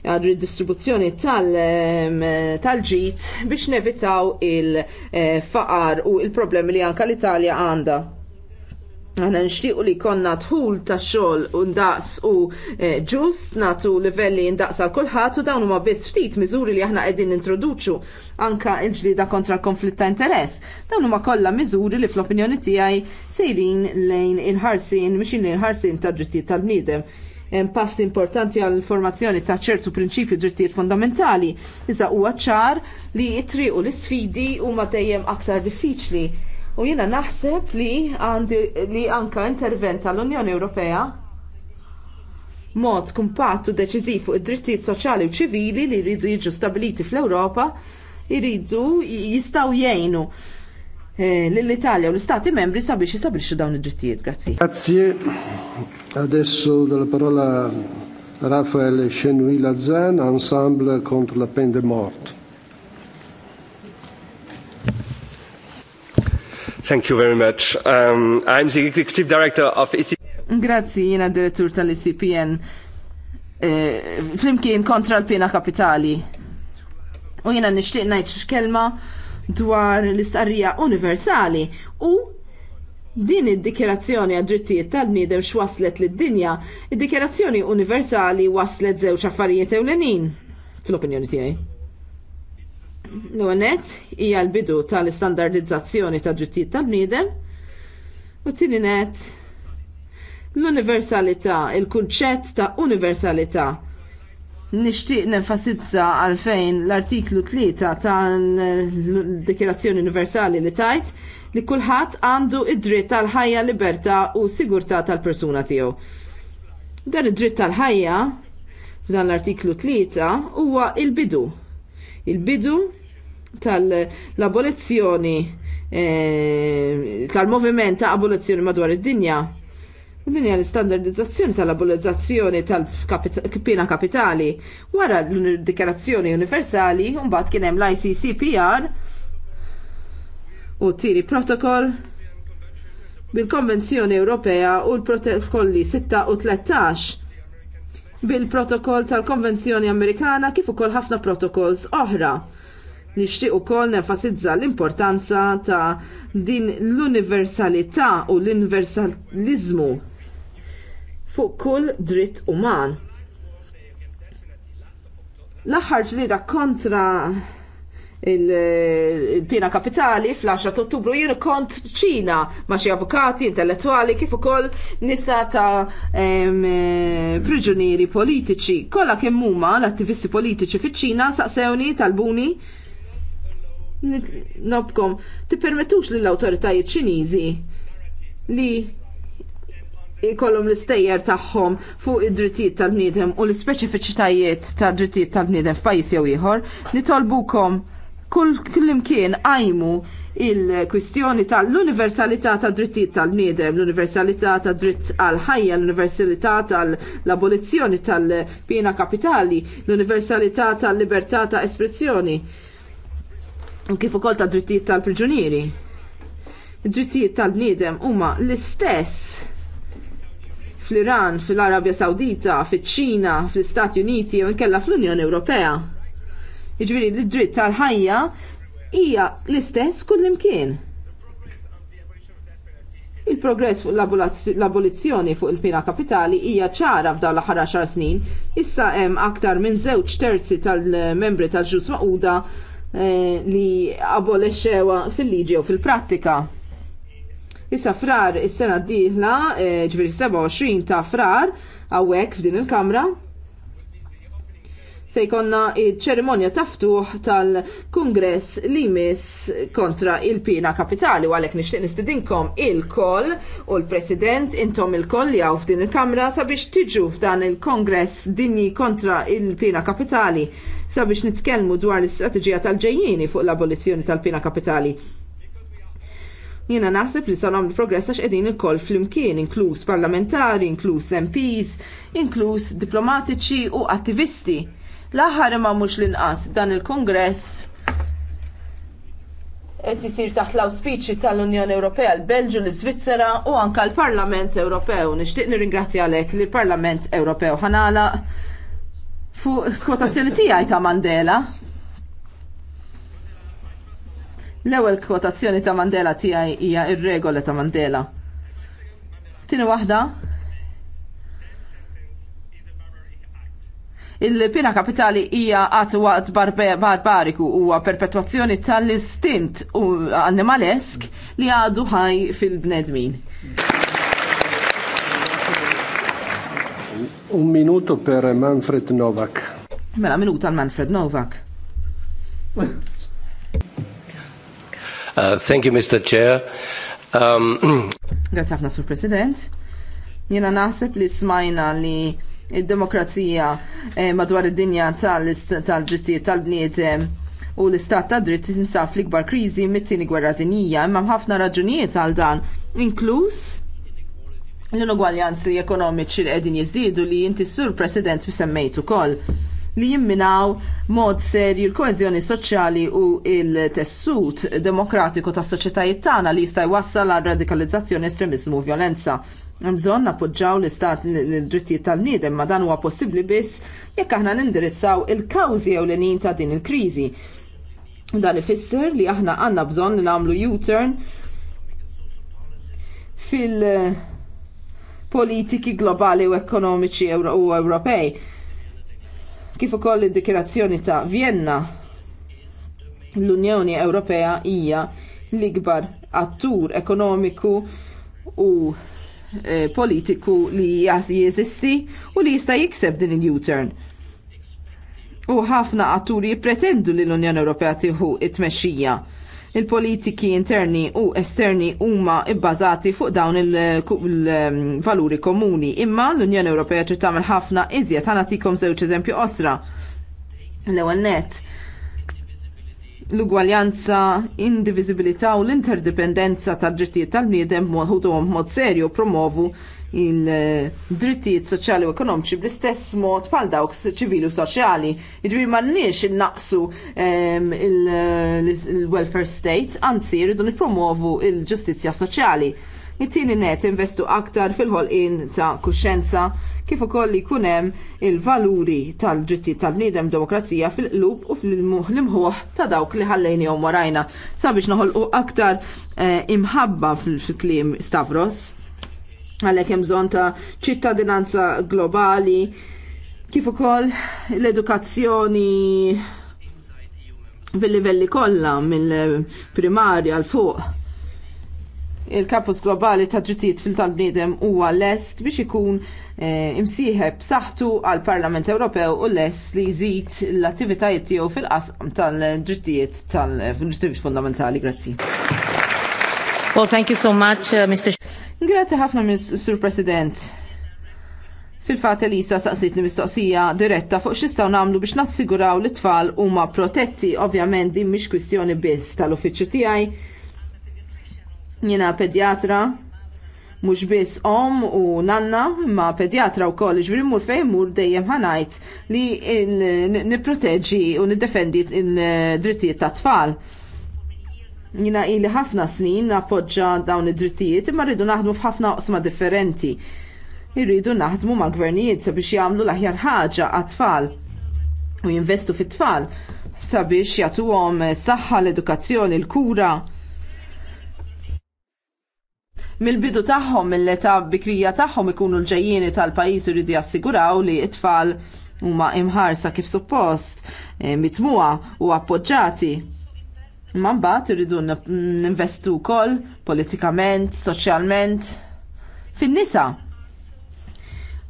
għad ridistribuzzjoni tal-ġit biex nevitaw il-faqar eh, u il-problemi li anka l-Italja għandha għana nxtiqu li konna tħul ta' xol undaqs u eh, ġus natu livelli indaqs għal kulħat u dawn ma' biss ftit miżuri li aħna qegħdin introduċu anka l ġlida kontra konflitt ta' interess. Dawn ma' kollha miżuri li fl-opinjoni tiegħi sejrin lejn il-ħarsin, mixin lejn il-ħarsin ta' drittijiet tal-bniedem pass importanti għall formazzjoni ta' ċertu prinċipju drittijiet fundamentali, iżda huwa ċar li t u l isfidi huma dejjem aktar diffiċli U jiena naħseb li għandi li anka intervent tal-Unjoni Ewropea mod kumpat u deċiżiv fuq id-drittijiet soċjali u ċivili li jridu jiġu stabiliti fl-Ewropa jridu jistaw jgħinu eh, l-Italja u l-Stati membri sabiex jistabilixu dawn id-drittijiet. Grazzi. Grazzi. Adesso dalla parola Rafael Chenui Lazzan, Ensemble contre la peine de mort. Thank you very much. Um, I'm the Executive Director of ECPN. Grazzi, jina direttur tal-ECPN. E, eh, Flimkien kontra l-pena kapitali. U jina nishtiq najċ kelma dwar l-istqarrija universali u din id-dikjerazzjoni għad drittijiet tal-bniedem x'waslet lid-dinja, id-dikjerazzjoni universali waslet żewġ affarijiet ewlenin, fl-opinjoni tiegħi l-onet hija l-bidu tal-istandardizzazzjoni ta' ġittijiet tal-bniedem u tini net l-universalità, il-kunċett ta' universalità. Nixtieq nenfasizza għalfejn l-artiklu 3 l dikirazzjoni Universali li tajt li kulħadd għandu id-dritt tal-ħajja, libertà u sigurtà tal-persuna tiegħu. Dan id-dritt tal-ħajja dan l-artiklu 3 huwa il-bidu. Il-bidu tal-abolizzjoni eh, tal-moviment ta' abolizzjoni madwar id-dinja. Din hija l-istandardizzazzjoni tal-abolizzazzjoni tal-pina kapitali. Wara l dikarazzjoni Universali, mbagħad kien hemm l-ICCPR u tiri protokoll bil-Konvenzjoni Ewropea u l-Protokolli 6 u 13 bil-protokoll tal-Konvenzjoni Amerikana kif ukoll ħafna protokolls oħra Nixtieq ukoll nefasizza l-importanza ta' din l-universalità u l-universalizmu fuq kull dritt uman. L-aħħar ġlida kontra il-pina kapitali fl-10 ottubru jien kont ċina ma' xi avukati intellettuali kif ukoll nisa ta' eh, priġunieri politiċi. Kollha kemm huma l-attivisti politiċi fiċ-Ċina saqsewni talbuni nobkom tippermettux lill awtoritajiet ċiniżi li jkollhom l-istejjer tagħhom fuq id-drittijiet tal-bniedem u l-ispeċifiċitajiet tad drittijiet tal-bniedem f'pajjiż jew ieħor, nitolbukom kull klimkien għajmu il-kwistjoni tal-universalità tad drittijiet tal-bniedem, l-universalità tad dritt għal ħajja, l-universalità tal-abolizzjoni tal pena kapitali, l-universalità tal-libertà ta' espressjoni U kif ukoll ta' drittijiet tal-priġunieri. Id-drittijiet tal-bniedem huma l-istess fl-Iran, fil-Arabja Sawdita, fiċ-Ċina, fl-Istati Uniti u nkella fl-Unjoni Ewropea. Jiġifieri l-dritt tal-ħajja hija l-istess kullimkien. Il-progress fuq l-abolizzjoni fuq il-pina kapitali hija ċara f'dawn l-aħħar xar snin, issa hemm aktar minn żewġ terzi tal-membri tal-ġus maquda Eh, li abolexewa fil-liġi u fil-prattika. Issa frar is-sena d-dieħla, eh, ġviri 27 ta' frar, għawek f'din il-kamra, se il ċerimonja taftuħ tal-Kongress li mis kontra il-pina kapitali, u għalek nishtiq nistidinkom il-koll u l-President intom il-koll li għaw f'din il-Kamra sabiex tiġu f'dan il-Kongress dinji kontra il-pina kapitali sabiex nitkellmu dwar l-istrateġija tal-ġejjieni fuq l-abolizzjoni tal-pina kapitali. Jiena naħseb li sanom l-progress għax edin il-koll fl-imkien, inkluż parlamentari, inkluż MPs, inkluż diplomatiċi u attivisti. L-aħħar imma mhux l-inqas dan il-kongress qed isir taħt l-awspiċi tal-Unjoni Ewropea, l-Belġu, l-Iżvizzera u anke l-Parlament Ewropew. Nixtieq nirringrazzja għalhekk l parlament Ewropew ħanala fuq kwotazzjoni tiegħi ta' Mandela. L-ewwel kwotazzjoni ta' Mandela tiegħi hija r regola ta' Mandela. Tieni waħda Il-pina kapitali hija qatt waqt barbariku huwa perpetwazzjoni tal-istint animalesk li għadu ħaj fil-bnedmin. un minuto per Manfred Novak. Mela minuta Manfred Novak. Uh, thank you, Mr. Chair. Um, Grazie ħafna, Sur President. Jena naħseb li smajna li id-demokrazija eh, madwar id-dinja tal-ġittijiet tal bnietem u l-istat ta' dritt insaf l-ikbar kriżi mit-tieni gwerra dinija, imma ħafna raġunijiet għal dan inkluż l-inugwaljanzi ekonomiċi li qegħdin jiżdiedu li jinti sur President semmejtu ukoll li jimminaw mod serju l-koezjoni soċjali u il-tessut demokratiku tas soċjetajiet tagħna li jista' jwassal għal radikalizzazzjoni estremizmu u violenza. Mżon nappoġġaw l-istat l-drittijiet tal-niedem ma dan huwa possibbli biss jekk aħna nindirizzaw il-kawżi ewlenin ta' din il-kriżi. Dan ifisser li aħna għandna bżonn li nagħmlu U-turn fil- politiki globali u ekonomiċi u Ewropej. Kif ukoll id-dikirazzjoni ta' Vienna, l-Unjoni Ewropea hija l-ikbar attur ekonomiku u e, politiku li jeżisti u li jista' jikseb din il-U-turn. U ħafna atturi jippretendu li l-Unjoni Ewropea tieħu t tmexxija Il-politiki interni u esterni huma bbażati fuq dawn il-valuri um, komuni, imma l-Unjoni Ewropea trid tagħmel ħafna iżjed ħanatikom żewġ eżempju osra. L-ewwel net l-ugwaljanza, indivizibilità u l-interdipendenza tad drittijiet tal-bniedem mod serju promovu il-drittijiet soċjali u ekonomiċi bl-istess mod bħal dawk ċivili u soċjali. Jiġifieri ma m'għandniex innaqsu ehm, il-welfare state, anzi jridu nippromovu il-ġustizzja soċjali. It-tieni net investu aktar fil-ħolqien ta' kuxenza kif ukoll li kunem hemm il-valuri tal-drittijiet tal-bniedem demokrazija fil-qlub u fil-imħuħ ta' dawk li ħallejnihom warajna sabiex naħolqu aktar eh, imħabba fil-kliem Stavros għalhekk hemm bżonn ta' ċittadinanza globali kif ukoll l-edukazzjoni fil-livelli kollha mill-primarja l fuq il-kapus globali ta' drittijiet fil-tal-bniedem huwa lest biex ikun e, imsieħeb saħtu għal Parlament Ewropew u lest li jżid l-attivitajiet tiegħu fil-qasam tal-drittijiet tal-drittijiet fundamentali. Grazzi. Well, thank you so much, uh, Mr. Grazzi ħafna minn Sur President. Fil-fat Elisa saqsitni mistoqsija diretta fuq xistaw namlu biex nassiguraw li tfal huma protetti, ovvjament din mhix kwistjoni biss tal-uffiċċju tiegħi. Jiena pedjatra mhux biss om u nanna, imma pedjatra wkoll ġbir mur fejn mur dejjem ħanajt li nipproteġġi u niddefendi d drittijiet tat-tfal jina ili ħafna snin appoġġa dawn id-drittijiet imma rridu naħdmu f'ħafna oqsma differenti. Irridu naħdmu ma' gvernijiet sabiex jagħmlu l-aħjar ħaġa għat-tfal u jinvestu fit-tfal sabiex jagħtuhom saħħa l-edukazzjoni, l-kura. Mill-bidu tagħhom, mill-età bikrija tagħhom ikunu l-ġejjieni tal-pajjiż iridu jassiguraw li t tfal huma imħarsa kif suppost, eh, mitmuha u appoġġati Imma mbagħad irridu ninvestu wkoll politikament, soċjalment fin-nisa.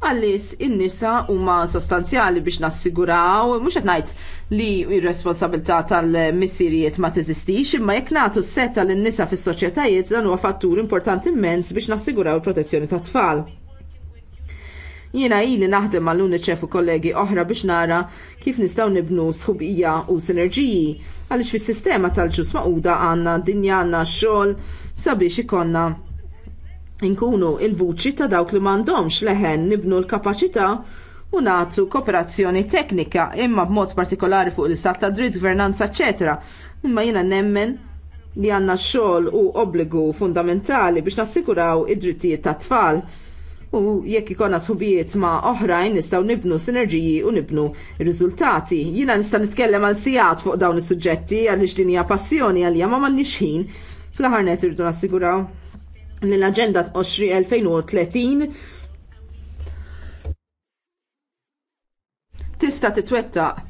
Għallis in-nisa huma sostanzjali biex nassiguraw, mhux qed ngħid li r-responsabilità tal-missirijiet ma teżistix, imma jekk nagħtu s-setta lin-nisa fis-soċjetajiet dan huwa fattur importanti immens biex nassiguraw il-protezzjoni tat-tfal. Jiena ili naħdem l unicef u kollegi oħra biex nara kif nistgħu nibnu sħubija u sinerġiji għaliex fis-sistema tal-ġus maquda għandna dinja għandna xogħol sabiex ikonna inkunu il-vuċi ta' dawk li m'għandhomx leħen nibnu l-kapaċità u nagħtu kooperazzjoni teknika imma b'mod partikolari fuq l-istat ta' dritt, gvernanza, eċetera. Imma jiena nemmen li għandna xogħol u obbligu fundamentali biex nassikuraw id-drittijiet tat tfal u jekk ikonna sħubijiet ma' oħrajn nistgħu nibnu sinerġiji u nibnu riżultati. Jiena nista' nitkellem għal sigħat fuq dawn is-suġġetti għaliex din hija passjoni għalija ma m'għandniex ħin fl-aħħar net irridu nassiguraw li l-Aġenda 2030 tista' titwettaq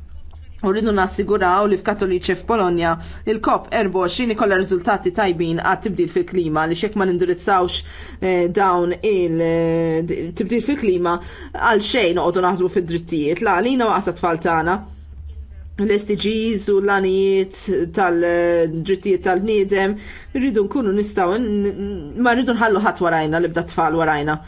U rridu nassiguraw li f'Katoliċi f'Polonja il-COP 24 ikolla riżultati tajbin għat tibdil fil-klima li xek ma nindirizzawx eh, dawn il-tibdil eh, fil-klima għal xejn noqogħdu naħsbu fid-drittijiet. La għalina waqsa tfal tagħna l-SDGs u l-anijiet tal-drittijiet tal-bniedem rridu nkunu nistgħu ma rridu nħallu ħadd warajna li bda tfal warajna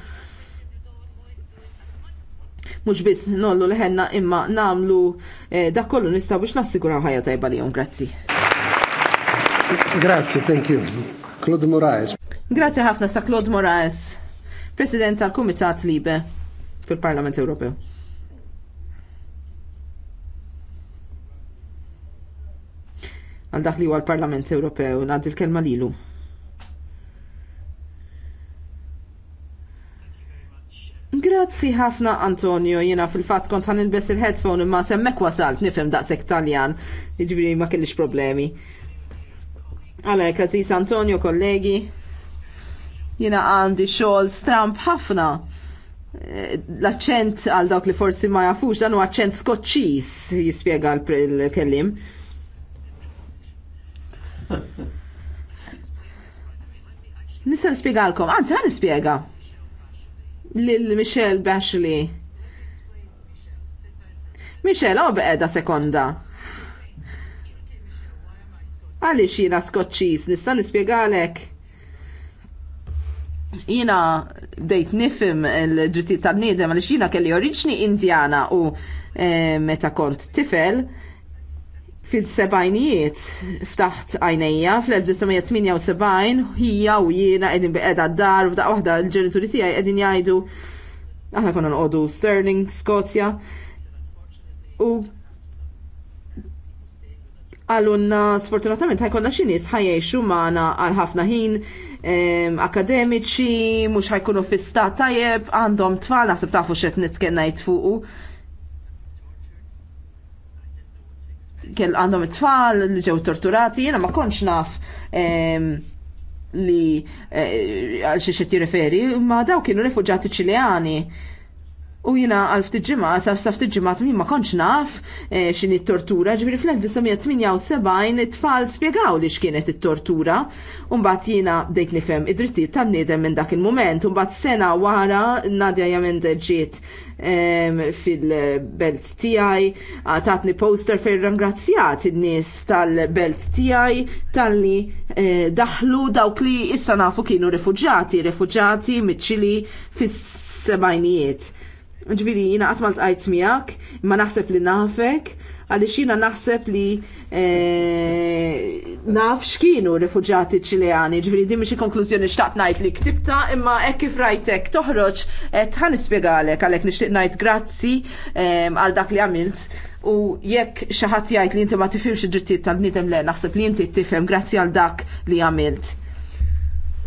mhux biss nollu leħenna imma nagħmlu eh, dak kollu nistgħu biex nassiguraw ħajja tajba lihom. Grazzi. Grazzi, thank you. Claude Moraes. Grazzi ħafna sa Claude Moraes, President tal-Kumitat Libe fil-Parlament Ewropew. għal dak li huwa l-Parlament Ewropew ngħaddi l-kelma lilu. Grazzi ħafna Antonio, jena fil-fat kont għan il-bess il-headphone imma semmek wasalt nifem daqsek taljan, ġviri jiġifieri ma kellix problemi. Għalek, kazis Antonio, kollegi, jena għandi xol stramp ħafna. Eh, l-accent għal dawk li forsi ma jafux, dan u accent skoċċis, jispiega l-kellim. Nista nispiegalkom, għanzi għan nispiega lil Michelle Bashley. Michelle, għob edha sekonda. Għalli xina skoċċis, nista nispiegalek. Jina dejt nifim l-ġitit tal-nidem għalli xina kelli oriġni indjana u eh, meta kont tifel fil-sebajnijiet ftaħt għajnejja fl-1978 hija u jiena qegħdin biqeda d-dar u f'daqqa waħda l-ġenituri tiegħi qegħdin jgħidu aħna konna nqogħdu Sterling, Skozja. U għallunna sfortunatament ħajkonna xi nies ħajjexu magħna għal ħafna ħin akademiċi, mhux ħajkunu fi stat tajjeb, għandhom tfal naħseb tafu x'qed nitkennajt fuqu kell għandhom it-tfal li ġew torturati, jiena ma konċ naf li eh, għal xi xi referi, ma daw kienu rifuġati ċiljani U jina għal ftit ġimgħa, saf ftit ġimgħa tmien ma kontx naf eh, x'inhi t-tortura, ġifieri fl-1978 it-tfal spjegaw li x'kienet it-tortura. un-bat jiena dejt nifhem id-drittijiet tan-niedem minn dak il-mument, bat sena wara Nadja Jamende ġiet fil-belt tiegħi, tatni poster fejn rangrazzjat in-nies tal-belt tiegħi talli eh, daħlu dawk li issa nafu kienu refuġati, refuġati miċ-Ċili fis-sebajnijiet Ġviri, jina għatmal tqajt miegħek, ma naħseb li nafek, għaliex jina naħseb li e, naf x'kienu rifuġati ċiljani, Ġviri, dimmi xie konklużjoni xtaqt ngħid li ktibta, imma hekk kif rajtek toħroġ qed ħanispjegalek għalhekk nixtieq ngħid grazzi e, għal dak li għamilt u jekk xi ħadd jgħid li inti ma tifimx id-drittijiet tal-bniedem le naħseb li inti tifhem grazzi għal dak li għamilt.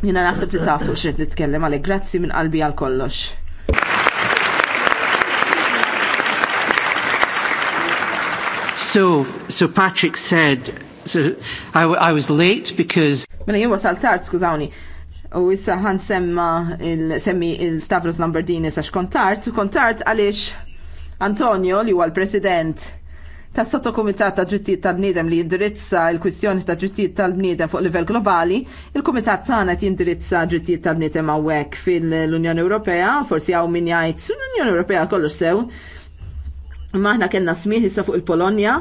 Jina naħseb li tafu xrid nitkellem għalek, grazzi minn qalbi għal kollox. So, so Patrick said, so I, I was late because... Mela jien wasal tard, skużawni. U issa għan semma il-semmi il-Stavros Lamberdini sa xkontart. Kontart għalix Antonio li huwa l-president ta' sottokumitat ta' drittijiet tal-bniedem li jindirizza il-kwistjoni ta' drittijiet tal-bniedem fuq livell globali, il-kumitat tagħna qed jindirizza drittijiet tal-bniedem hawnhekk fil-Unjoni Ewropea, forsi hawn min jgħid l-Unjoni Ewropea kollu sew, Maħna kellna smieħ issa fuq il-Polonja,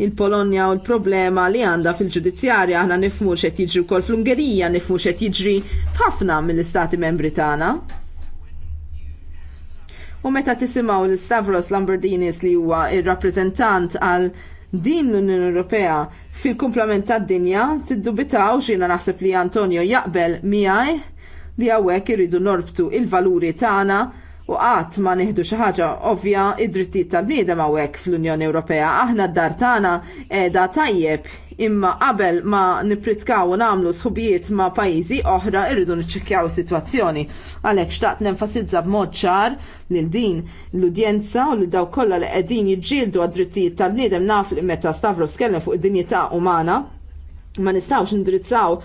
il-Polonja u l-problema li għanda fil-ġudizzjarja aħna nifmu tiġri jiġri wkoll fl-Ungerija, nifmu xe jiġri f'ħafna mill-istati membri tagħna. U meta tisimgħu l-Stavros Lamberdinis li huwa il rappreżentant għal din l-Unjoni Ewropea fil-kumplament tad-dinja, tiddubitaw xina naħseb li Antonio jaqbel miegħi li hawnhekk irridu norbtu il-valuri tagħna u qatt ma neħdu xi ħaġa ovvja id-drittijiet tal-bniedem hawnhekk fl-Unjoni Ewropea. Aħna d-dar tagħna qiegħda tajjeb imma qabel ma nipritkaw u nagħmlu sħubijiet ma' pajjiżi oħra irridu niċċekkjaw is-sitwazzjoni. Għalhekk xtaqt nenfasizza b'mod ċar lil din l-udjenza u lil dawk kollha li qegħdin jiġġieldu għad-drittijiet tal-bniedem naf li meta Stavros kellem fuq id-dinjità umana ma nistawx indirizzaw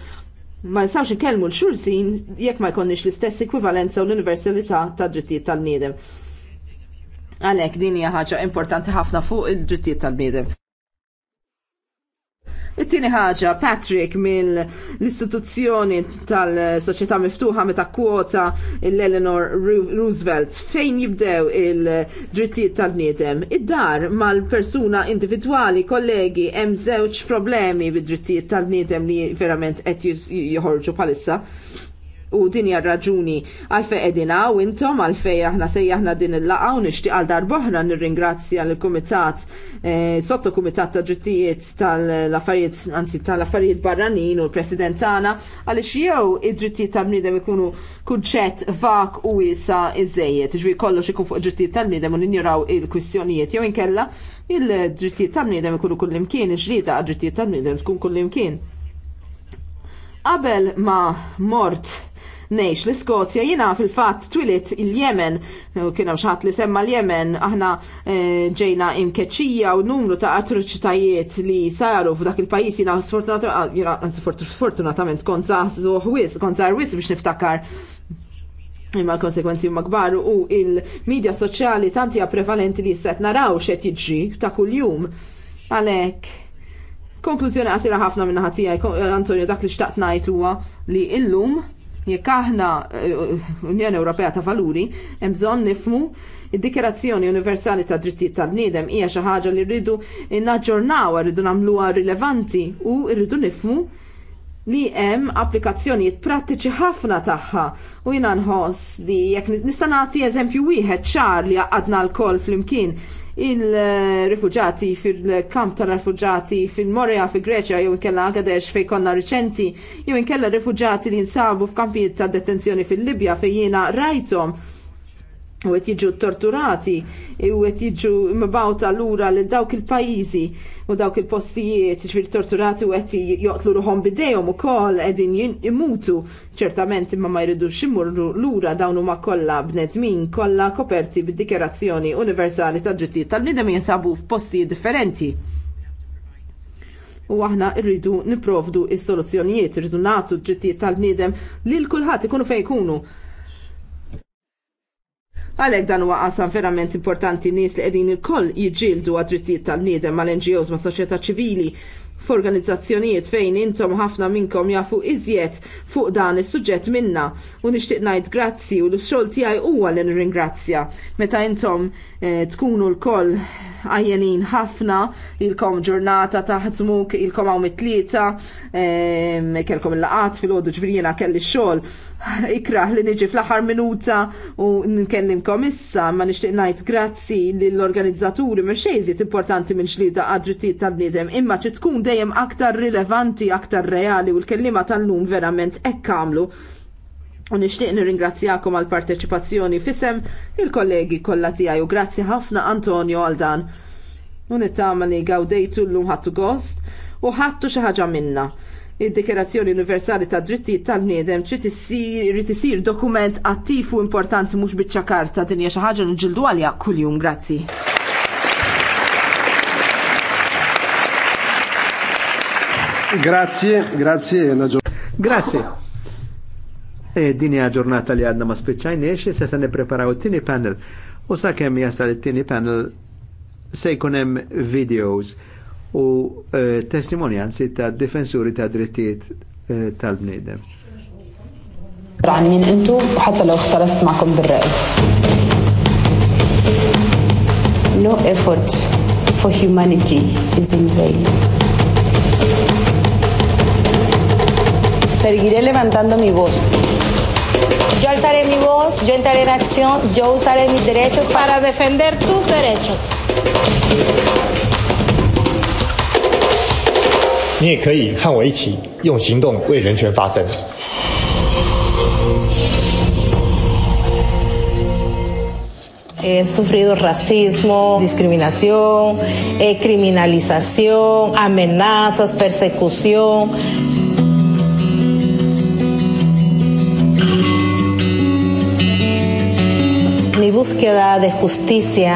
ma nsawx nkellmu l-xulsin jekk ma jkollniex l-istess ekwivalenza u l-universalità ta' drittijiet tal-bniedem. Għalhekk din hija ħaġa importanti ħafna fuq id drittijiet tal-bniedem. It-tieni ħaġa, Patrick mill-istituzzjoni tal-Soċjetà Miftuħa meta kwota l-Eleanor Roosevelt fejn jibdew il-drittijiet tal-bniedem. Id-dar mal-persuna individwali, kollegi, hemm żewġ problemi bid-drittijiet tal-bniedem li verament qed joħorġu bħalissa u din hija raġuni għalfej qegħdin u intom għalfej aħna sejjaħna din il laqgħa u nixtieq għal darboħra nirringrazzja l-Kumitat eh, sotto Kumitat ta' Drittijiet tal-affarijiet anzi tal-affarijiet barranin u l-President tagħna għaliex jew id-drittijiet tal-bniedem ikunu kunċett vak u wiesa iżejjed, ġwi kollox ikun fuq id-drittijiet tal-bniedem u ninjuraw il-kwistjonijiet jew inkella il-drittijiet tal-bniedem ikunu kullimkien, iġrida għad-drittijiet tal-bniedem tkun kullimkien. Qabel ma mort Nejx l-Iskozja jina fil-fat twilit il-Jemen, kiena xaħat li semma l-Jemen, aħna eh, ġejna imkeċija u numru ta' atroċitajiet li saru f'dak il-pajis jina ah, sfortunatament kont zaħsu wis, kont wis biex niftakar imma l-konsekwenzi huma u il-medja soċjali tanti prevalenti li jisset naraw x'et jiġri ta' kuljum. Għalek, Konklużjoni għasira ħafna minna ħatija, eh, eh, Antonio, dak li xtaqt najt huwa li illum jekk aħna eh, Unjoni Ewropea ta' Valuri hemm bżonn nifmu id-Dikerazzjoni Universali ta' Drittijiet tal-Bniedem hija xi ħaġa li rridu naġġornawha, rridu nagħmluha rilevanti u rridu nifmu li hemm applikazzjonijiet prattiċi ħafna tagħha u jiena nħoss li jekk nista' nagħti eżempju wieħed ċar li għaqadna l-koll flimkien il-rifugġati fil-kamp tal-rifugġati fil-Morea, fil-Greċja, jew inkella Agadex fej konna riċenti, jew inkella rifugġati li nsabu f'kampijiet ta' detenzjoni fil-Libja fejjina jiena rajtom u għet jiġu torturati, u għet jiġu mbawta l-ura l dawk il-pajizi u dawk il-postijiet, ġviri torturati u għet joqtlu ruħom bidejom u kol edin imutu, ċertament imma ma jridu ximurru l-ura dawnu ma kolla bnedmin, kolla koperti bid-dikerazzjoni universali ta' ġittijiet tal-bnidem jinsabu f'postijiet differenti. U aħna rridu niprovdu is-soluzzjonijiet, rridu natu ġittijiet tal-bnidem li l-kulħat ikunu fejkunu. Għalhekk dan huwa qasam verament importanti nies li qegħdin il-koll jiġġieldu għad-drittijiet tal bniedem mal-NGOs ma' soċjetà ċivili f'organizzazzjonijiet fejn intom ħafna minnkom jafu iżjed fuq dan is-suġġett minna u nixtieq ngħid grazzi u l-xogħol tiegħi huwa li nirringrazzja meta intom eh, tkunu tkunu koll għajjenin ħafna il-kom ġurnata taħdmu ilkom kom mit-tlieta eh, kellkom il-laqat fil ħodu ġvirjena kelli xol xogħol ikraħ li niġi fl-aħħar minuta u nkellim issa ma nixtieq ngħid grazzi lill-organizzaturi minn xejziet importanti minn xlida għad-drittijiet tal bnidem imma ċi tkun dejjem aktar rilevanti, aktar reali u l-kellima tal-lum verament hekk għamlu. U nixtieq nirringrazzjakom għall parteċipazzjoni fisem il-kollegi kollha tiegħi u grazzi ħafna Antonio għal dan. U nittama li gawdejtu llum ħattu gost u ħattu xi ħaġa minna id-Dikerazzjoni Universali ta' Drittijiet tal-Niedem trid isir dokument attiv u importanti mhux biċċa karta din hija xi ħaġa niġġieldu għalja kuljum grazzi. Grazie, grazie. Grazie. E din hija ġurnata li għadna ma spiċċajniex, se se nippreparaw it-tieni panel. U sakemm jasal it-tieni panel se jkun hemm videos u eh, testimonjanzi ta' difensuri ta' drittijiet eh, tal-bnidem. Ra'n min intu, ħatta law ikhtaleft ma'kom bil-ra'y. No effort for humanity is in vain. Seguiré levantando mi voz. Yo alzaré mi voz, yo entraré en acción, yo usaré mis derechos para defender tus derechos. 你也可以和我一起用行动为人权发声。He sufrido racismo, discriminación, eh, criminalización, amenazas, persecución. Mi búsqueda de justicia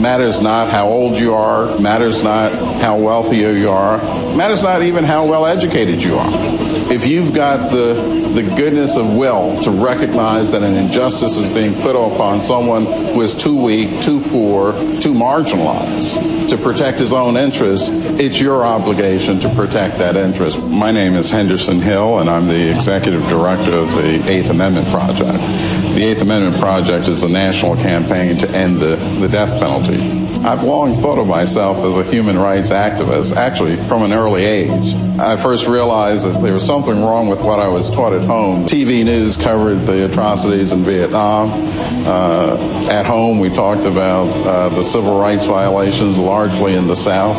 matters not how old you are, matters not how wealthy you are, matters not even how well educated you are. If you've got the the goodness of will to recognize that an injustice is being put upon someone who is too weak, too poor, too marginalized to protect his own interests, it's your obligation to protect that interest. My name is Henderson Hill, and I'm the executive director of the Eighth Amendment Project. The Eighth Amendment Project is a national campaign to end the, the death penalty. I've long thought of myself as a human rights activist, actually from an early age. I first realized that there was something wrong with what I was taught at home. TV news covered the atrocities in Vietnam. Uh, at home, we talked about uh, the civil rights violations largely in the South.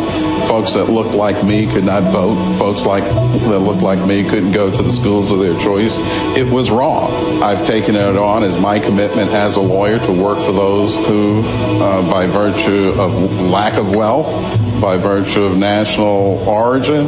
Folks that looked like me could not vote. Folks like that looked like me couldn't go to the schools of their choice. It was wrong. I've taken it on as my commitment as a lawyer to work for those who, uh, by virtue of lack of wealth, by virtue of national origin,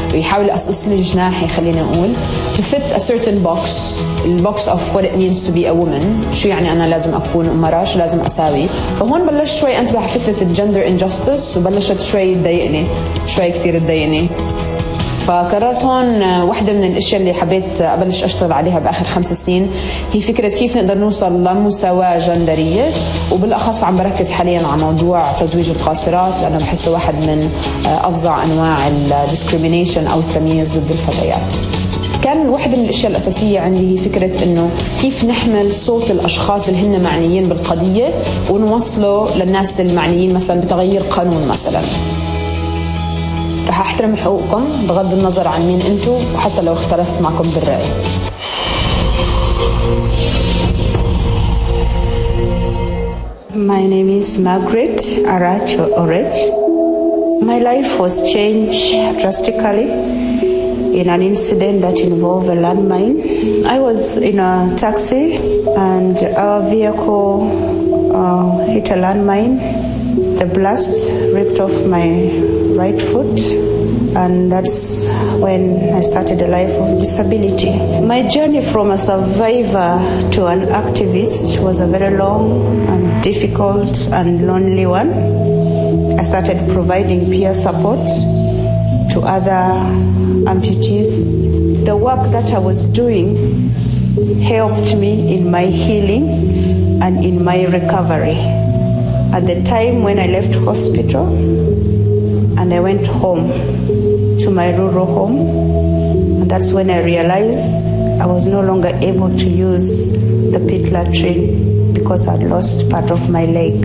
يحاول يقصقص لي جناحي خلينا نقول to fit a certain box البوكس of what it means to be a woman شو يعني أنا لازم أكون مرة شو لازم أساوي فهون بلش شوي أنت على الجندر injustice وبلشت شوي تضايقني شوي كتير تضايقني فقررت هون واحدة من الأشياء اللي حبيت أبلش أشتغل عليها بآخر خمس سنين هي فكرة كيف نقدر نوصل لمساواة جندرية وبالأخص عم بركز حاليا على موضوع تزويج القاصرات لأنه بحسه واحد من أفظع أنواع الديسكريمينيشن أو التمييز ضد الفتيات كان واحدة من الأشياء الأساسية عندي هي فكرة إنه كيف نحمل صوت الأشخاص اللي هن معنيين بالقضية ونوصله للناس المعنيين مثلا بتغيير قانون مثلا راح احترم حقوقكم بغض النظر عن مين انتو وحتى لو اختلفت معكم بالرأي My name is Margaret Aracho Orech. My life was changed drastically in an incident that involved a landmine. I was in a taxi and our vehicle uh, hit a landmine. The blast ripped off my right foot, and that's when I started a life of disability. My journey from a survivor to an activist was a very long and difficult and lonely one. I started providing peer support to other amputees. The work that I was doing helped me in my healing and in my recovery. At the time when I left hospital, and I went home to my rural home. And that's when I realized I was no longer able to use the pit latrine because I'd lost part of my leg.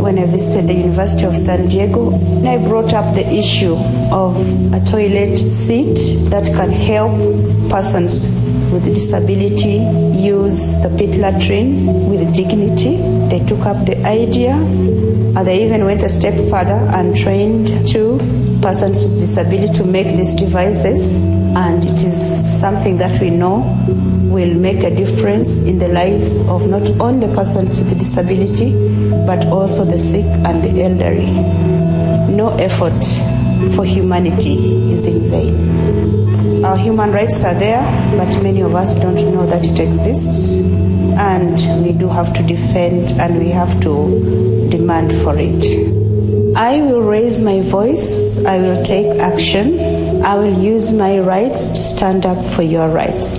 When I visited the University of San Diego, I brought up the issue of a toilet seat that can help persons with disability use the pit latrine with dignity. They took up the idea They even went a step further and trained two persons with disability to make these devices. And it is something that we know will make a difference in the lives of not only persons with disability, but also the sick and the elderly. No effort for humanity is in vain. Our human rights are there, but many of us don't know that it exists. And we do have to defend and we have to demand for it. I will raise my voice, I will take action, I will use my rights to stand up for your rights.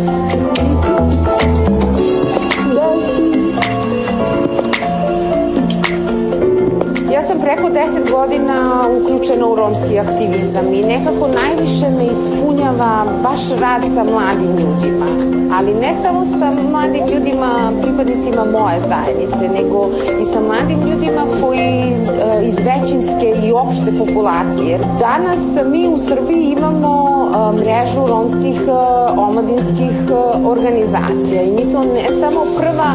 preko deset godina uključeno u romski aktivizam i nekako najviše me ispunjava baš rad sa mladim ljudima. Ali ne samo sa mladim ljudima, pripadnicima moje zajednice, nego i sa mladim ljudima koji e, iz većinske i opšte populacije. Danas mi u Srbiji imamo mrežu romskih omladinskih organizacija. I mi smo ne samo prva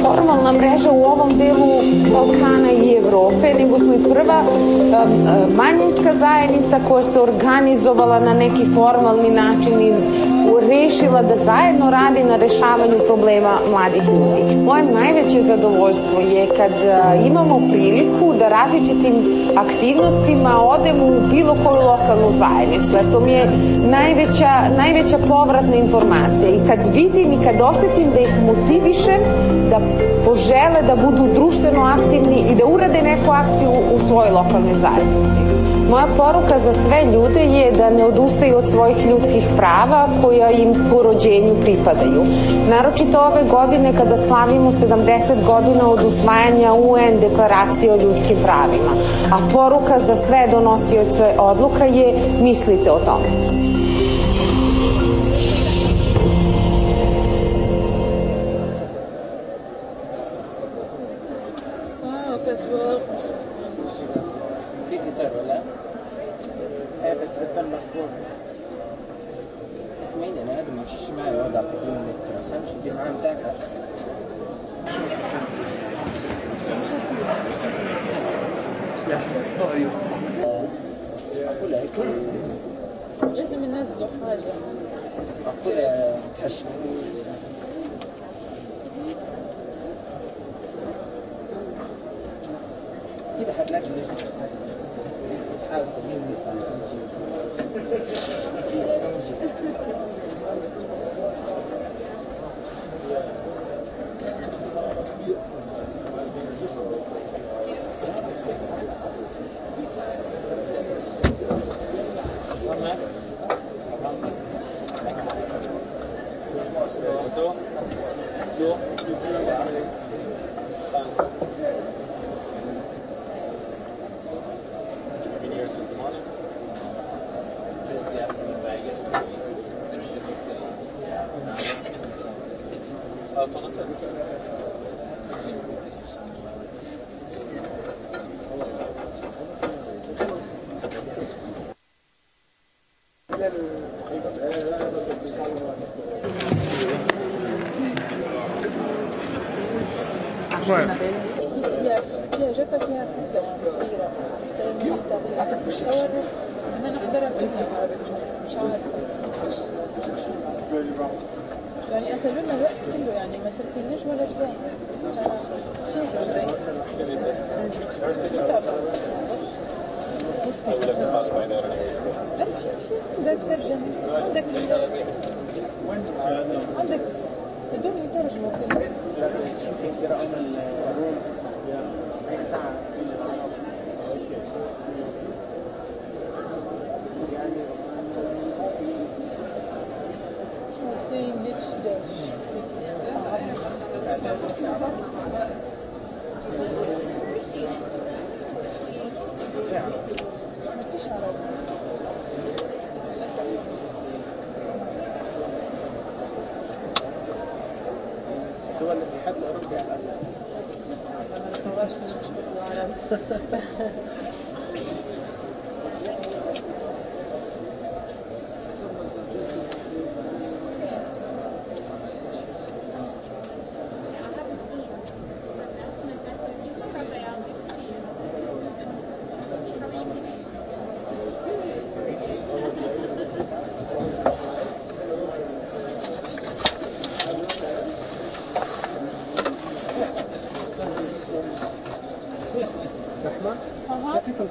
formalna mreža u ovom delu Balkana i Evrope, nego smo i prva manjinska zajednica koja se organizovala na neki formalni način i rešila, da zajedno radi na rešavanju problema mladih ljudi. Moje najveće zadovoljstvo je kad e, imamo priliku da različitim aktivnostima e odemo u bilo koju lokalnu zajednicu, jer to mi je najveća, najveća povratna informacija. I kad vidim i kad osjetim da ih motivišem da požele da budu društveno aktivni i da urade neku akciju u svojoj lokalnoj zajednici. Moja poruka za sve ljude je da ne odustaju od svojih ljudskih prava koje koja im po rođenju pripadaju. Naročito ove godine kada slavimo 70 godina od usvajanja UN deklaracije o ljudskim pravima, a poruka za sve donosioce odluka je mislite o tome.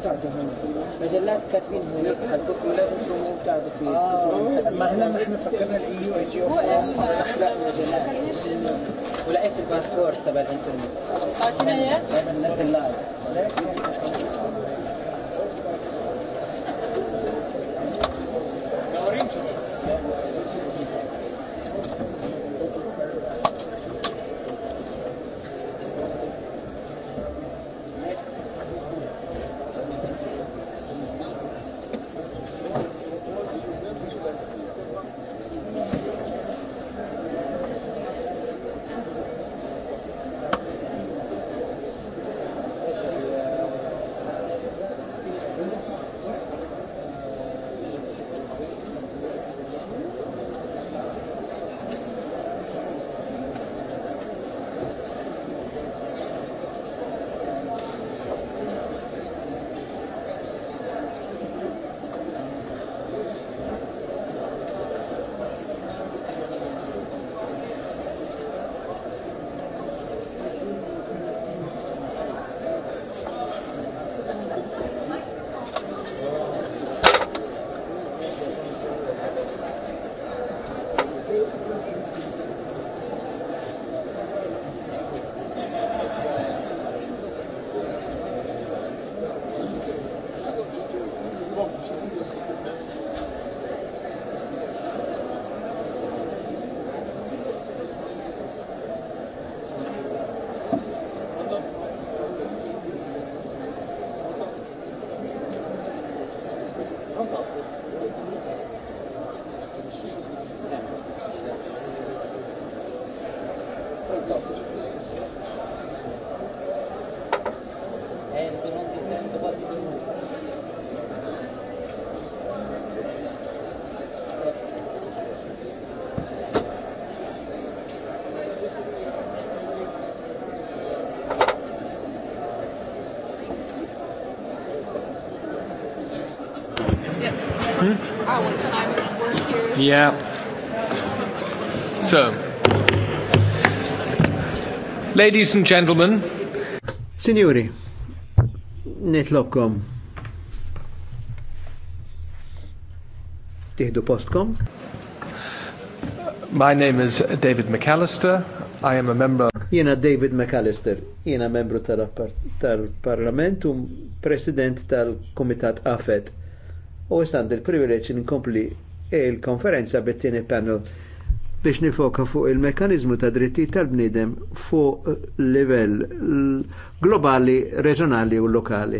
tal-karta Yeah. So, ladies and gentlemen, Signori, nitlobkom Tihdu postkom. My name is David McAllister. I am a member. Jena David McAllister. Jena membru tal-Parlament tal u president tal-Komitat AFET. U għisand il-privileċ inkompli E il-konferenza bit-tieni panel biex nifoka fuq il-mekanizmu ta' dritti tal-bnidem fuq livell globali, reġjonali u lokali.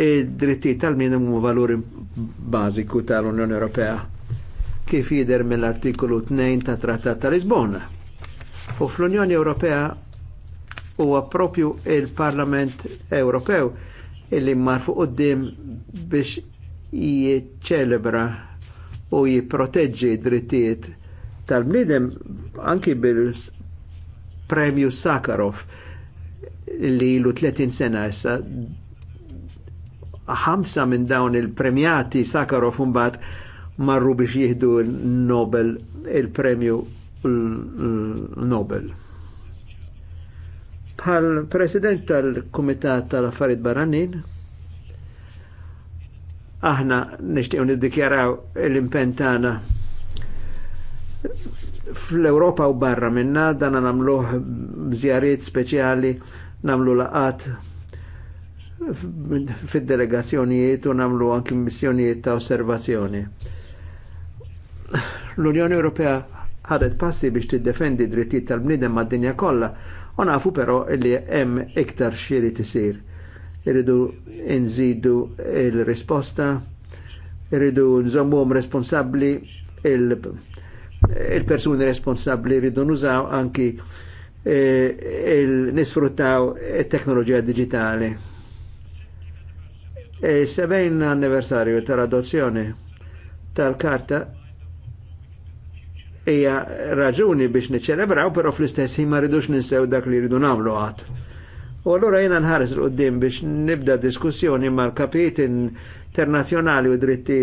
Id-dritti tal-bnidem huma valuri bażiku tal-Unjoni Ewropea kif jider mill-artikolu 2 ta' Trattat ta' Lisbona. U fl-Unjoni Ewropea huwa propju il-Parlament Ewropew illi marfu qoddim biex jiċċelebra u jiproteġġi drittijiet tal-bnidem anki bil-premju Sakharov li ilu 30 sena issa ħamsa minn dawn il-premjati Sakharov unbat marru biex jihdu il-Nobel il-premju Nobel. Bħal president tal-Kumitat tal-Affarijiet Barranin, aħna nixtiequ niddikjaraw l-impentana fl-Europa u barra minna dan namluħ bżjariet speċjali namlu laqat fid-delegazzjonijiet u namlu anki missjonijiet ta' osservazzjoni. L-Unjoni Ewropea ħadet passi biex tiddefendi drittijiet tal-bniedem mad-dinja kollha U nafu però li hemm iktar xiri tisir. Irridu nżidu il-risposta, irridu nżommuhom responsabbli il-persuni il responsabbli irridu nużaw anki e, il-nisfruttaw il-teknoloġija digitali. Il-70 e, anniversarju tal-adozzjoni tal-karta hija raġuni biex niċċelebraw, però fl-istess ma rridux ninsew dak li rridu nagħmlu għad. U allura jiena nħares l qudiem biex nibda diskussjoni mal kapit internazzjonali u dritti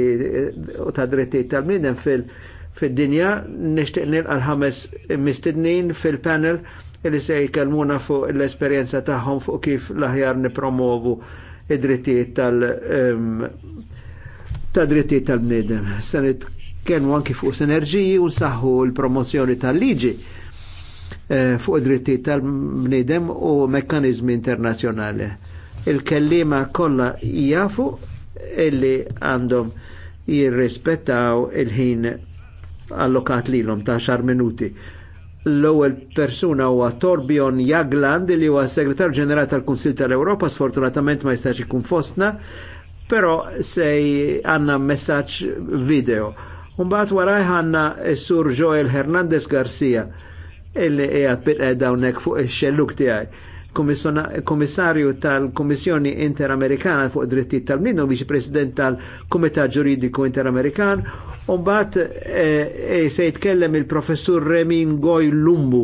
u ta' dritti tal-midem fil-dinja nixtieq nilqa' ħames mistednin fil-panel li se jkellmuna fuq l-esperjenza tagħhom fuq kif l-aħjar nipromovu id-drittijiet tal- ta' drittijiet tal-bniedem. Se kienu anki fuq sinerġiji u saħħu l-promozzjoni tal-liġi eh, fuq id-dritti tal-bnidem u mekkanizmi internazzjonali. Il-kellima kollha jafu illi għandhom jirrispettaw il-ħin allokat lilhom ta' xar minuti. L-ewwel persuna huwa Torbjorn Jagland li huwa segretar ġenerali tal-Kunsil tal-Ewropa, sfortunatament ma jistax ikun fostna, però se għandna messaġġ video. Umbat waraj ħanna sur Joel Hernandez Garcia, illi qiegħed bitqed dawnek fuq il xelluk tiegħi. Komissarju tal-Komissjoni Interamerikana fuq drittijiet tal-bniedem biex President tal-Kumitat Ġuridiku Interamerikan, u e, e, se jitkellem il-Professur Remin Goy Lumbu,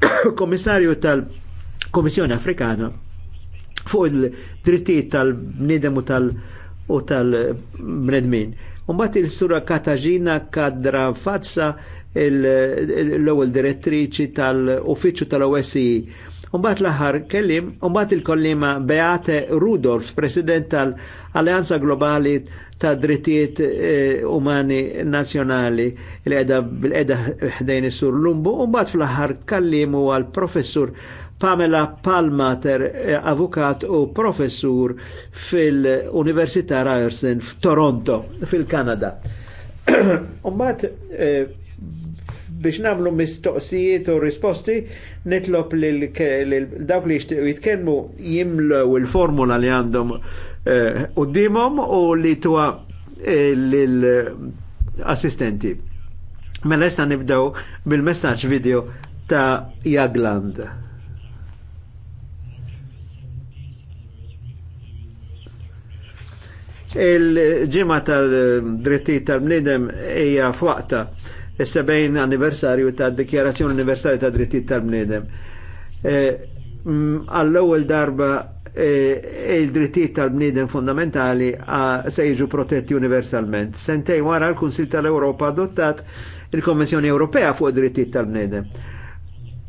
Komissarju tal-Komissjoni Afrikana fuq il-drittijiet tal-bniedem u tal-bnedmin. tal bnidem u tal bnedmin tal u tal bnedmin Umbat il-sura Katagina Kadra Fazza l-ewwel direttriċi tal-Uffiċċju tal-OSI. Umbat l kellim, umbat il-kollima Beate Rudolf, President tal-Alleanza Globali ta' Drittijiet eh, Umani Nazjonali, il-edha bil edha ħdejni is-Sur Lumbu, umbat fl laħar kellim għal professur Pamela Palmater, eh, avukat u professur fil-Università Ryerson f'Toronto, fil-Kanada. Umbat, eh, biex namlu mistoqsijiet u risposti, nitlop li dawk li jitkenmu jimlu il-formula li għandhom eh, u dimom u li tuwa l-assistenti. Mela nibdew bil messagġ video ta' Jagland. il ġimma tal dritti tal-bniedem hija fuqta is sebejn anniversarju tad-Dikjarazzjoni anniversarju ta' dritti tal-Bniedem. Eh, għall-ewwel darba eh, il dritti tal-bniedem fundamentali ah, se jiġu protetti universalment. Sentej wara l-Kunsil tal europa adottat il-Konvenzjoni Ewropea fuq id dritti tal-bniedem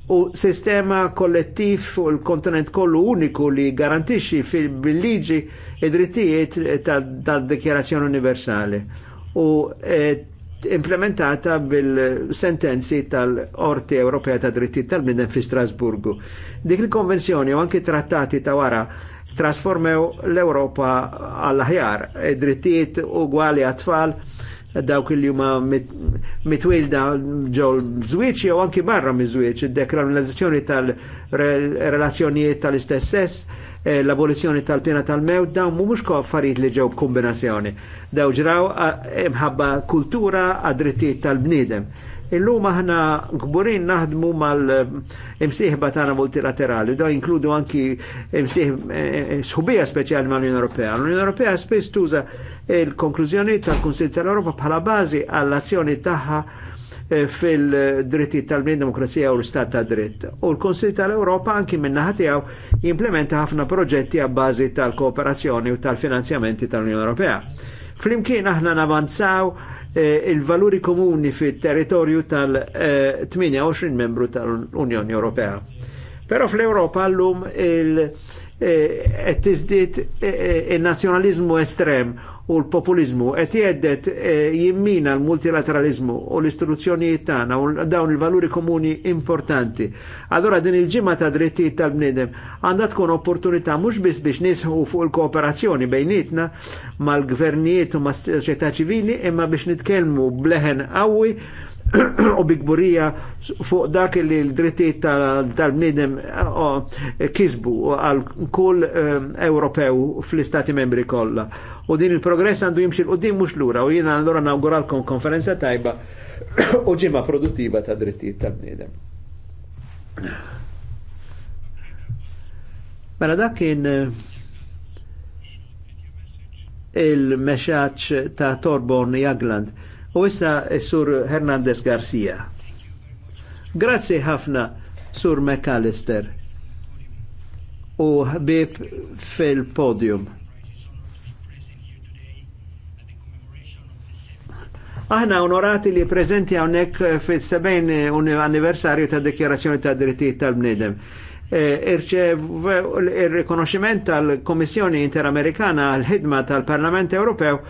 u sistema kollettiv fuq il-kontinent kollu uniku li garantixxi fil-liġi id-drittijiet tad-Dikjarazzjoni Universali u e, implementata bil-sentenzi tal-Orti Ewropea ta' Drittijiet tal-Bniedem fi Strasburgu. Dik il-konvenzjoni u anki trattati ta' wara trasformew l-Europa għall-ħjar, drittijiet ugwali għat-tfal, dawk il huma mitwilda ġol żwieġ jew anki barra miż-żwieġ, id-dekriminalizzazzjoni tal-relazzjonijiet tal-istess sess, eh, l-abolizzjoni tal-pjena tal-mewt, dawn mhumux affarijiet li ġew kombinazzjoni. Daw ġraw eh, imħabba kultura għad-drittijiet tal-bniedem Illum aħna gburin naħdmu mal-imsieħba tagħna multilaterali, da inkludu anki eh, sħubija speċjali mal-Unjoni Ewropea. L-Unjoni Ewropea spiss tuża il-konklużjoni tal-Kunsil tal-Ewropa bħala bażi għall-azzjoni tagħha eh, fil-dritti tal-bnien demokrazija u l-istat ta' dritt. U l-Konsil tal-Europa anki minna ħatijaw jimplementa ħafna proġetti għabbażi tal-kooperazzjoni u tal-finanzjamenti tal-Unjoni Ewropea. Flimkien aħna navanzaw Eh, il-valuri komuni fit territorju tal-28 membru tal-Unjoni Ewropea. Però fl-Europa l-lum il eh, eh, il-nazjonalizmu estrem u l-populizmu qed jgħeddet e, jimmina l-multilateralizmu u l-istituzzjonijiet tagħna u dawn il-valuri komuni importanti. Allora din il-ġimgħa ta' drittijiet tal-bniedem għandha tkun opportunità mhux biss biex nisħu fuq il-kooperazzjoni bejnietna mal-gvernijiet u mas-soċjetà ċivili imma biex nitkellmu bleħen qawwi u bigburija fuq dak li l-drittijiet tal-bnidem kisbu għal kull ehm, Ewropew fl-istati membri kollha. U din il-progress għandu jimxi l-qoddim mux lura u jiena allora nawguralkom konferenza tajba u ġimma produttiva ta' drittijiet tal-bnidem. Mela dak kien eh, il-mexaċ ta' Torborn Jagland U issa eh, sur Hernandez Garcia. Grazzi ħafna sur McAllister u ħbib fil-podium. Aħna onorati li prezenti għonek eh, fil-70 eh, anniversarju ta' dekjerazzjoni ta' drittijiet tal bnedem Irċev il-rikonoximent tal-Komissjoni Interamerikana għal-ħidma tal-Parlament Ewropew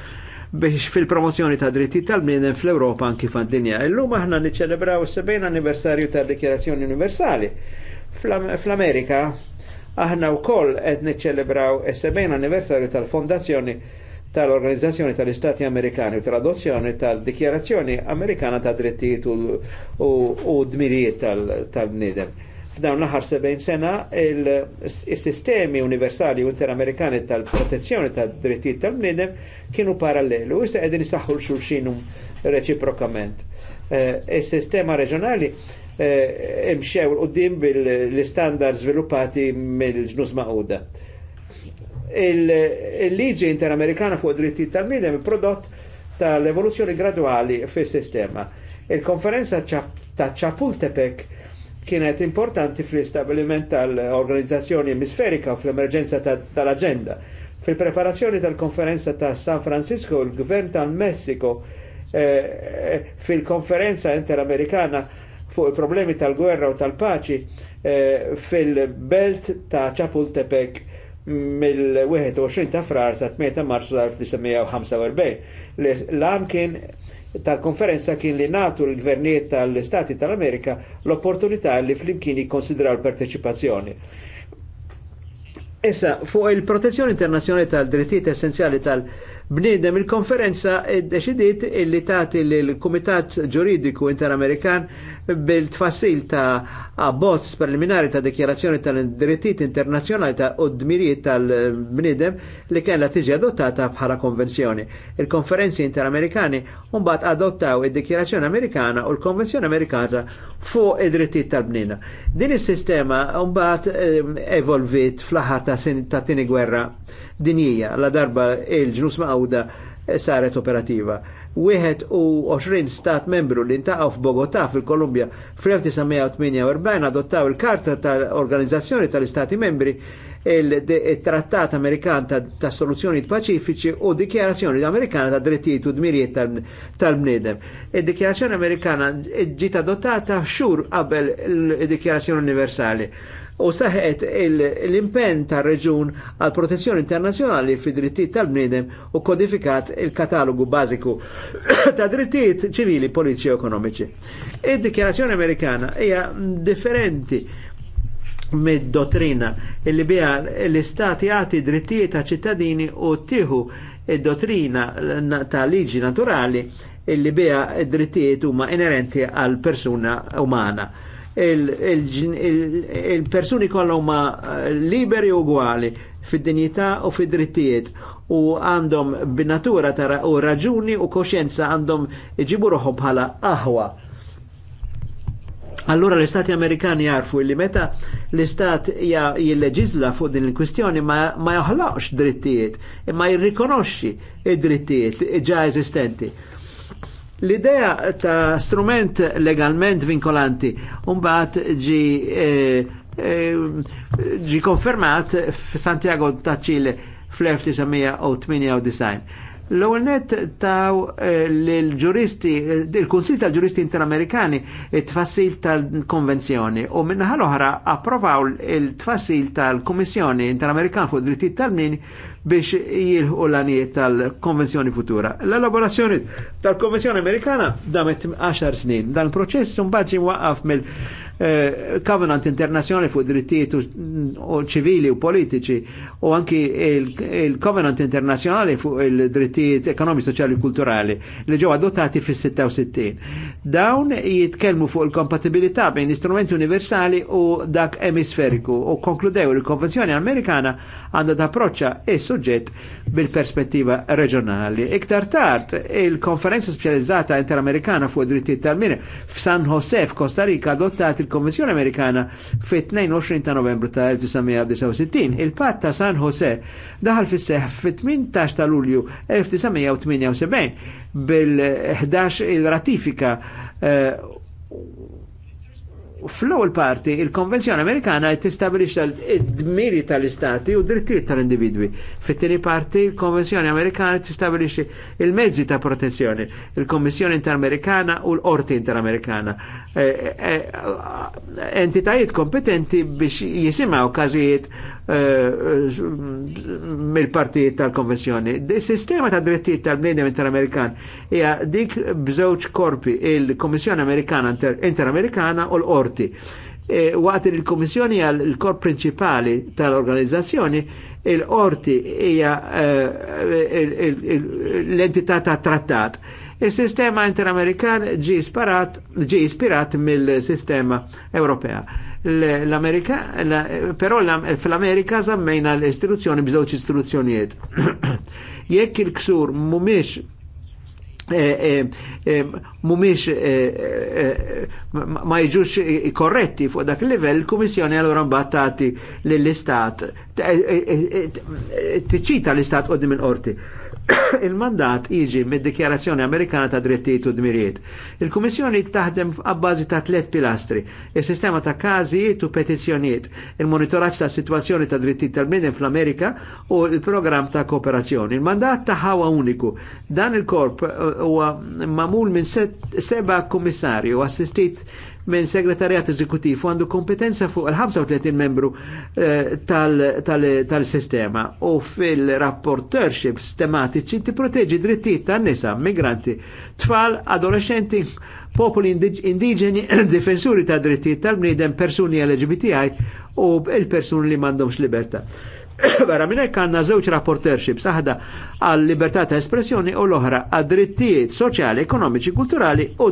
biex fil-promozjoni ta' dritti tal-bniedem fl-Europa anki fad-dinja. Illum aħna niċċelebraw is-70 anniversarju tad-Dikjerazzjoni Universali. Fl-Amerika aħna wkoll qed niċċelebraw is-70 anniversarju tal-fondazzjoni tal-Organizzazzjoni tal-Istati Amerikani u tradozzjoni adozzjoni tal-Dikjerazzjoni Amerikana ta' drittijiet u, u, dmirijiet tal-bniedem. Tal f'dawn l-aħħar 70 sena il-sistemi universali u interamerikani tal-protezzjoni tad-drittijiet tal-bniedem kienu parallelu, u issa qegħdin isaħħu l-xulxin reċiprokament. Eh, is-sistema reġjonali eh, imxew l-qoddim bil-standard sviluppati mill-ġnus maquda. Il-liġi interamerikana fuq drittijiet tal-bniedem prodott tal-evoluzzjoni graduali fis-sistema. Il-konferenza ta' Chapultepec kienet importanti fl-istabiliment tal-organizzazzjoni emisferika u fl-emerġenza tal-agenda. Fil-preparazzjoni tal-konferenza ta' San Francisco, il-gvern tal-Messiko eh, eh, fil-konferenza interamerikana fuq il-problemi tal-gwerra u tal-paċi eh, fil-belt ta' Chapultepec mill-21 ta' frar sa' 8 marzu 1945. L-am kien tal-konferenza kien li natu l-gvernijiet tal-Stati tal-Amerika l-opportunità li flimkien jikkonsidraw l-parteċipazzjoni. Essa, fuq il-protezzjoni internazjonali tal-drittijiet essenzjali tal-, -drittijiet bniedem il-konferenza id-deċidiet illi tati l-Kumitat Ġuridiku Interamerikan bil-tfassil ta' abbozz preliminari ta' dikjarazzjoni tal-drittijiet internazzjonali ta' u dmirijiet tal-bniedem li kellha tiġi adottata bħala konvenzjoni. Il-konferenzi interamerikani mbagħad adottaw id-dikjarazzjoni Amerikana u l-Konvenzjoni Amerikana fuq id-drittijiet tal-bniedem. Din is-sistema mbagħad eh, evolvit fl-aħħar ta' tini gwerra dinjija la darba il-ġnus maqawda saret operativa. 21 stat membru li ntaqgħu f'Bogotà fil-Kolumbja fl-1948 adottaw il-Karta tal-Organizzazzjoni tal-Istati Membri il-Trattat Amerikan ta' Soluzzjoni Paċifiċi u Dikjarazzjoni Amerikana ta' Drittijiet u Dmirijiet tal-Bniedem. Id-Dikjarazzjoni Amerikana ġiet adottata xhur qabel il-Dikjarazzjoni Universali u saħet l impen tar reġun għal protezzjoni internazjonali fi drittijiet tal-bniedem u kodifikat il-katalogu bażiku ta' drittijiet ċivili, politiċi u ekonomiċi. Id-dikjarazzjoni Amerikana hija differenti mid-dottrina li biha l-istati għati drittijiet ta' ċittadini u tieħu id-dottrina ta' liġi naturali li biha id-drittijiet huma inerenti għal persuna umana il-persuni kollha huma eh, liberi ugwali fid-dinjità u fid-drittijiet u għandhom b'natura tara u raġuni u koxjenza għandhom iġibu ruħu bħala aħwa. Allura l-Istati Amerikani jarfu li meta l-Istat jilleġizla fuq din il-kwistjoni ma, ma joħloqx drittijiet, ma jirrikonoxxi id-drittijiet ġa eżistenti. L-idea ta' strument legalment vinkolanti umbat ġi eh, eh, ġi konfermat f-Santiago ta' Ċile fl-1998. L-ewwel net taw eh, l-ġuristi, eh, il-Kunsil tal-Ġuristi Interamerikani it-tfassil eh, tal-Konvenzjoni u minnaħa l-oħra approvaw il-tfassil tal-Kummissjoni Interamerikan fuq drittijiet tal-min biex jilħu l-għanijiet tal-Konvenzjoni futura. L-elaborazzjoni tal-Konvenzjoni Amerikana damet 10 snin. Dan proċess un baġi waqaf mill- Eh, covenant Internazjonali fuq drittijiet ċivili u politiċi u anki il-Covenant Internazjonali fuq il-drittijiet ekonomi, soċjali u kulturali li ġew adottati fis-66. Dawn jitkellmu fuq il-kompatibilità bejn istrumenti universali u dak emisferiku u konkludew il-Konvenzjoni Amerikana għandha tapproċċa is-suġġett bil-perspettiva reġjonali. Iktar tard, il-Konferenza Speċjalizzata Interamerikana fuq drittijiet tal-Mir f'San Jose f'Kosta Rica adottat il kommissjoni Amerikana fit-22 ta' novembru ta' 1969. Il-Patt ta' San Jose daħal fis seħ fit-18 ta' Lulju 1978 bil-11 il-ratifika uh, fl-ewwel parti il-Konvenzjoni Amerikana tistabilixxa d-dmiri tal-istati u drittijiet tal-individwi. Fit-tieni parti il-Konvenzjoni Amerikana tistabilixxi il-mezzi ta' protezzjoni, il-Kommissjoni Interamerikana u l-Qorti Interamerikana. Eh, eh, eh, entitajiet kompetenti biex jisimgħu każijiet Eh, mill-partijiet tal-konvenzjoni. Sistema ta' drittijiet tal-bnedem interamerikan hija dik bżewġ korpi il-Kommissjoni Amerikana Interamerikana u l-Orti. E, waqt il-Kommissjoni hija l korp prinċipali tal-organizzazzjoni, il-Orti hija eh, l-entità ta' trattat. Il-sistema interamerikan ġi sparat, ġi ispirat mill-sistema Ewropea. L-Amerika, però fl-Amerika zammejna l-istituzzjoni bżewġ istituzzjonijiet. Jekk il-ksur mumiex mumiex ma jġux korretti fuq dak il-level, kummissjoni għallura mbattati l-istat, t-ċita l-istat għoddi minn orti. Il-mandat iġi mid-Dikjarazzjoni Amerikana ta' Drittijiet u Dmirijiet. Il-Kummissjoni taħdem għabbażi ta' tliet pilastri: il sistema ta' każijiet u petizzjonijiet, il-monitoraġġ ta' situazzjoni ta' drittijiet tal bnedem fl-Amerika u il-programm ta' kooperazzjoni. Il-mandat ta' ħawa uniku. Dan il-korp eh, huwa mamul minn seba' kummissarju assistit minn segretarjat eżekutif għandu kompetenza fuq il-35 membru eh, tal-sistema u fil-rapporteurships tematiċi ti proteġi drittijiet tan nisa migranti, tfal, adolescenti, popoli indiġeni, difensuri ta' drittijiet tal-bniedem, persuni LGBTI u il-persuni li mandomx libertà. Vera, minn hekk għandna żewġ rapporterships, aħda għal libertà ta' espressjoni u l-oħra għad drittijiet soċjali, ekonomiċi, kulturali u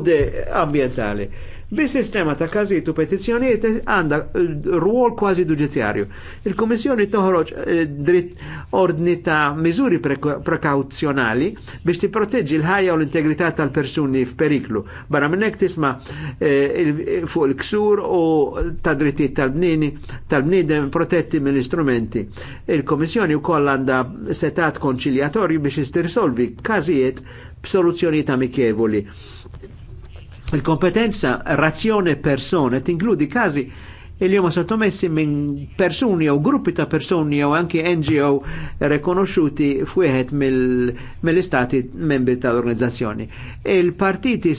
ambientali. Bis-sistema ta' każijiet u petizzjonijiet għandha eh, rwol kważi duġizjarju. Il-Kummissjoni toħroġ eh, dritt ordni ta' miżuri prekawzjonali biex tipproteġġi l-ħajja u l-integrità tal-persuni f'periklu. Barra minn hekk tisma' eh, fuq il-ksur u ta' drittijiet tal-bnini tal-bniedem protetti mill-istrumenti. Il-Kommissjoni wkoll għandha setat konċiljatorju biex istirsolvi każijiet b'soluzzjonijiet amikevoli. Il-kompetenza razzjone persone tinkludi każi il huma sottomessi minn persuni jew gruppi ta' persuni jew anki NGO rekonosciuti f'wieħed mill-istati membri tal-organizzazzjoni. Il-partiti,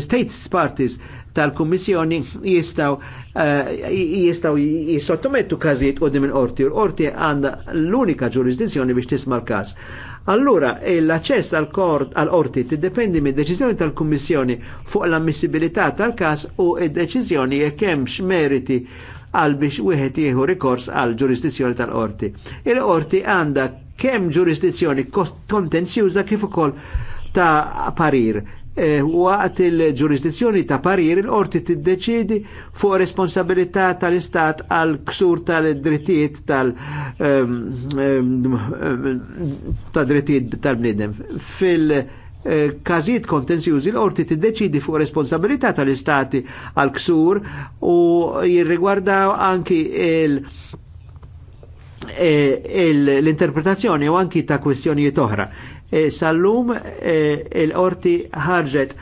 state parties tal-Kummissjoni jistaw uh, jistaw jissottomettu każijiet qudiem il-qorti. Il-qorti għandha l-unika ġurisdizzjoni biex tisma' l-każ Allura, l access għal kort t-dependi tiddependi mid deċiżjoni tal-Kummissjoni fuq l-ammissibilità tal-każ u id-deċiżjoni jekk hemmx meriti għal biex wieħed jieħu rikors għal ġurisdizzjoni tal-qorti. Il-qorti għandha kemm ġurisdizzjoni kontenzjuża kif ukoll ta' parir Eh, waqt il-ġurisdizzjoni ta' parir il-qorti tiddeċidi fuq responsabilità tal-istat għal ksur tal-drittijiet tal- ehm, ehm, ta' drittijiet tal-bnidem. Fil- kazijiet kontenzjużi l-orti tiddeċidi fuq responsabilità tal-istati għal ksur u jirrigwardaw anki il- Eh, l-interpretazzjoni u anki ta' kwestjonijiet oħra. Eh, sallum eh, il-qorti ħarġet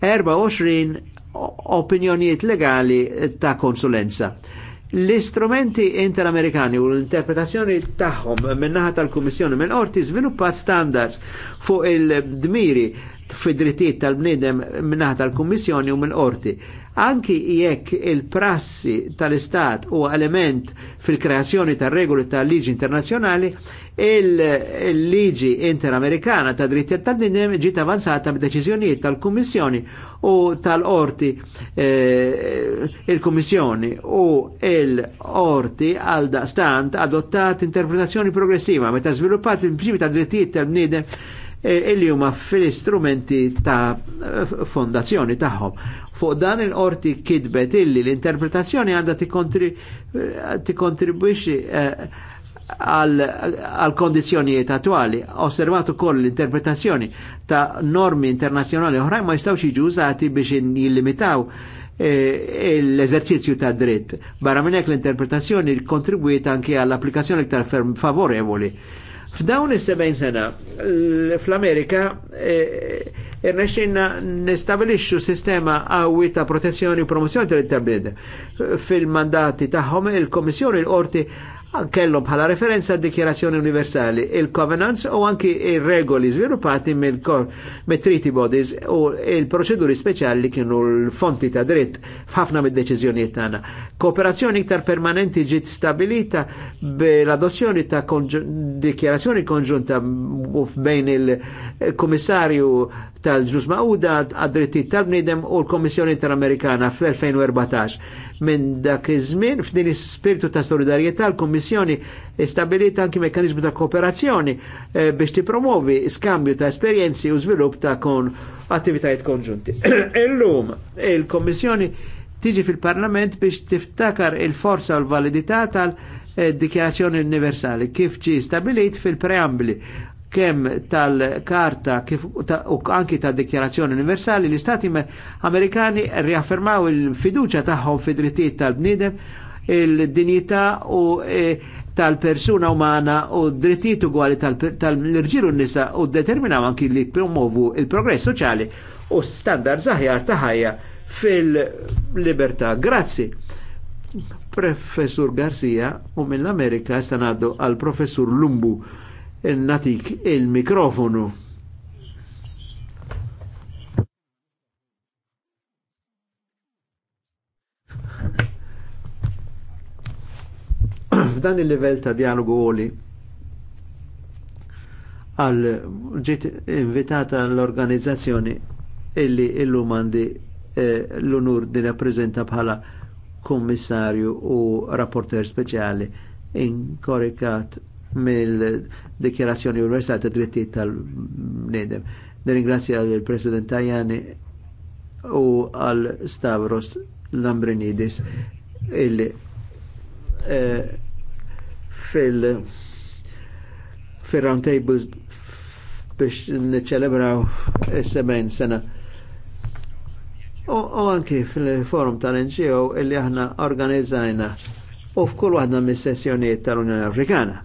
24 opinjonijiet legali ta' konsulenza. L-istrumenti interamerikani u l-interpretazzjoni tagħhom minnaħa tal-Kummissjoni minn qorti żviluppat standards fuq il-dmiri fid-drittijiet tal-bniedem minnaħa tal-Kummissjoni u minn qorti. Anki jekk il-prassi tal-Istat u element fil-kreazzjoni tal-regoli tal-liġi internazjonali, il-liġi interamerikana ta' dritti tal-bnidem ġiet avanzata b'deċiżjonijiet tal-Kummissjoni u tal-Orti eh, il-Kummissjoni u il-Orti għal Stant adottat interpretazzjoni progressiva meta sviluppat il-prinċipi ta' drittijiet tal-bnidem illi e, e huma fil-istrumenti ta' eh, fondazzjoni tagħhom. Fuq dan il-qorti kidbet illi l-interpretazzjoni għandha eh, tikkontribwixxi eh, għal kondizjonijiet attuali, Osservat ukoll l-interpretazzjoni ta' normi internazzjonali oħrajn ma jistgħux jiġu użati biex jillimitaw l-eżerċizzju ta' dritt. Barra minnek l-interpretazzjoni kontribwiet anke għall-applikazzjoni iktar favorevoli F'dawn is-70 sena fl-Amerika e, e, irnexxinna nistabilixxu sistema qawwi ta' protezzjoni u promozzjoni tal-internet. Fil-mandati tagħhom il-Kommissjoni l-Qorti kellhom bħala referenza dikjerazzjoni Universali, il-Covenants u anki il-regoli sviluppati mill-Treaty Bodies u il-proċeduri speċjali kienu l-fonti ta' dritt f'ħafna mid-deċiżjonijiet tagħna. Kooperazzjoni iktar permanenti ġiet stabilita bil-adozzjoni ta' dikjerazzjoni konġunta bejn il-Kummissarju tal-Ġnus Mauda għad-drittijiet tal-bniedem u l-Kommissjoni Interamerikana fl-2014 Minn dak iż-żmien f'din is-spiritu ta' solidarjetà l-Kummissjoni stabilit anki mekkanizmu ta' kooperazzjoni eh, biex tippromovi skambju ta' esperjenzi u żvilupp ta' kon attivitajiet konġunti. Illum il-Kommissjoni tiġi fil-Parlament biex tiftakar il-forza u l-validità tal- eh, dikjarazzjoni universali kif ġi stabilit fil-preambli kemm tal-karta kif ta, u anki ta' dikjarazzjoni universali l-Istati Amerikani riaffermaw il-fiduċa tagħhom fi drittijiet tal-bniedem il-dinjità u e, tal-persuna umana u drittijiet ugwali tal-irġiel u nisa u determinaw anki li promovu il-progress soċjali u standard zaħjar ta' ħajja fil-libertà. Grazzi. Professur Garcia u mill-Amerika stanaddu għal professur Lumbu Eh, natik il-mikrofonu. F'dan il level ta' dialogu għoli għal ġit invitata l-organizzazzjoni illi illu mandi eh, l-unur di rappresenta bħala kommissarju u rapporter speċjali inkorikat mill dikjarazzjoni Universali ta' Drittijiet tal-Bnedem. Nirringrazzja l-President Tajani u għal Stavros Lambrinidis illi eh, fil fil round tables biex niċċelebraw s semajn sena u anki fil-forum tal-NGO illi aħna organizzajna u f'kull waħda mis-sessjonijiet tal-Unjoni Afrikana.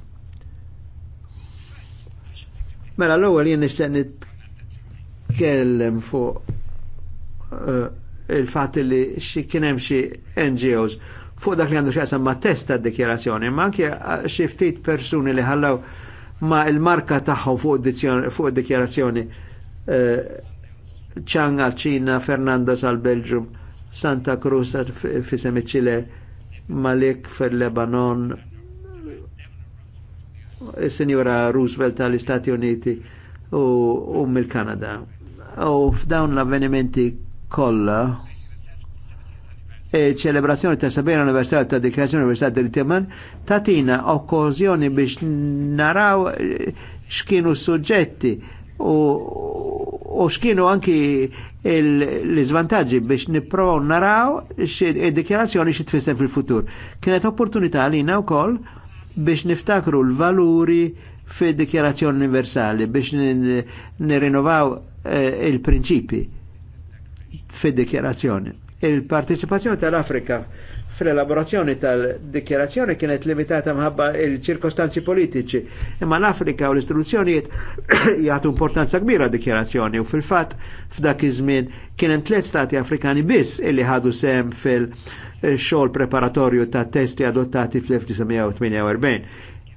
Mela l-ewwel jien nixtieq nitkellem fuq il-fatt li xi kien hemm xi NGOs fuq dak li għandu xaqsam ma' test d dikjerazzjoni ma' anke xi ftit persuni li ħallaw ma' il-marka tagħhom fuq id-dikjerazzjoni Chang għal ċina, Fernandez għal Belġum, Santa Cruz fi semi Malik fil-Lebanon, Senjora Roosevelt tal-Istati Uniti u um il-Kanada. U f'dawn l-avvenimenti kollha e ċelebrazzjoni ta' 70 Universitat ta' Dikazzjoni Universitat Universali tal ta' tina okkożjoni biex naraw eh, x'kienu suġġetti u x'kienu anki l izvantagġi biex nipprovaw naraw xie dikjarazzjoni xie tfisser fil-futur. Kienet opportunità lina wkoll koll biex niftakru l-valuri fi dikjarazzjoni universali biex nirrinnovaw eh, il-prinċipi fi dikjarazzjoni il partizipazzjoni tal-Afrika fl-elaborazzjoni tal-dikjarazzjoni kienet limitata mħabba il-ċirkostanzi politiċi, imma l-Afrika u l-istituzzjonijiet jgħatu importanza kbira dikjarazzjoni u fil fat f'dak iż-żmien kien hemm tliet stati Afrikani biss illi ħadu sem fil- xol preparatorju ta' testi adottati fl-1948.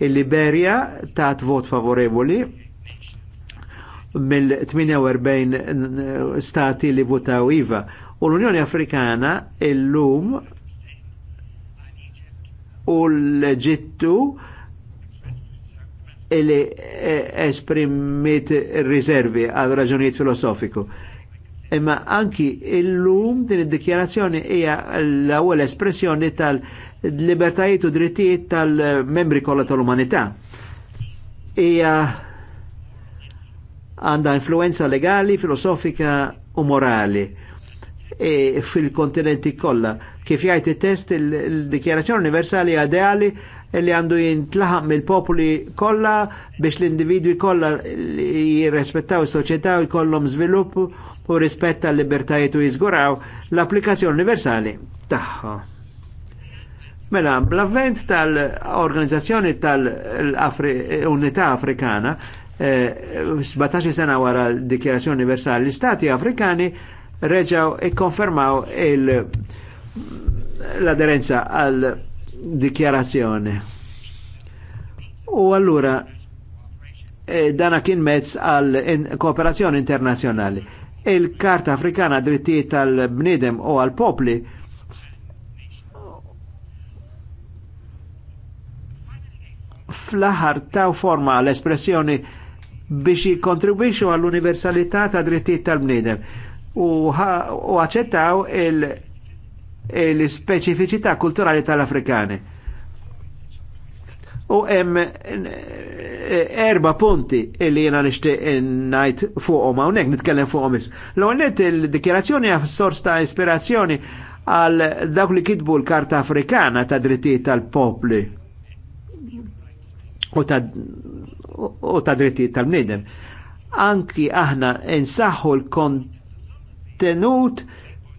Il-Liberja tat vot favorevoli mill-48 stati li votaw IVA u l-Unjoni Afrikana il-lum u l-Ġittu li e- e- esprimit riservi għal raġunijiet filosofiku Imma anki illum din id-dikjarazzjoni hija l-ewwel espressjoni tal-libertajiet u drittijiet tal-membri kollha tal-umanità. Hija għandha influenza legali, filosofika u morali. E fil-kontinenti kollha. Kif jgħid it-test il-Dikjarazzjoni Universali ideali li għandu jintlaħam mill-popoli kollha biex l-individwi kollha jirrespettaw is-soċjetà u jkollhom żvilupp u rispett tal libertajiet u jizguraw l-applikazzjoni universali tagħha. Mela, bl-avvent tal-Organizzazzjoni tal-Unità -Afri Afrikana, 17 eh, sena wara l-Dikjerazzjoni Universali, l-Stati Afrikani reġaw e konfermaw l-aderenza għal dikjerazzjoni U allura eh, dana kien mezz għal kooperazzjoni internazzjonali il-Karta Afrikana drittijiet tal-bnidem u għal-popli fl-aħar taw forma l-espressjoni biex jikontribwixu għall-universalità ta' drittijiet tal-bnidem u għaċettaw il-speċifiċità kulturali tal-Afrikani. U hemm erba punti illi jena nishti najt fuqom, għonek nitkellem fuqom is. L-għonet il-dikjerazzjoni għaf sors ta' ispirazzjoni għal dawk li kitbu l-Karta Afrikana ta' drittijiet tal-popli u ta' drittijiet tal mnidem Anki aħna nsaħħu l-kontenut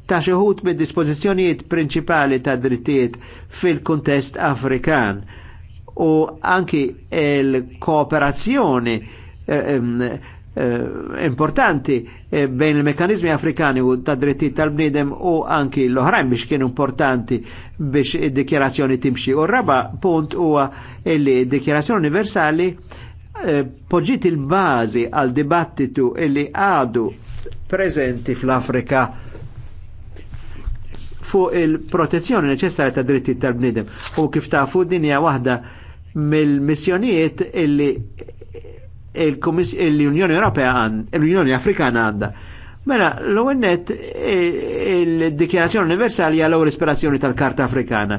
ta' xeħut bid-dispozizjonijiet prinċipali ta' drittijiet fil-kontest Afrikan u anki il-kooperazzjoni eh, eh, importanti eh, bejn il-mekanizmi afrikani u ta' dritti tal-bnidem u anki l-oħrajn biex kienu importanti biex id-dikjerazzjoni timxi. U raba punt huwa illi id-dikjerazzjoni universali eh, poġġiet il-bazi għal dibattitu illi għadu prezenti fl-Afrika fuq il-protezzjoni neċessarja ta' dritti tal-bnidem. U kif tafu dinja waħda mill-missjonijiet illi l-Unjoni Ewropea għand, l-Unjoni Afrikana għandha. Mela, l-għennet il-Dikjarazzjoni Universali għal l-ispirazzjoni tal-Karta Afrikana.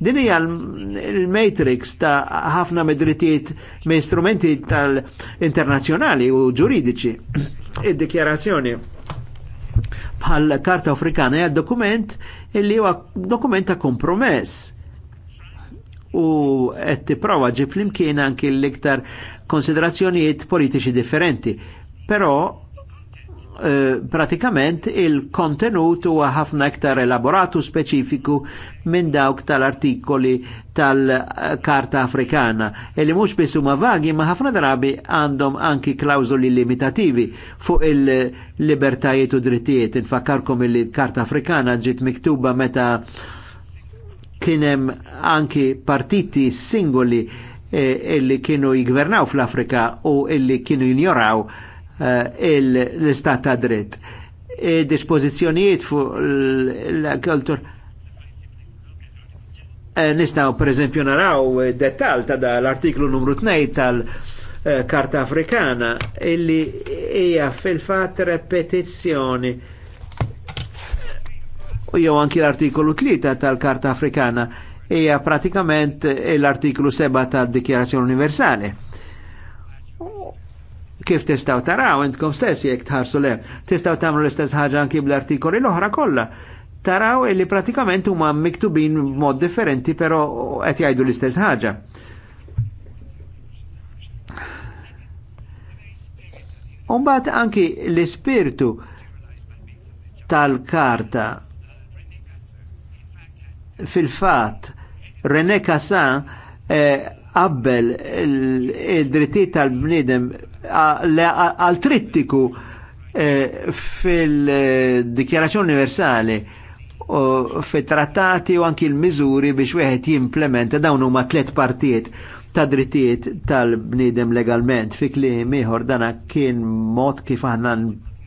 Din hija l-matrix ta' ħafna medritiet me strumenti tal-internazzjonali u ġuridiċi. Id-dikjarazzjoni bħal Karta Afrikana hija dokument illi huwa dokument ta' kompromess u qed tipprova ġib flimkien anki l-iktar konsiderazzjonijiet politiċi differenti. Però eh, pratikament il-kontenut huwa ħafna iktar elaboratu speċifiku minn dawk tal-artikoli tal-Karta Afrikana. Illi e mhux biss huma vagi ma ħafna drabi għandhom anki klawżoli limitativi fuq il-libertajiet u drittijiet. Infakkarkom il-Karta Afrikana ġiet miktuba meta kienem anki partiti singoli eh, illi kienu jgvernaw fl-Afrika u illi kienu jinjoraw eh, l-istat ta' dritt. E Dispozizjonijiet fuq l-kultur eh, nistaw per eżempju naraw dettal ta' da l-artiklu numru 2 tal- eh, Karta Afrikana illi hija fil-fat repetizzjoni u jew anki l artiklu 3 tal-Karta Afrikana hija pratikament l-artiklu 7 tad-Dikjarazzjoni Universali. Kif tistgħu taraw intkom stess jekk tħarsu le, tistgħu tagħmlu l-istess ħaġa anki bl-artikoli l-oħra kollha. Taraw li pratikament huma miktubin mod differenti però qed jgħidu l-istess ħaġa. Umbat anki l-ispirtu tal-karta fil-fat René Cassin eh, qabbel il-drittijiet tal-bniedem għal trittiku eh, fil-Dikjarazzjoni Universali u fit-trattati u anki l-miżuri biex wieħed jimplementa dawn huma tliet partijiet ta' drittijiet tal-bniedem legalment fi kliem ieħor dana kien mod kif aħna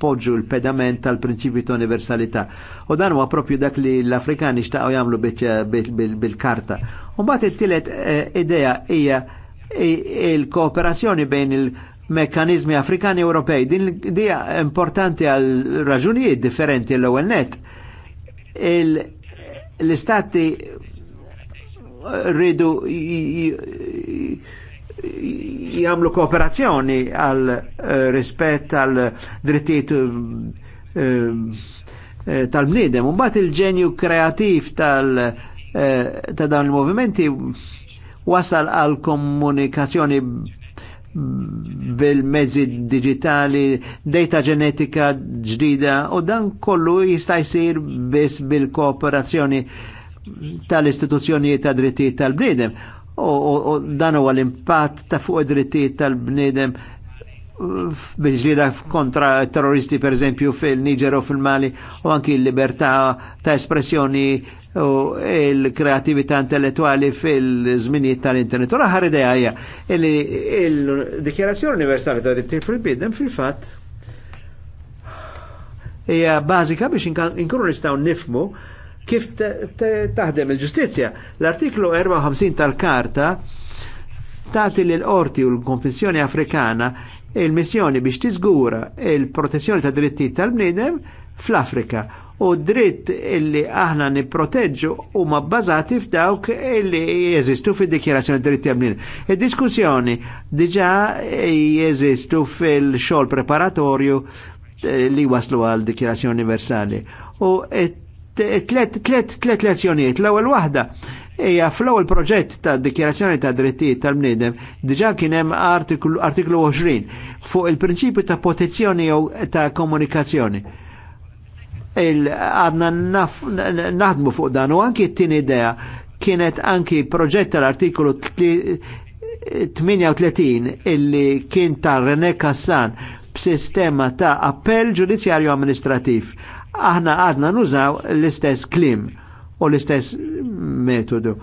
poġġu l-pedament tal-prinċipju ta' universalità. U dan huwa propju dak li l-Afrikani xtaqgħu jagħmlu bil-karta. U mbagħad it-tielet eh, idea hija il-kooperazzjoni bejn il-mekkanizmi Afrikani Ewropej. Din dija importanti għal raġunijiet differenti l-ewwel net. L-istati rridu jagħmlu kooperazzjoni għal eh, rispett għal drittijiet eh, eh, tal-bniedem. Mbagħad il-ġenju kreativ tal- ta' dawn il-movimenti wasal għal komunikazzjoni bil-mezzi digitali, data ġenetika ġdida u dan kollu jista' jsir biss bil-kooperazzjoni tal-istituzzjonijiet ta' drittijiet tal-bniedem u dan huwa l-impatt ta' fuq id-drittijiet tal bnedem biex kontra terroristi per eżempju fil-Niger u fil-Mali u anki l-libertà ta' espressjoni u il-kreativita intellettuali fil-żminijiet tal-internet. U l-aħħar idea hija li dikjerazzjoni Universali ta' Dritti fil-Bidem fil fat hija bażika biex inkunu nistgħu nifmu in kif taħdem il-ġustizja. L-artiklu 54 tal-karta tagħti lil orti u l-Konfessjoni Afrikana il-missjoni biex tiżgura il-protezzjoni ta' dritti tal-bniedem fl-Afrika u dritt illi aħna u ma bbażati f'dawk illi jeżistu fid-dikjerazzjoni dritti tal-bniedem. Id-diskussjoni diġà jeżistu fil-xogħol preparatorju eh, li waslu għal dikjerazzjoni universali. U tlet lezzjonijiet. L-ewwel waħda hija fl-ewwel proġett ta' dikjarazzjoni ta' drittijiet tal-bniedem diġà kien hemm artiklu 20 fuq il-prinċipju ta' protezzjoni jew ta' komunikazzjoni. Għadna naħdmu fuq dan u anki t-tini idea kienet anki proġett tal-artiklu 38 illi kien ta' René Kassan b'sistema ta' appell ġudizzjarju amministrativ aħna għadna nużaw l-istess klim u l-istess metodu.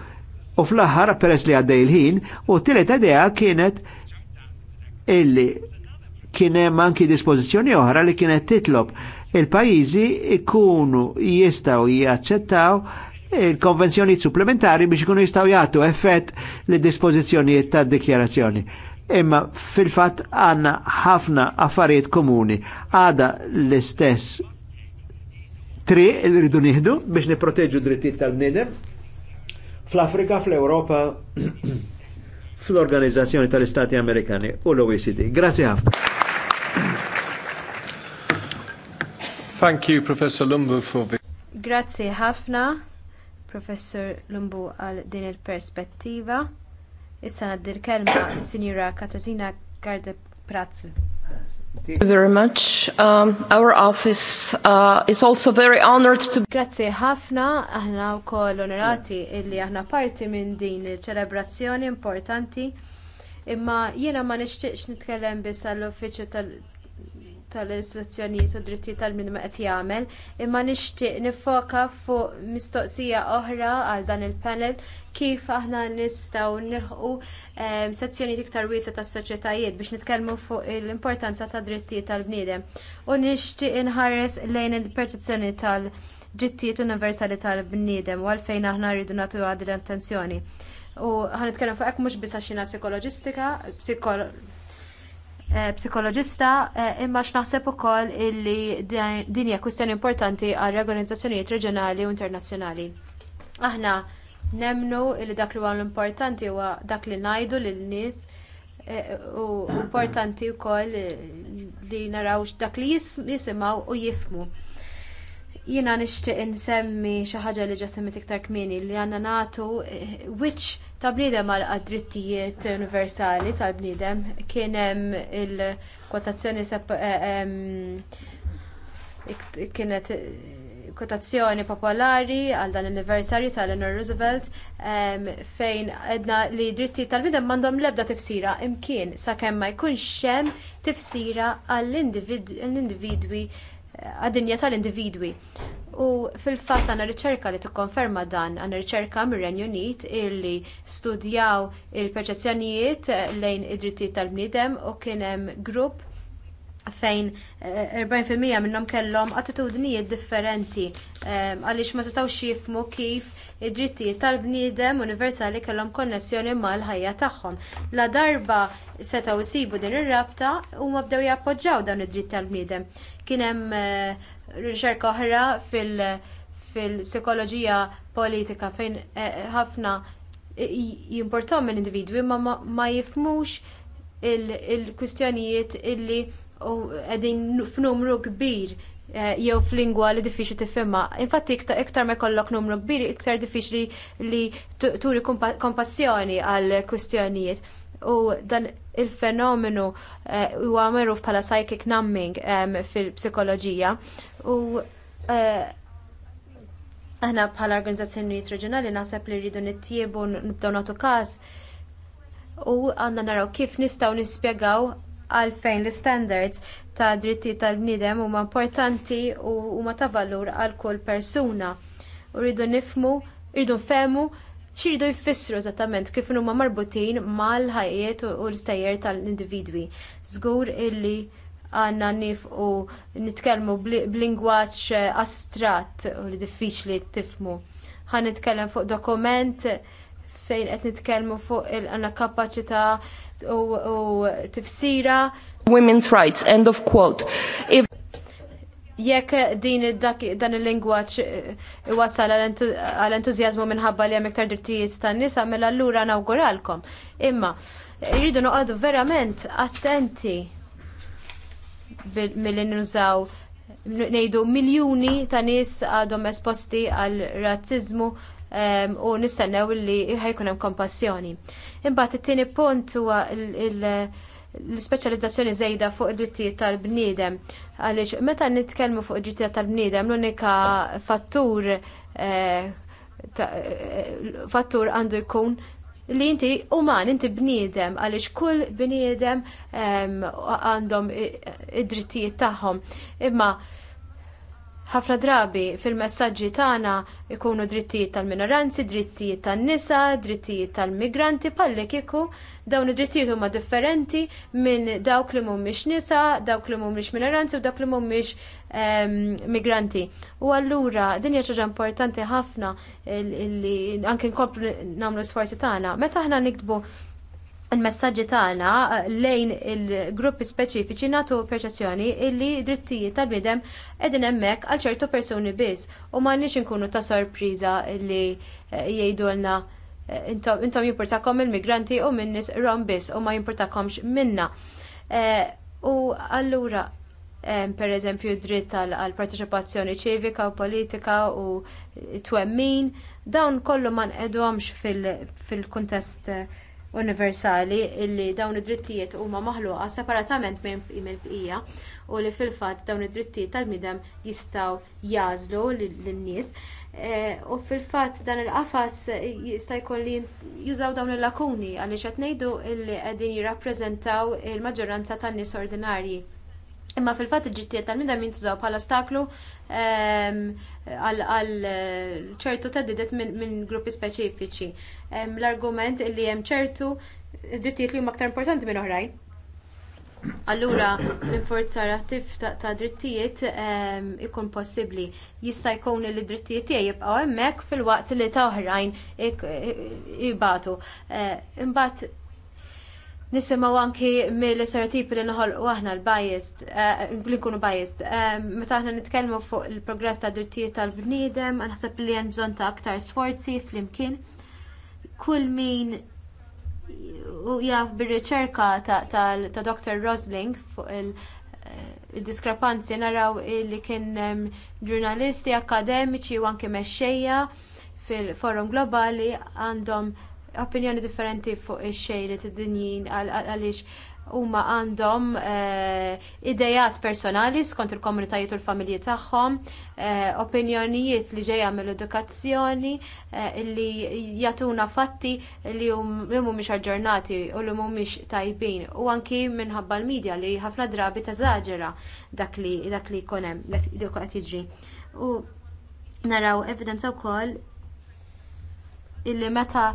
U fl-aħħar peress li għaddej il-ħin, u t-tielet idea kienet illi kien hemm anki dispożizzjoni oħra li kienet titlob il-pajjiżi ikunu jistgħu jaċċettaw il-konvenzjoni supplementari biex ikunu jistgħu jagħtu effett li dispożizzjonijiet tad-dikjarazzjoni imma fil-fat għanna ħafna affarijiet komuni. Għada l-istess Tre, li rridu nieħdu biex niproteġu drittijiet tal-bniedem fl-Afrika, fl-Europa, fl-Organizzazzjoni tal-Istati Amerikani u l-OECD. Grazie ħafna. Thank you, Professor Lumbu, for the... Grazie ħafna, Professor Lumbu, għal din il-perspettiva. Issa naddir kelma, Signora Katarzyna Garde Prazzi very much. Um, our office uh, is also very honored to... Grazie ħafna, aħna u koll onorati illi aħna parti minn din il-ċelebrazzjoni importanti imma jiena ma nixtieqx nitkellem biss għall uffiċċju tal-istituzzjonijiet u drittijiet tal-min ma qed jagħmel, imma nixtieq nifoka fuq mistoqsija oħra għal dan il-panel kif aħna nistgħu nilħqu ehm, sezzjonijiet iktar wiesa tas-soċjetajiet biex nitkellmu fuq l-importanza ta' drittijiet tal-bniedem. U nixtieq inħares lejn il-perċezzjoni tal-drittijiet universali tal-bniedem u għalfejn aħna rridu nagħtu għadil attenzjoni. U ħanitkellem fuq hekk mhux biss għax psikoloġistika, psikoloġistika Eh, psikoloġista eh, imma x'naħseb ukoll illi din hija kwistjoni importanti għal organizzazzjonijiet reġjonali u internazzjonali. Aħna nemnu li dak li huwa l-importanti huwa dak li ngħidu lil nies eh, u importanti wkoll li narawx dak li jisimgħu u jifhmu. Jiena nixtieq insemmi xi ħaġa li ġasemmi iktar kmieni li għandna nagħtu wiċċ ta' bniedem għal drittijiet universali tal bniedem kien hemm il-kwotazzjoni eh, kienet kotazzjoni popolari għal dan l-anniversarju ta' Eleanor Roosevelt fejn edna li dritti tal-bidem mandom lebda tifsira imkien sakemm ma jkunx hemm tifsira għall-individwi għad-dinja tal-individwi. U fil-fatt għandna riċerka li tikkonferma dan, għandna riċerka mir-Renju Unit illi studjaw il-perċezzjonijiet lejn id-drittijiet tal-bniedem u kien hemm grupp fejn 40% eh, minnhom kellhom attitudnijiet differenti eh, għaliex ma setgħux jifhmu kif id-drittijiet tal-bniedem universali kellhom konnessjoni mal-ħajja tagħhom. La darba setaw sibu din ir-rabta huma bdew jappoġġaw dawn id dritti tal-bniedem. Kien hemm eh, riċerka oħra fil sikoloġija politika fejn ħafna jimportom mill individwi ma, ma jifmux il-kwistjonijiet illi u qegħdin f'numru kbir eh, jew f'lingwa li diffiċli tifhimha. Infatti iktar ma jkollok numru kbir, iktar diffiċli li turi kompassjoni għal kwistjonijiet. U dan il-fenomenu eh, huwa magħruf bħala psychic numbing fil-psikoloġija. U eh, aħna bħala organizzazzjonijiet reġjonali naħseb li rridu nittiebu nibdew nagħtu każ u għandna naraw kif nistgħu nispjegaw għalfejn l istandards ta' dritti tal-bniedem huma importanti u huma ta' valur għal kull persuna. U rridu nifmu, rridu xi rridu jfissru eżattament kif huma marbutin mal-ħajjiet u l-istejjer tal-individwi. Żgur illi għanna nif u nitkelmu b'lingwaġġ astrat u li diffiċli tifmu. Ħa nitkellem fuq dokument fejn qed nitkellmu fuq il-għanna kapaċità u tifsira. Women's rights, end of quote. If jekk din dan il-lingwaġġ eh, wasal għal entużjażmu minħabba li hemm iktar drittijiet tan-nisa mela allura nawguralkom. Imma jridu noqogħdu verament attenti milli nużaw ngħidu miljuni ta' nies għadhom esposti għal razziżmu u nistennew li ħajkun hemm kompassjoni. Imbagħad it-tieni punt huwa l-speċjalizzazzjoni żejda fuq id-drittijiet tal-bniedem għaliex meta nitkellmu fuq id-drittijiet tal-bniedem l-unika fattur eh, eh, fattur għandu jkun li inti uman, inti bniedem, għalix kull bniedem għandhom id-drittijiet tagħhom. Imma ħafna drabi fil-messagġi tagħna ikunu drittijiet tal-minoranzi, drittijiet tan-nisa, drittijiet tal-migranti palli kieku dawn id-drittijiet huma differenti minn dawk li mhumiex nisa, dawk li mhumiex minoranzi u dawk li mhumiex ehm, migranti. U allura din hija ħaġa importanti ħafna li anke nkomplu nagħmlu sforzi tagħna. Meta aħna niktbu il-messagġi tagħna eh, lejn il-gruppi speċifiċi nagħtu perċezzjoni illi drittijiet tal-bidem qegħdin hemmhekk għal ċertu persuni biss u m'għandniex inkunu ta' sorpriża li eh, jgħidulna eh, intom jimportakom il-migranti u minnis rom biss u ma jimportakomx minna. U allura per eżempju dritt għal parteċipazzjoni ċivika u politika u twemmin, dawn kollu ma nqedhomx fil-kuntest fil kuntest universali illi dawn id-drittijiet huma maħluqa separatament minn il-bqija u li fil-fatt dawn id-drittijiet tal-midem jistgħu jażlu lin-nies eh, u fil-fatt dan il-qafas jista' jkun li jużaw dawn il-lakuni għaliex qed ngħidu li qegħdin jirrappreżentaw il-maġġoranza tan-nies ordinarji. Imma fil-fat il-ġittijiet tal-mida jintużaw bħala staklu ehm, għal ċertu teddidet minn gruppi speċifiċi. Ehm, l-argument li hemm ċertu ġittijiet li huma aktar importanti minn oħrajn. Allura l-inforza rattif ta' drittijiet ehm, ikun possibbli. Jista' jkun li drittijiet tiegħi jibqgħu hemmhekk fil-waqt li ta' oħrajn ibatu. Eh, imbagħad Nisimaw anki mill-istereotipi li nħol aħna l-biased, eh, li nkunu biased. Eh, meta aħna nitkellmu fuq il-progress ta' drittijiet tal-bniedem, naħseb li hemm bżonn ta' aktar sforzi flimkien. Kull min jaf bir-riċerka ta' Dr. Rosling fuq eh, il-diskrepanzi naraw li kien ehm, ġurnalisti, akademiċi u anke mexxejja fil-forum globali għandhom opinjoni differenti fuq ix-xejret id-dinjin għaliex huma għandhom eh, idejat personali skont il-komunitajiet u l-familji tagħhom, eh, opinjonijiet li ġejja mill-edukazzjoni eh, li jagħtuna fatti li mhumiex aġġornati u li mhumiex tajbin u anki minħabba l-medja li ħafna drabi teżaġera dak li dak li jkun hemm li qed jiġri. U naraw evidenza wkoll illi meta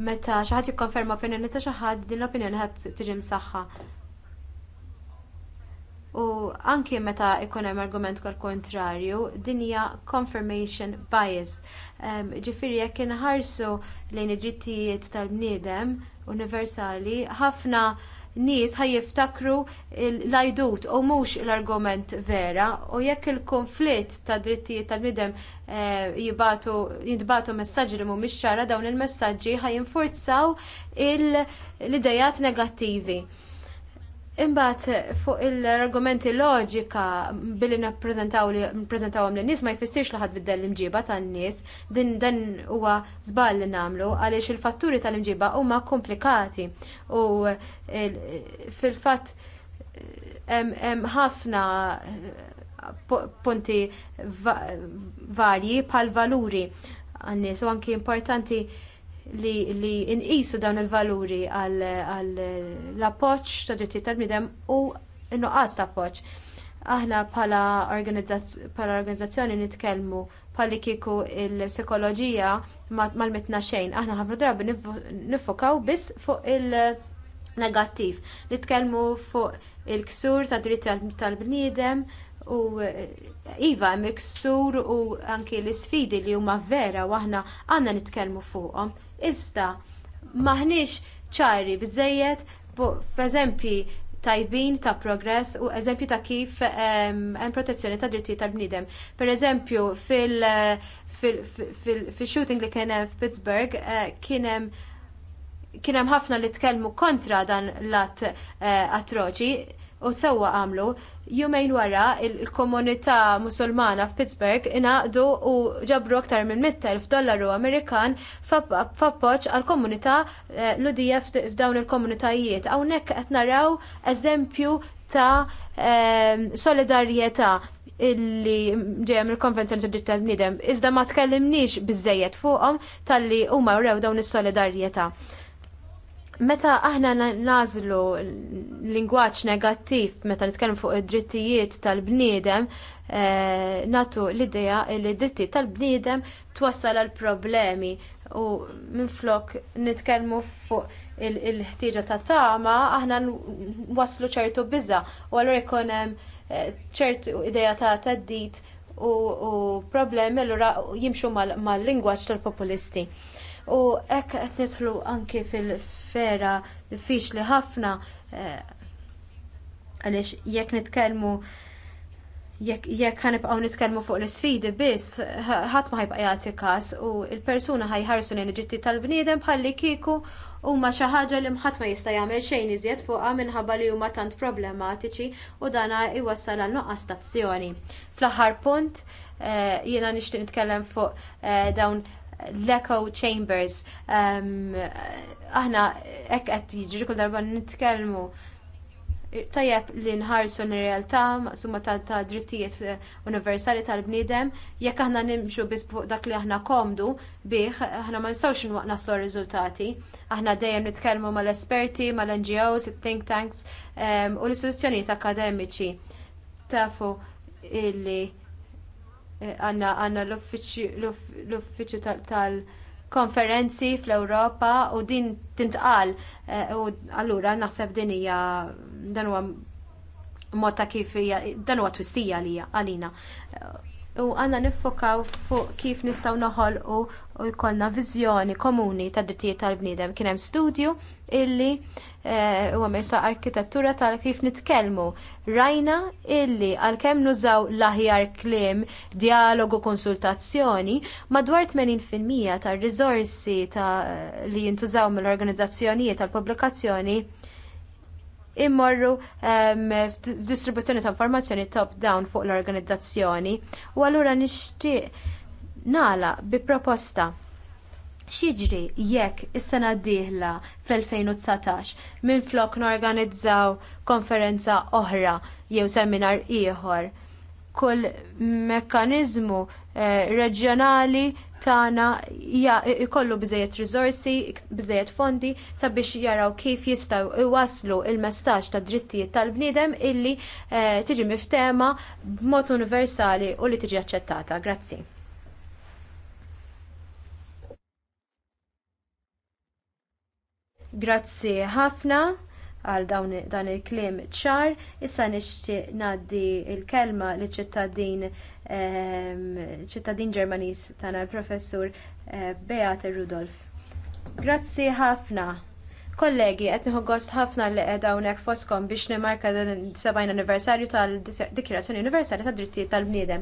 meta xi ħadd jikkonferma opinjoni ta' xi ħadd din l-opinjoni ħadd tiġi msaħħa. U anki meta jkun hemm argument kol kontrarju, din hija confirmation bias. Ġifieri jekk inħarsu lejn id-drittijiet tal-bniedem universali, ħafna nies ħajjiftakru l-ajdut u mhux l-argument vera u jekk il-konflitt ta' drittijiet tal-bidem eh, jintbatu messaġġi li mhumiex ċara dawn il-messaġġi ħajinforzaw l-idejat negattivi. Imbagħad fuq il-argumenti loġika billi nappreżentaw li nippreżentawhom lin-nies ma jfissirx li ħadd biddel l-imġiba tan-nies, din dan huwa żball li nagħmlu għaliex il-fatturi tal-imġiba huma komplikati u fil-fatt hemm ħafna punti varji bħal valuri għan-nies u anki importanti li, li inqisu dawn il-valuri għall appoġġ ta' drittijiet tal-bniedem u n-nuqqas ta' appoċ. Aħna bħala organizzazzjoni nitkellmu bħalli kieku il-psikoloġija mal-metna xejn. Aħna ħafna drabi nifokaw biss fuq il-negattiv. Nitkellmu fuq il-ksur ta' dritti tal-bniedem u iva hemm il-ksur u anki l-isfidi li huma vera u aħna għandna nitkellmu fuqhom Iżda maħniex ċari biżżejjed f'eżempji tajbin ta' progress u eżempju ta' kif hemm protezzjoni ta' drittijiet tal-bniedem. Pereżempju fil-shooting li kien hemm f'Pittsburgh eh, kien hemm kien hemm ħafna li tkellmu kontra dan l-att eh, atroċi U sewwa għamlu, jumejn wara il-komunità musulmana f'Pittsburgh inaqdu u ġabru aktar minn 100.000 dollaru Amerikan f'appoġġ għal komunità eh, ludija f'dawn il-komunitajiet. Hawnhekk qed naraw eżempju ta' eh, solidarjetà illi ġejja mill-konvenzjoni ta' ġitt tal-bniedem, iżda ma tkellimniex biżejjed fuqhom talli huma wrew dawn is-solidarjetà meta aħna nażlu lingwaġġ negattiv meta nitkellmu fuq id-drittijiet tal-bniedem eh, natu l-idea li d-drittijiet tal-bniedem twassal għal problemi u minflok nitkellmu fuq il-ħtieġa ta' tama aħna waslu ċertu biża u allura jkunem hemm eh, ċertu idea ta' teddit u, problemi allura jimxu mal-lingwaġġ mal lingwaġġ tal populisti u hekk qed nidħlu anki fil-fera diffiċli ħafna eh, għaliex jekk nitkellmu jekk ħanibqgħu nitkellmu fuq l-isfidi biss, ħadd ma ħajbqa' jagħti każ u l-persuna ħajħarsu lejn id-dritti tal-bniedem bħalli kieku huma xi ħaġa li mħadd ma jista' jagħmel xejn iżjed fuqha minħabba li huma tant problematiċi u dana iwassal għal nuqqas tazzjoni. Fl-aħħar punt eh, jiena nixtieq nitkellem fuq eh, dawn l-echo chambers. Um, aħna hekk qed jiġri kull darba nitkellmu. Tajjeb li nħarsu n-realtà maqsuma ta' drittijiet universali tal-bniedem, jekk aħna nimxu biss fuq dak li aħna komdu bih, aħna ma nistgħux nwaq naslu riżultati. Aħna dejjem nitkellmu mal-esperti, mal-NGOs, think tanks um, u l-istituzzjonijiet akademiċi. Tafu illi għanna l l-uffiċċju tal-konferenzi fl ewropa u din tintqal eh, u allura naħseb din hija dan huwa mod ta' kif hija dan huwa twistija għalina u għandna niffokaw fuq kif nistgħu noħolqu u jkollna viżjoni komuni tad drittijiet tal-bniedem. Kien hemm studju illi eh, huwa uh, mejsa arkitettura tal kif nitkellmu. Rajna illi għalkemm nużaw l-aħjar kliem, dialogu, konsultazzjoni, madwar 80% tar rizorsi ta' li jintużaw mill-organizzazzjonijiet tal-pubblikazzjoni immorru f'distribuzzjoni ta' informazzjoni top-down fuq l-organizzazzjoni u allura nixtieq nala bi proposta x'jiġri jekk is-sena d-dieħla fl-2019 minflok norganizzaw konferenza oħra jew seminar ieħor kull mekkaniżmu eh, reġjonali tagħna jkollu biżejjed riżorsi, biżejjed fondi sabiex jaraw kif jistgħu iwasslu il-messaġġ ta' drittijiet tal-bniedem illi eh, tiġi miftema b'mod universali u li tiġi aċċettata. Grazzi. Grazzi ħafna għal dan il-klim ċar. Issa nixtieq ngħaddi l kelma li ċittadin ehm, ċittadin Ġermaniż tagħna l-professur eh, Beate Rudolf. Grazzi ħafna. Kollegi, qed nieħu gost ħafna li għedha unek foskom biex nimarka il-70 anniversarju tal dikirazzjoni Universali tad Drittijiet tal-Bniedem.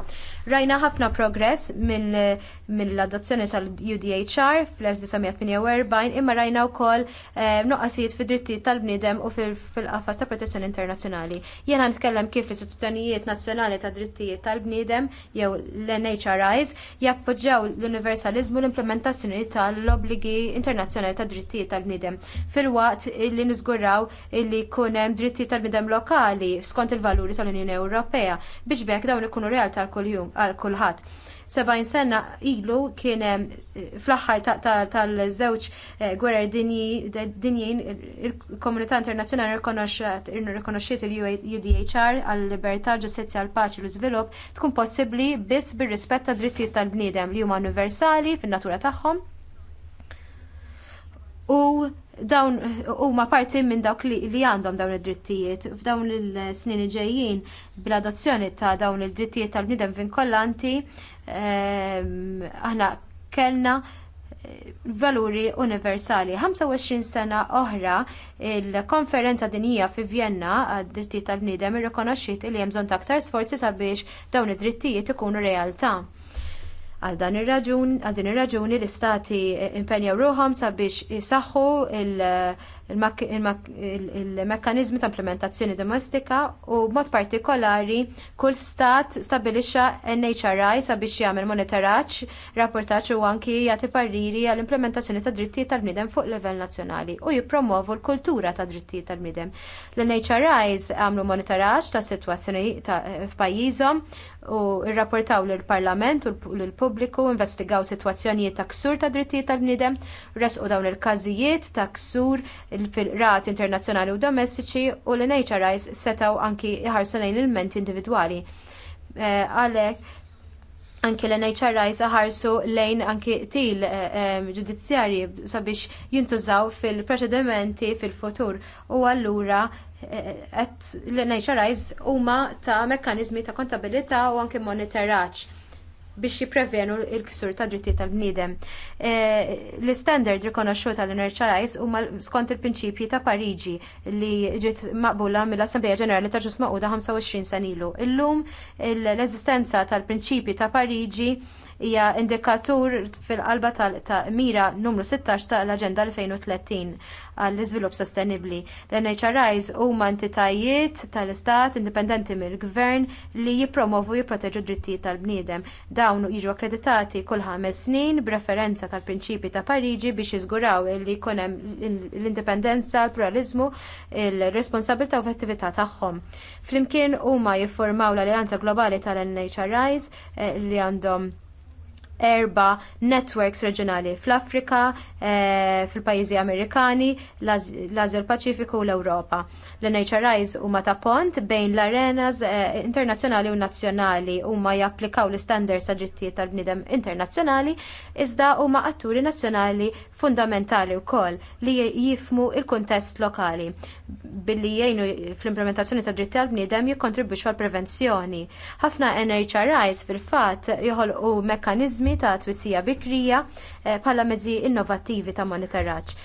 Rajna ħafna progress mill-adozzjoni tal-UDHR fl-1948 imma rajna wkoll eh, noqqasijiet fid-drittijiet tal-bniedem u fil-qafas ta' protezzjoni internazzjonali. Jiena nitkellem kif l-istituzzjonijiet nazzjonali ta' drittijiet tal-bniedem jew l-NHRIs jappoġġaw l-universalizmu l-implementazzjoni tal-obbligi internazzjonali ta' drittijiet tal-bniedem fil-waqt illi nizguraw illi jkun hemm dritti tal-bidem lokali skont il-valuri tal-Unjoni Ewropea biex bekk dawn ikunu realtà għal kulħadd. 70 sena ilu kien eh, fl-axħar tal-żewġ eh, gwerer dinjin il-komunità internazzjonali rikonoxxiet il-UDHR għal-libertà, ġustizzja għal paċi u żvilupp tkun possibbli biss bir-rispett ta' drittijiet tal-bniedem li huma universali fin-natura tagħhom u dawn huma parti minn dawk li għandhom dawn id-drittijiet f'dawn il-snin ġejjin bl-adozzjoni ta' dawn id-drittijiet tal-bniedem vinkollanti ehm, aħna kellna eh, valuri universali. 25 sena oħra il-konferenza dinija fi Vienna għad-drittijiet tal-bniedem irrikonoxxiet li hemm bżonn ta' aktar sforzi sabiex dawn id-drittijiet ikunu realtà. Għal dan ir-raġun, għal din ir-raġuni l-istati eh, impenjaw ruħom sabiex jisaxħu il-mekkanizmi eh, ta' implementazzjoni domestika u b'mod partikolari kull stat stabilixxa NHRI sabiex jagħmel monitoraġġ, rapportaġġ u anki jagħti parriri għall implementazzjoni ta' drittijiet tal-bniedem fuq livell nazzjonali u jippromovu l-kultura ta' drittijiet tal-bniedem. L-NHRIs għamlu monitoraġġ ta' sitwazzjoni eh, f'pajjiżhom u rrapportaw lill-Parlament u lill-pubbliku investigaw sitwazzjonijiet ta' ksur ta' drittijiet tal-bniedem, resqu dawn il-każijiet ta' ksur fil rat internazzjonali u domestiċi u l-NHRIs setgħu anki jħarsu lejn il-menti individwali. Eh, għalhekk anki l-NHRI saħarsu lejn anki til eh, eh, ġudizzjarji sabiex jintużaw fil-proċedimenti fil-futur u allura qed l-NHRIs huma ta' mekkaniżmi ta' kontabilità u anke monitoraġġ biex jipprevenu l-ksur ta' drittijiet tal-bniedem. E, l-standard rikonoxxu tal-NHRIs huma skont il-prinċipji ta' Pariġi li ġiet maqbula mill-Assembleja Ġenerali ta' Ġus Maquda 25 sen Illum l-eżistenza tal-prinċipji ta' Pariġi hija indikatur fil-qalba tal-mira numru 16 ta' l aġenda 2030 għall-iżvilupp sostenibbli. L-NHRIs huma entitajiet tal-Istat indipendenti mill-Gvern li jippromovu jipproteġu d-drittijiet tal-bniedem. Dawn jiġu akkreditati kull ħames snin b'referenza tal-prinċipi ta' Pariġi biex jiżguraw li jkun hemm l-indipendenza, l-pluralizmu, il-responsabilità u effettività tagħhom. Flimkien huma jiffurmaw l-Alleanza Globali tal-NHRIs eh, li għandhom erba networks reġjonali fl-Afrika, eh, fil-pajjiżi Amerikani, l-Azja paċifiku u l-Ewropa. L-NHRIs huma ta' pont bejn l-arenas eh, internazzjonali u nazzjonali huma japplikaw l-istandards ta' drittijiet tal-bniedem internazzjonali iżda huma atturi nazzjonali fundamentali wkoll li jifmu l kuntest lokali billi jgħinu fl-implementazzjoni ta' dritt tal-bniedem jikkontribwixxu għall prevenzjoni. Ħafna NHRIs fil-fatt joħolqu mekkaniżmi ta' twissija bikrija eh, bħala mezzi innovattivi ta' monitoraġġ.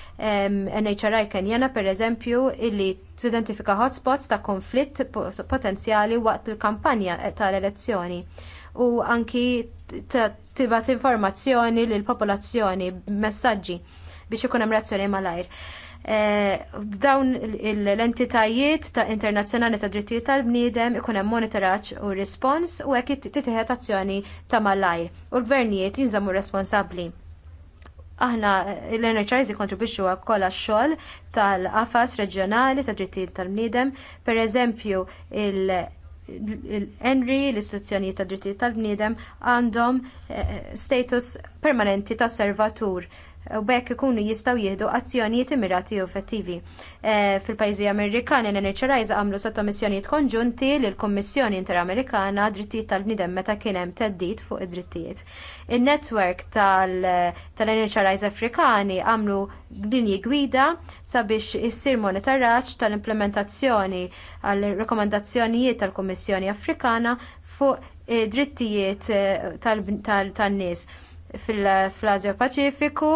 NHRI Kenjana pereżempju illi tidentifika hotspots ta' konflitt potenzjali waqt il-kampanja tal-elezzjoni u anki tibat informazzjoni lill popolazzjoni messaġġi biex ikun hemm reazzjoni malajr. Eh, dawn l-entitajiet ta' internazzjonali ta' drittijiet tal-bniedem ikun hemm monitoraġġ u rispons u hekk titieħed azzjoni ta' malajr u l-gvernijiet jinżammu responsabbli. Aħna l-NHRs jikontribwixxu wkoll għax-xogħol tal-qafas reġjonali ta' drittijiet tal-bniedem, pereżempju il- l-Enri, l-istazzjonijiet ta' drittijiet tal-bniedem għandhom eh, status permanenti ta' osservatur u bekk ikunu jistaw jieħdu azzjonijiet immirati u effettivi. E, fil-pajzi Amerikani l-NHRIs għamlu sottomissjonijiet konġunti lill kummissjoni Interamerikana drittijiet tal-bnidem meta kien hemm teddit fuq id-drittijiet. Il-network tal-NHRIs Afrikani għamlu linji gwida sabiex issir monitoraġġ tal-implementazzjoni għal rekomendazzjonijiet tal-Kummissjoni Afrikana fuq e, drittijiet e, tan-nies fil-Azja Paċifiku,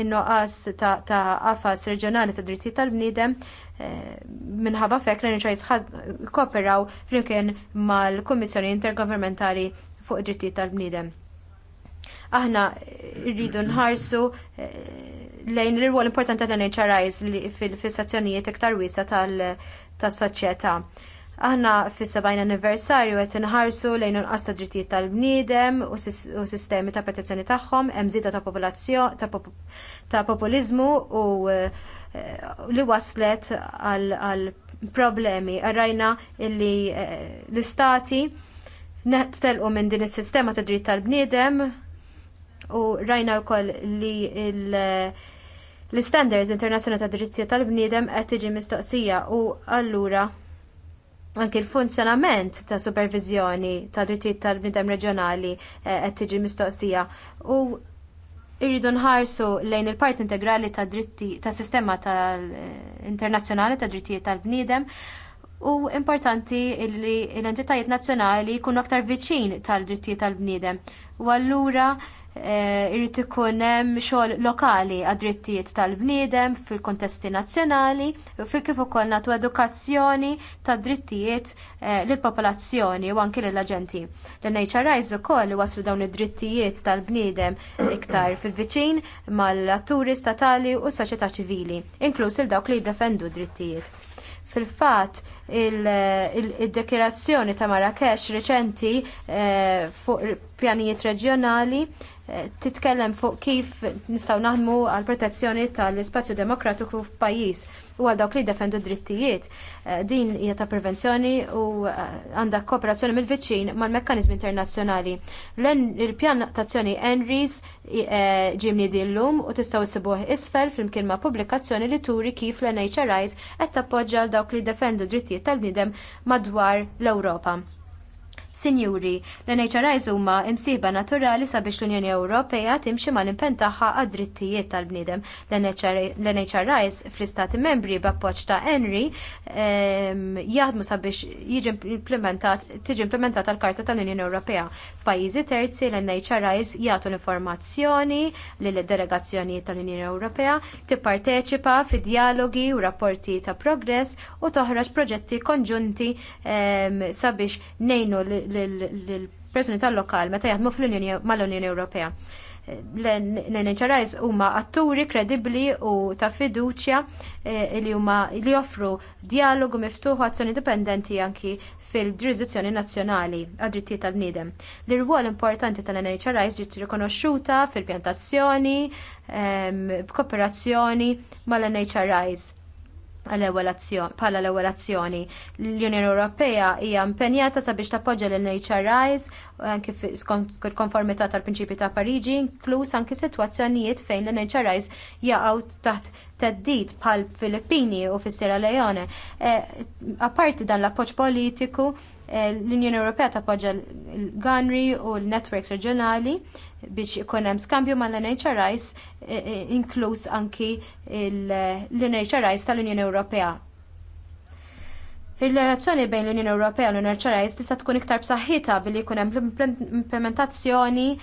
in-noqas ta' qafas reġjonali ta' drittijiet tal-bniedem eh, minħabba fekk li nċajs kooperaw flimkien mal-Kummissjoni Intergovernmentali fuq id-drittijiet tal-bniedem. Aħna rridu nħarsu eh, lejn l-irwol importanti ta' NHRIs fil-fissazzjonijiet iktar wiesa tal soċjetà Aħna fis-70 anniversarju qed inħarsu lejn inqas ta' drittijiet tal-bniedem u sistemi ta' protezzjoni tagħhom, hemm żieda ta' popolazzjoni ta' populiżmu u eh, li waslet għal problemi. Rajna illi eh, l-istati nettelqu minn din is-sistema ta' dritt tal-bniedem u rajna wkoll li l- l-standards internazzjonali ta' drittijiet tal-bniedem qed tiġi mistoqsija u allura Anki l-funzjonament ta' supervizjoni ta' drittijiet tal-bnidem reġjonali eh, qed tiġi mistoqsija u irridu nħarsu lejn il-part integrali ta' dritti ta' sistema tal eh, internazzjonali ta' drittijiet tal-bniedem u importanti li l-entitajiet nazzjonali jkunu aktar viċin tal-drittijiet tal-bniedem. U allura Eh, irrid ikun hemm xogħol lokali għad-drittijiet tal-bniedem fil-kontesti nazzjonali u fil kif ukoll nagħtu edukazzjoni tad drittijiet eh, lill-popolazzjoni u anki lill-aġenti. L-NHRIs ukoll waslu dawn id-drittijiet tal-bniedem iktar fil-viċin mal-atturi statali u s-soċjetà ċivili, inkluż il dawk li jiddefendu d drittijiet fil-fat il-dekirazzjoni ta' Marrakesh reċenti eh, fuq pjanijiet reġjonali titkellem fuq kif nistgħu naħdmu għal protezzjoni tal-ispazju demokratiku f'pajjiż u għal dawk li defendu drittijiet. Eh, din hija ta' prevenzjoni u eh, għandha kooperazzjoni mill-viċin mal-mekkaniżmi internazzjonali. Il-pjan tazzjoni Enris eh, ġimni dillum u tistgħu issibuh isfel flimkien ma' pubblikazzjoni li turi kif l-NHRIs qed tappoġġa għal dawk li defendu drittijiet tal bnidem madwar l-Ewropa. Sinjuri, l-NHRIs huma imsiba naturali sabiex l-Unjoni Ewropea timxi mal impenn tagħha għad-drittijiet tal-bniedem. L-NHRIs fl-Istati Membri b'appoġġ ta' Henry ehm, jaħdmu sabiex jiġi implementat tiġi implementata l-Karta tal-Unjoni Ewropea. F'pajjiżi terzi l-NHRIs jagħtu l-informazzjoni lil delegazzjonijiet tal-Unjoni Ewropea tipparteċipa fi dialogi u rapporti ta' progress u toħroġ proġetti konġunti ehm, sabiex nejnu l tal lokal meta jaħdmu fl-Unjoni mal-Unjoni Ewropea. L-NHRIs huma atturi kredibbli u ta' fiduċja eh, li huma li joffru dialogu miftuħ azzjoni dipendenti anki fil-ġurisdizzjoni nazzjonali għad-drittijiet tal-bniedem. L-irwol importanti tal-NHRIs ġiet rikonoxxuta fil-pjantazzjoni, ehm, b'kooperazzjoni mal-NHRIs bħala l-ewwel azzjoni. L-Unjoni Ewropea hija impenjata sabiex tappoġġja lil anki eh, anke konformità tal-prinċipji ta' Pariġi, inkluż anke sitwazzjonijiet fejn l-NHRIs jaqgħu taħt teddid bħal Filippini u fis-Sierra Leone. Eh, apparti dan l-appoġġ politiku, eh, l-Unjoni Ewropea tappoġġja l-Ganri u l-networks reġjonali biex ikun hemm skambju mal-NHRIs e, e, inkluż anki l-NHRIs tal-Unjoni Ewropea. Il-relazzjoni bejn l-Unjoni Ewropea u l-NHRIs tista' tkun iktar b'saħħitha billi jkun hemm implementazzjoni e,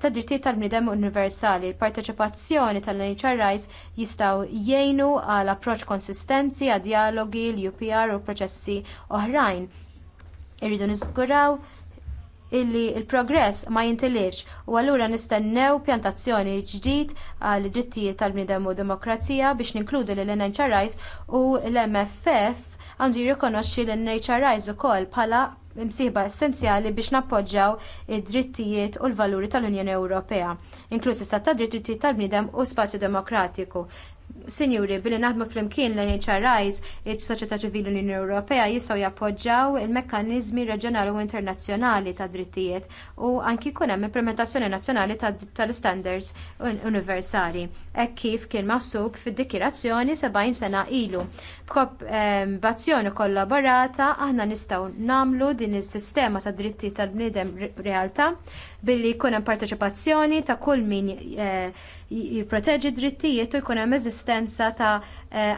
ta' drittijiet tal-bniedem universali. Il-parteċipazzjoni tal-NHRIs jistgħu jgħinu għal approċċ konsistenzi għad dialogi, l-UPR u proċessi oħrajn. Irridu niżguraw illi l progress ma jintilirx u allura nistennew pjantazzjoni ġdid għal drittijiet tal-bniedem u demokrazija biex ninkludu li l-NHRIs u l-MFF għandu jirrikonoxxi l-NHRIs ukoll bħala msiba essenzjali biex nappoġġjaw id-drittijiet u l-valuri tal-Unjoni Ewropea, inklużi sat ta' drittijiet tal-bniedem u spazju demokratiku. Sinjuri, billi naħdmu flimkien l-NHRIs, il-Soċjetà Ċivili l-Unjoni Ewropea jistgħu jappoġġjaw il-mekkaniżmi reġjonali u internazzjonali ta' drittijiet u anki jkun hemm implementazzjoni nazzjonali tal-standards universali. Hekk kif kien maħsub fid-dikirazzjoni 70 sena ilu. Ehm, b'azzjoni kollaborata aħna nistgħu nagħmlu din is-sistema ta' dritti tal-bniedem realtà billi jkun hemm parteċipazzjoni ta' kull min eh, jipproteġi drittijiet u jkun hemm eżistenza ta'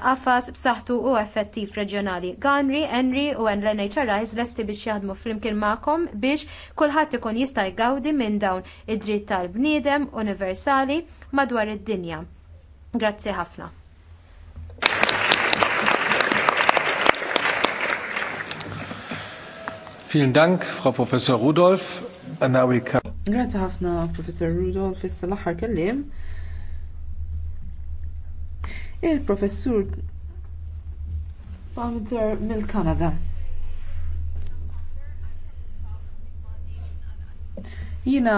qafas eh, b'saħħtu u effettiv reġjonali. Ganri, Henry u l-NHRIs lesti biex jaħdmu flimkien magħkom biex kulħadd ikun jista' jgawdi minn dawn id-dritt tal-bniedem universali madwar id-dinja. Grazzi ħafna. Vielen Dank, Frau Professor Rudolph. And now we come Grazzi ħafna Professor Rudolf fissa l-aħħar kelliem. Il-Professur Panzer mill-Kanada. Jina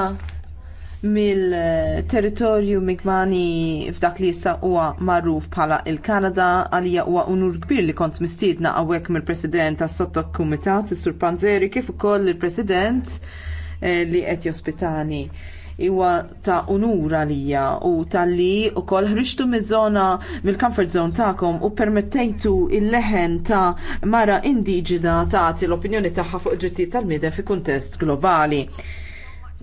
mill-territorju Mikmani f'dak li issa huwa magħruf bħala il-Kanada għalija huwa unur kbir li kont mistiedna hawnhekk mill-President tas sottokumitat is-Sur Panzeri kif ukoll il-President Eh, li qed jospitani. Iwa ta' unura lija u tal-li u kol ħriġtu mill-zona, mill-comfort zone ta'kom u permettejtu il-leħen ta' mara indiġina ta' l-opinjoni tagħha fuq drittijiet tal-midem fi kuntest globali.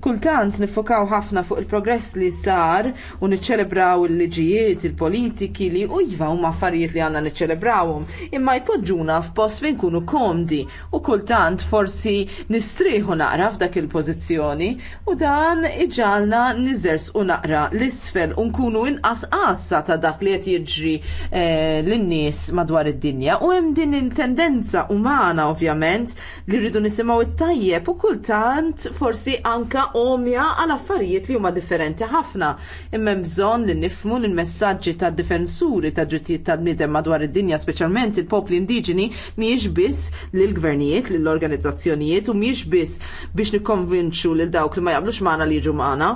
Kultant nifokaw ħafna fuq il-progress li sar u niċċelebraw il-liġijiet, il-politiki li u jiva u maffarijiet li għanna niċċelebrawhom, imma jpoġġuna f'post fejn kunu komdi u kultant forsi nistriħu naqra f'dak il-pożizzjoni u dan iġalna niżers u naqra l-isfel u nkunu inqas qassa ta' dak li qed jiġri eh, lin-nies madwar id-dinja u hemm din il-tendenza umana ovvjament li rridu nisimgħu it-tajjeb u kultant forsi anka omja għal affarijiet li huma differenti ħafna. Imma bżonn li nifmu l messaġġi tad difensuri tad drittijiet ta' bniedem madwar id-dinja, speċjalment il-popli indiġeni, mhijiex biss lill gvernijiet lill organizzazzjonijiet u mhijiex biss biex nikkonvinċu lil dawk li ma jaqblux magħna li jiġu magħna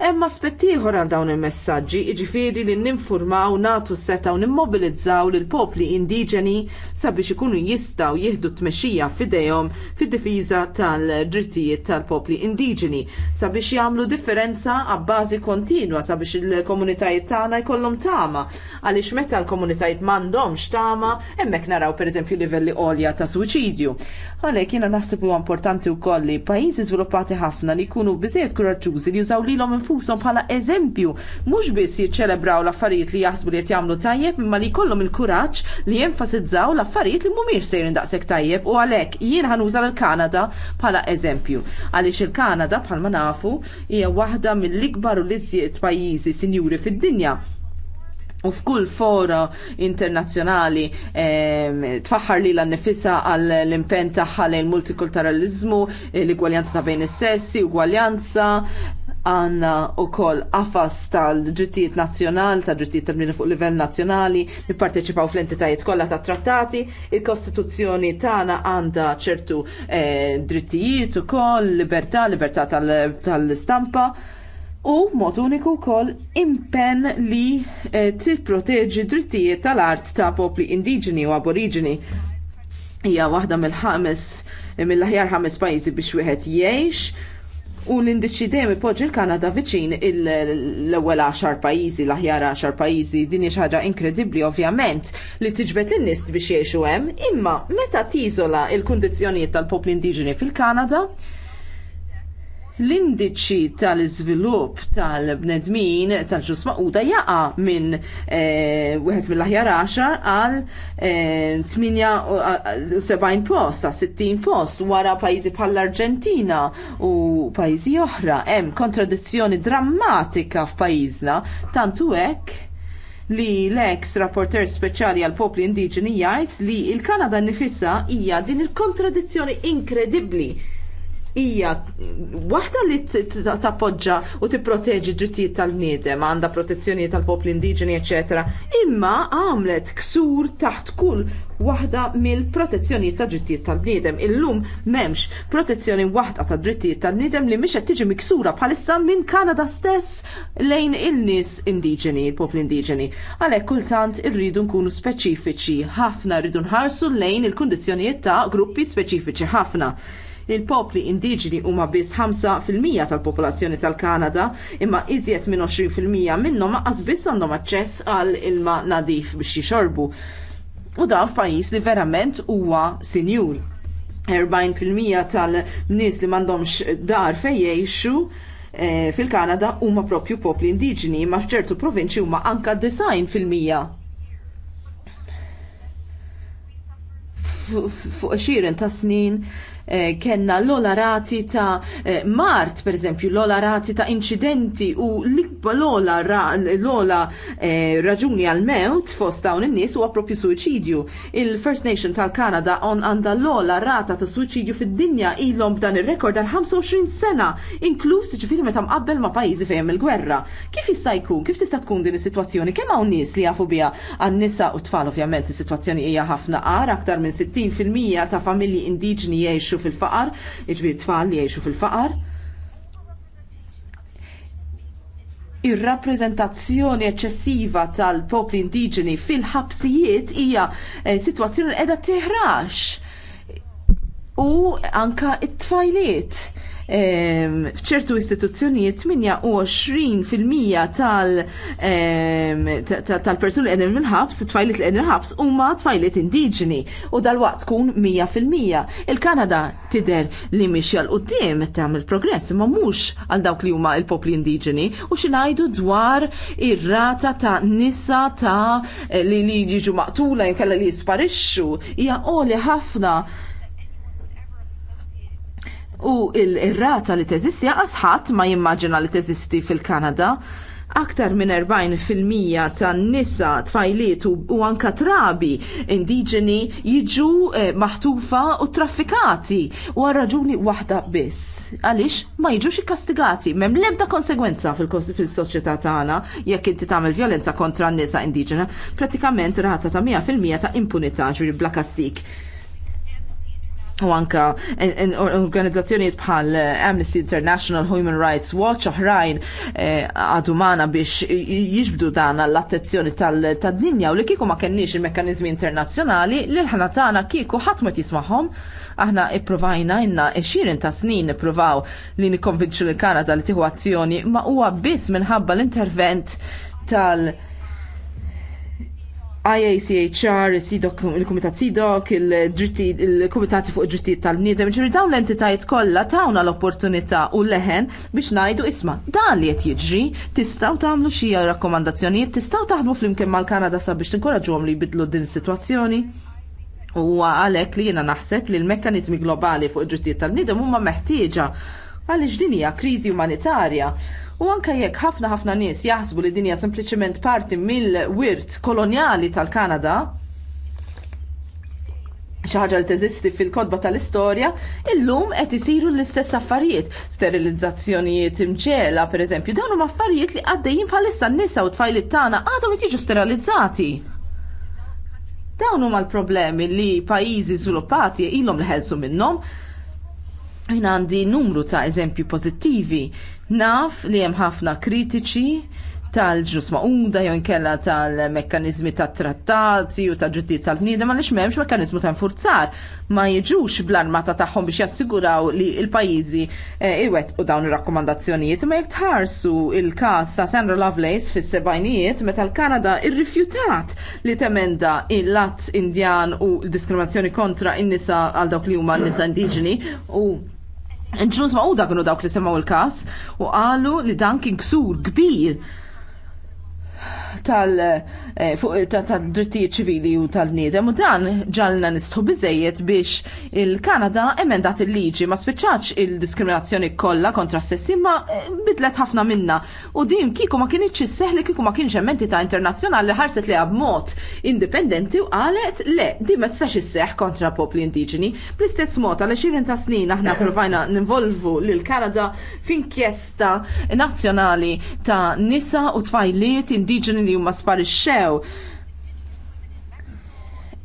Emma spettiħor għal dawn il-messagġi, iġifiri li n-informaw, natu seta u nimmobilizzaw l popli indiġeni sabiex ikunu jistaw jihdu tmexxija fidejhom fid-difiża tal-drittijiet tal-popli indiġeni sabiex jagħmlu differenza għabbażi kontinwa sabiex il-komunitajiet tagħna jkollhom tama għaliex meta l-komunitajiet m'għandhomx tama hemmhekk naraw pereżempju livelli għolja ta' suċidju. Għalhekk jiena naħseb huwa importanti wkoll li pajjiżi żviluppati ħafna li jkunu biżejjed kuraġġużi li jużaw lilhom infushom bħala eżempju mhux biss jiċċelebraw l-affarijiet li jaħsbu li qed jagħmlu tajjeb imma li jkollhom il-kuraġġ li jenfasizzaw l-affarijiet li mhumiex sejrin daqshekk tajjeb u għalhekk jien użal il kanada bħala eżempju għaliex il-Kanada bħalma nafu hija waħda mill-ikbar u l-iżjed pajjiżi sinjuri fid-dinja u f'kull fora internazzjonali ehm, tfaħħar li l-annifisa għal l-impen taħħa lejn multikulturalizmu, l-igwaljanza ta' bejn is-sessi, ugwaljanza għanna u koll għafas tal-ġittijiet nazjonali, tal-ġittijiet tal-bnina fuq livell nazjonali, li parteċipaw fl-entitajiet kollha ta' trattati, il-Kostituzzjoni tagħna għandha ċertu eh, drittijiet u koll, libertà, libertà tal-istampa. tal tal istampa u mod uniku wkoll impenn li eh, tipproteġi drittijiet tal-art ta' popli indiġeni u aboriġeni. Hija waħda mill-ħames eh, mill-aħjar ħames pajjiżi biex wieħed jgħix U l-indiċi dejjem ipoġġi l-Kanada viċin l-ewwel 10 pajjiżi, l-aħjar 10 pajjiżi, din hija ħaġa inkredibbli ovvjament li tiġbed lin-nies biex jgħixu hemm, imma meta tiżola l kundizzjonijiet tal-popli indiġeni fil-Kanada, l-indiċi tal-izvilup tal-bnedmin tal-ġus maquda jaqa minn eh, wieħed mill-aħjar 10 għal 78 eh, eh, post ta' 60 post wara pajjiżi bħall-Arġentina u pajjiżi oħra hemm kontradizzjoni drammatika f'pajjiżna tantu hekk li l-ex rapporter speċjali għal popli indiġeni jgħid li l kanada nifissa hija din il-kontradizzjoni inkredibbli hija waħda li tappoġġa u tipproteġi drittijiet tal-bniedem, għandha protezzjoni tal-popli indiġeni, eċetera, imma għamlet ksur taħt kull waħda mill-protezzjoni ta' drittijiet tal-bniedem. Illum m'hemmx protezzjoni waħda ta' drittijiet tal-bniedem li mhix qed tiġi miksura bħalissa minn Kanada stess lejn il-nies indiġeni, il-popli indiġeni. Għalhekk kultant irridu nkunu speċifiċi ħafna rridu nħarsu lejn il-kundizzjonijiet ta' gruppi speċifiċi ħafna li l-popli indiġeni huma biss 5% tal-popolazzjoni tal-Kanada imma iżjed minn 20% minnhom qas biss għandhom aċċess għal ilma nadif biex jixorbu. U da f'pajjiż li verament huwa sinjur. 40% tal-nies li m'għandhomx dar fejn jgħixu eh, fil-Kanada huma propju popli indiġeni, ma f'ċertu provinċi huma anka 90% fuq xirin ta' snin Eh, kellna l-ola rati ta' eh, mart, per eżempju, l-ola rati ta' incidenti u l-ola l-ola eh, raġuni għal-mewt fost dawn in-nies huwa għapropju suicidju. Il-First Nation tal-Kanada on għandha l-ola rata ta' suicidju fid-dinja ilhom b'dan ir-rekord għal 25 sena, inkluż ġifieri meta mqabbel ma' pajjiżi fejn il-gwerra. Kif jista' jkun? Kif tista' tkun din is-sitwazzjoni? Kemm hawn nies li jafu biha għan-nisa u tfal ovvjament is-sitwazzjoni hija ħafna qar aktar minn 60% ta' familji indiġni jgħixu jiexu fil-faqar, iġbir tfal li jiexu fil-faqar. Ir-rappreżentazzjoni eċċessiva tal-popli indiġeni fil-ħabsijiet hija eh, sitwazzjoni li qiegħda tiħrax u anka t tfajliet f'ċertu istituzzjonijiet 28% tal-persuni li qegħdin mill-ħabs, tfajlit li qegħdin ħabs huma tfajlit indiġeni u dalwaqt tkun 100%. Il-Kanada tidher li mixja l-qudiem tagħmel progress imma mhux għal dawk li huma l-popli indiġeni u xi ngħidu dwar ir-rata ta' nisa ta' li jiġu maqtula jinkalla li jisparixxu hija qoli ħafna u il-rata li teżisti għasħat ma jimmaġina li teżisti fil-Kanada. Aktar minn 40% tan nisa tfajliet u anka trabi indiġeni jiġu eh, maħtufa u traffikati u raġuni waħda biss. Għaliex ma jiġux ikkastigati, mem lebda konsegwenza fil-soċjetà tagħna jekk inti tagħmel violenza kontra n-nisa indiġena, pratikament rata ta' 100% ta' impunità ġuri bla kastik u anka organizzazzjonijiet bħal eh, Amnesty International, Human Rights Watch, oħrajn eh, għadu mana biex jiġbdu dan l-attenzjoni tal-dinja u li kiku ma kenniex il-mekkanizmi internazzjonali li l-ħana tagħna kiku ħadd ma jisma'hom. Aħna ipprovajna inna xirin ta' snin ippruvaw li nikkonvinċu l-Kanada li tieħu azzjoni ma huwa biss minħabba l-intervent tal- IACHR, il-Kumitat SIDOC, il-Kumitati fuq id-drittijiet tal-bniedem, ġifieri dawn l-entitajiet kollha tawna l-opportunità u leħen biex ngħidu isma' dan li qed jiġri tistgħu tagħmlu rakkomandazzjoniet, rakkomandazzjonijiet, taħdmu taħdmu flimkien mal-Kanada sabiex tinkoraġġuhom li jbidlu din is-sitwazzjoni. U għalek li jiena naħseb li l-mekkaniżmi globali fuq id-drittijiet tal-bniedem huma meħtieġa għaliex din hija kriżi umanitarja U anke jekk ħafna ħafna nies jaħsbu li dinja sempliċement parti mill-wirt koloniali tal-Kanada, xi ħaġa li teżisti fil-kodba tal-istorja, illum qed isiru l-istess affarijiet, sterilizzazzjonijiet per pereżempju, dawn huma affarijiet li għaddejjin bħalissa n-nisa u tfajlit tagħna għadhom qed jiġu sterilizzati. Dawn huma l-problemi li pajjiżi żviluppati ilhom li ħelsu minnhom, jina għandi numru ta' eżempju pożittivi. Naf li hemm ħafna kritiċi tal-ġus maquda jew inkella tal-mekkanizmi tat-trattati u tal ġutti tal-bniedem għaliex m'hemmx mekkaniżmu ta' nfurzar ma jiġux bl-armata tagħhom biex jassiguraw li l-pajjiżi eh, iwet u dawn ir-rakkomandazzjonijiet ma jekk tħarsu il-każ ta' Sandra Lovelace fis sebajnijiet meta l-Kanada irrifjutat li temenda il-lat Indjan u l-diskriminazzjoni kontra in-nisa għal dawk li huma n-nisa indiġeni u Ġnus ma' kienu dawk li semmaw il-kas u għalu li dan kien ksur kbir tal Eh, fuq ta' drittijiet ċivili u tal-bniedem u dan ġalna nistħu biżejjed biex il-Kanada emendat il-liġi ma spiċċax il-diskriminazzjoni kollha kontra s-sessi ma eh, bidlet ħafna minna u din kiku ma kienx seħli kiku ma kienx emmenti ta' internazzjonali ħarset li b'mod indipendenti u qalet le din ma tistax isseħ kontra popli indiġeni bl-istess mod għal 20 ta' snin aħna provajna ninvolvu lil Kanada f'inkjesta nazzjonali ta' nisa u tfajliet indiġeni li huma sparixxew Ewropew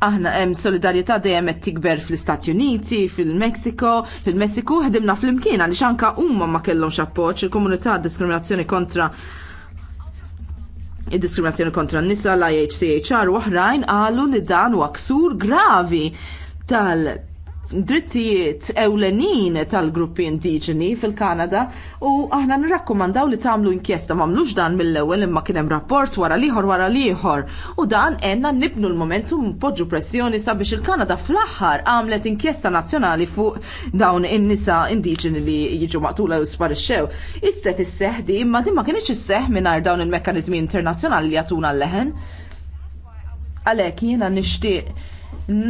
aħna hemm solidarjetà dejjem qed tikber fl-Istati Uniti, fil messiko fil-Messiku ħdimna flimkien għaliex anke huma ma kellhomx appoġġ il-komunità diskriminazzjoni kontra id-diskriminazzjoni kontra n-nisa, l-IHCHR u oħrajn qalu li dan huwa ksur gravi tal drittijiet ewlenin tal-gruppi indiġeni fil-Kanada u aħna nirrakkomandaw li tagħmlu inkjesta ma'mlux dan mill-ewwel imma kien hemm rapport wara liħor wara liħor u dan għenna nibnu l-momentum poġġu pressjoni sabiex il-Kanada fl-aħħar għamlet inkjesta nazzjonali fuq dawn in-nisa indiġeni li jiġu maqtula u sparixxew. Isset isseħ di imma din ma kienx isseħ mingħajr dawn il-mekkaniżmi internazzjonali li jagħtuna l-leħen. Għalhekk jiena nixtieq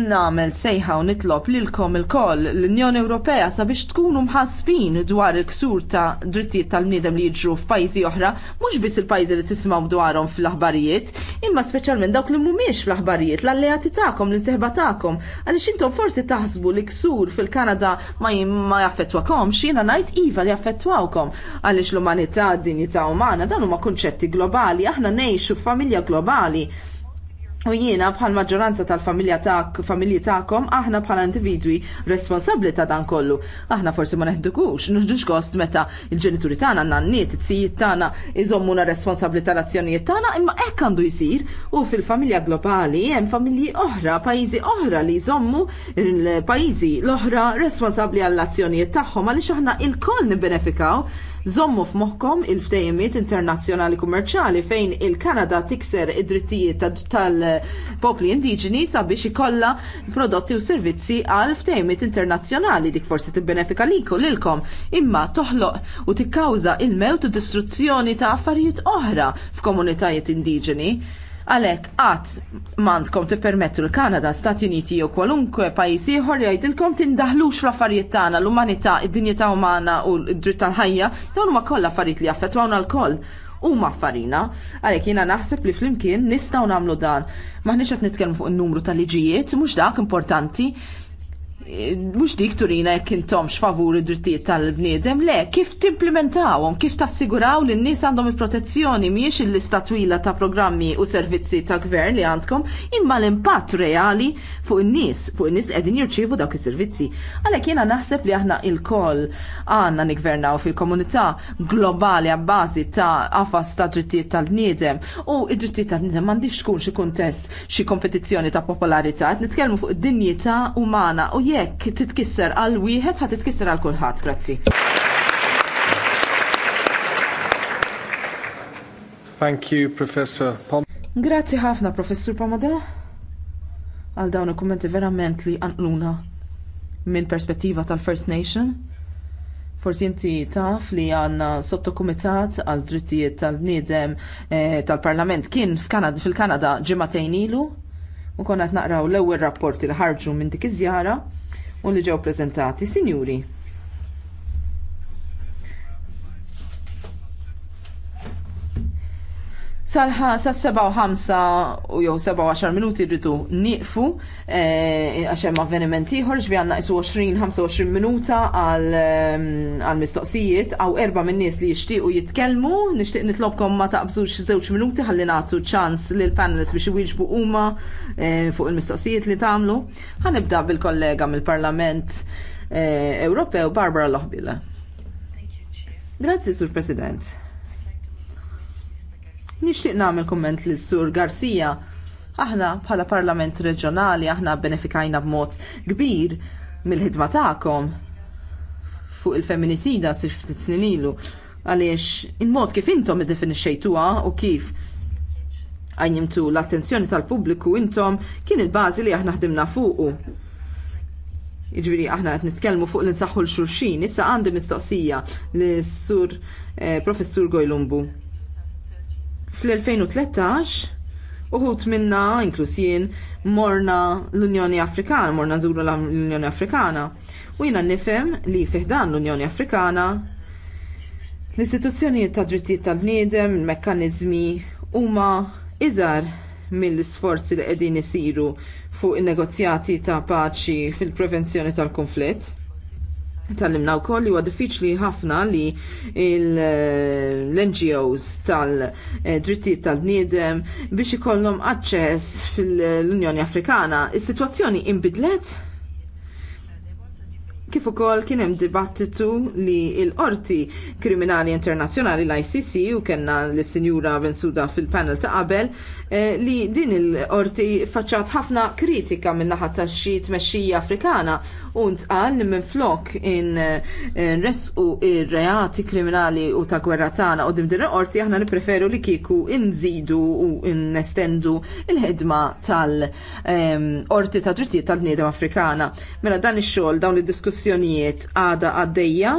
namel sejħa u nitlob lilkom il-koll l-Unjoni Ewropea sabiex tkunu mħassbin dwar il-ksur ta' drittijiet tal-bniedem li jiġru f'pajjiżi oħra, mhux biss il-pajjiżi li tismaw dwarhom fl-aħbarijiet, imma speċjalment dawk li mhumiex fl-aħbarijiet, l-alleati tagħkom, l-inseħba tagħkom, għaliex intom forsi taħsbu li ksur fil-Kanada ma ma jaffettwakomx, jiena ngħid iva li jaffettwawkom għaliex l-umanità, d-dinjità umana dan huma kunċetti globali, aħna ngħixu f'familja globali U jiena bħal maġġoranza tal-familja tak, familji takom, aħna bħala individwi responsabli ta' dan kollu. Aħna forsi ma neħdukux, nħdux gost meta il-ġenituri tagħna nanniet, t sijiet tagħna iżommuna responsabli tal-azzjonijiet tagħna, imma hekk għandu jsir u fil-familja globali hemm familji oħra, pajjiżi oħra li jżommu il-pajjiżi l-oħra responsabbli għall-azzjonijiet tagħhom għaliex aħna il-koll nibbenefikaw Zommu f'moħħkom il-ftejimiet internazzjonali kummerċali fejn il-Kanada tikser id-drittijiet tal-popli indiġeni sabiex ikollha prodotti u servizzi għal ftejmiet internazzjonali dik forsi tibbenefika liku lilkom imma toħloq u tikkawża il-mewt u distruzzjoni ta' affarijiet oħra f'komunitajiet indiġeni. Għalhekk qatt m'għandkom tippermettu l-Kanada, Stati Uniti jew kwalunkwe pajjiż ieħor jgħidilkom tindaħlux fl-affarijiet tagħna l-umanità, id-dinjità umana u d-dritt tal-ħajja, dawn huma kollha affarijiet li jaffettwawna l-koll u maffarina, għalek jina naħseb li flimkien nistaw namlu dan. Maħniċ għet nitkelmu fuq il-numru tal-liġijiet, mux dak importanti, mhux dik turina jekk intomx favur id-drittijiet tal-bniedem, le, kif timplementawhom, kif tassiguraw li n-nies għandhom il-protezzjoni mhijiex il-lista twila ta' programmi u servizzi ta' gvern li għandkom, imma l-impatt reali fuq n nies fuq in-nies li qegħdin jirċievu dawk is-servizzi. Għalhekk jiena naħseb li aħna il-koll għandna nikvernaw fil-komunità globali għabbażi ta' għafas ta' drittijiet tal-bniedem u id-drittijiet tal-bniedem m'għandix tkun xi kuntest xi kompetizzjoni ta' popolarità, nitkellmu fuq id-dinjità umana u jien jekk titkisser għal wieħed ħad titkisser għal kulħadd. Grazzi. Thank you, Professor Pom. Grazzi ħafna, Professur Pomada, għal dawn il-kommenti verament li għanluna minn perspettiva tal-First Nation. Forsi inti taf li għanna sottokumitat għal drittijiet tal-bniedem eh, tal-Parlament kien fil-Kanada ġimatejn ilu u konna naqraw l-ewwel rapporti li ħarġu minn dik iż-żjara u li ġew ppreżentati. Sinjuri, Salħa sa' 7 u jew 7 minuti rritu nieqfu eh, għax hemm avveniment ieħor ġbi għandna isu 20-25 minuta għal mistoqsijiet għaw erba' min-nies li jixtiequ jitkellmu, nixtieq nitlobkom ma taqbżux żewġ minuti ħalli nagħtu ċans lil panelist biex iwieġbu huma eh, fuq il-mistoqsijiet li tagħmlu. Ħanibda bil-kollega mill-Parlament eh, Ewropew Barbara Loħbila. Grazzi, Sur President. Nixtieq nagħmel kumment lil Sur Garcia. Aħna bħala Parlament Reġjonali aħna benefikajna b'mod kbir mill-ħidma tagħkom fuq il-feminisida sirf ftit snin ilu għaliex il-mod kif intom iddefinixxejtuha u kif għajnimtu l-attenzjoni tal-pubbliku intom kien il-bażi li aħna ħdimna fuqu. Iġviri, aħna għet nitkelmu fuq l-insaxħu l-xurxin, issa għandi mistoqsija l-sur eh, professur Gojlumbu. Fl-2013 uħut minna, inklus jien, morna l-Unjoni Afrikana, morna nżuru l-Unjoni Afrikana. U jina nifem li fiħdan l-Unjoni Afrikana l-istituzzjonijiet ta' drittijiet tal-bniedem, il-mekkanizmi huma iżar mill-sforzi li qegħdin isiru fuq in-negozjati ta' paċi fil-prevenzjoni tal-konflitt. Tallimna u koll li huwa diffiċli ħafna li l-NGOs tal-drittijiet tal-bniedem biex ikollhom aċċess fil-Unjoni Afrikana. Is-sitwazzjoni inbidlet? Kif ukoll kien hemm dibattitu li l-Qorti Kriminali Internazzjonali l-ICC u kellna lis sinjura Vensuda fil-panel ta' qabel Eh, li din il-qorti faċċat ħafna kritika minn naħa tax xi tmexxija Afrikana u ntqal li minflok in eh, resqu il reati kriminali u ta' gwerra tagħna u din il-qorti aħna nippreferu li kieku inżidu u nestendu il-ħidma tal-qorti ehm, ta' drittijiet tal-bniedem Afrikana. Mela dan ix-xogħol dawn id-diskussjonijiet għada għaddejja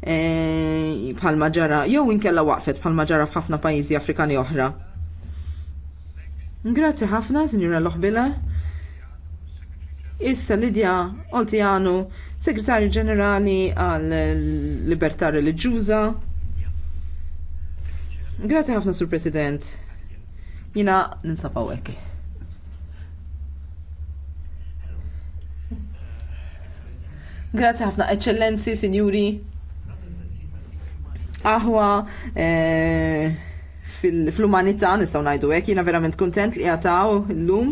eh, bħalma ġara, jew inkella waqfet bħalma ġara f'ħafna pajjiżi Afrikani oħra. Grazzi ħafna, Signora Loħbila. Issa Lidja Oltijanu, Segretarju Ġenerali għal Libertà Reliġjuża. Grazzi ħafna, Sur President. Jina ninsabaw ekki. Grazie ħafna, eccellenzi, signori. Aħwa, eh, fil-umanità nistgħu ngħidu hekk, jiena verament kuntent li jataw illum.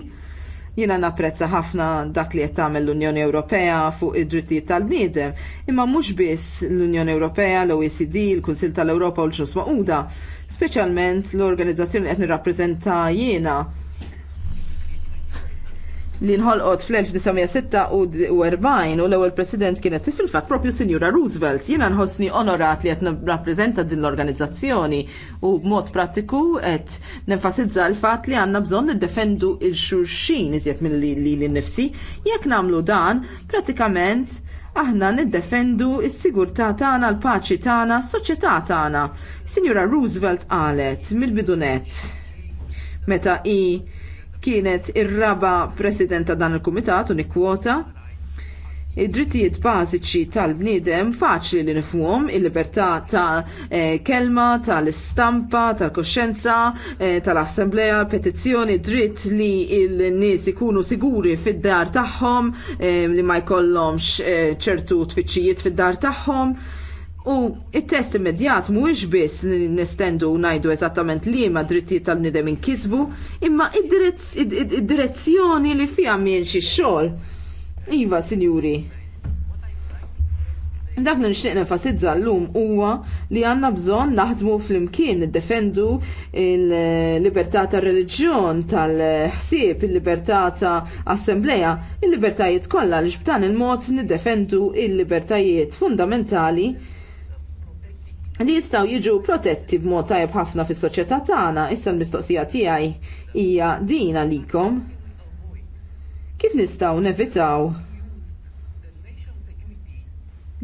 Jiena napprezza ħafna dak li qed tagħmel l-Unjoni Ewropea fuq id-drittijiet tal-bniedem, imma mhux biss l-Unjoni Ewropea, l-OECD, il-Kunsill tal-Ewropa u l-ġnus Maquda, speċjalment l-organizzazzjoni qed nirrappreżenta jiena li nħolqot fl-1946 u l-ewwel president kienet fil-fatt propju Sinjura Roosevelt. Jiena nħossni onorat li qed nappreżenta din l-organizzazzjoni u b'mod pratiku qed nenfasizza l-fatt li għandna bżonn niddefendu il xulxin iżjed milli li l-nifsi. Jekk nagħmlu dan, pratikament aħna niddefendu s-sigurtà tagħna, l-paċi tagħna, s-soċjetà tagħna. Sinjura Roosevelt qalet mill-bidunet meta i kienet ir-raba president ta' dan il-kumitat u nikkwota. Id-drittijiet bażiċi tal-bniedem faċli li nifhmuhom il-libertà ta' eh, kelma, tal-istampa, tal koscienza eh, tal-assembleja, petizzjoni, dritt li l-nies ikunu siguri fid-dar tagħhom, eh, li ma jkollhomx ċertu tfittxijiet fid-dar tagħhom U it-test immedjat mhuwiex biss nistendu ngħidu eżattament li ma drittijiet tal-nidem inkisbu, imma id-direzzjoni li fiha minn xi xogħol. Iva, sinjuri. Dak li nixtieq nenfasizza llum huwa li għandna bżonn naħdmu flimkien niddefendu il-libertà tar-reliġjon, tal-ħsieb, il-libertà ta' assembleja, il-libertajiet kollha li x'b'dan il-mod niddefendu il-libertajiet fundamentali li jistaw jiġu protetti b'mod tajb ħafna fis-soċjetà tagħna, issa l-mistoqsija tiegħi hija din għalikom. Kif nistaw nevitaw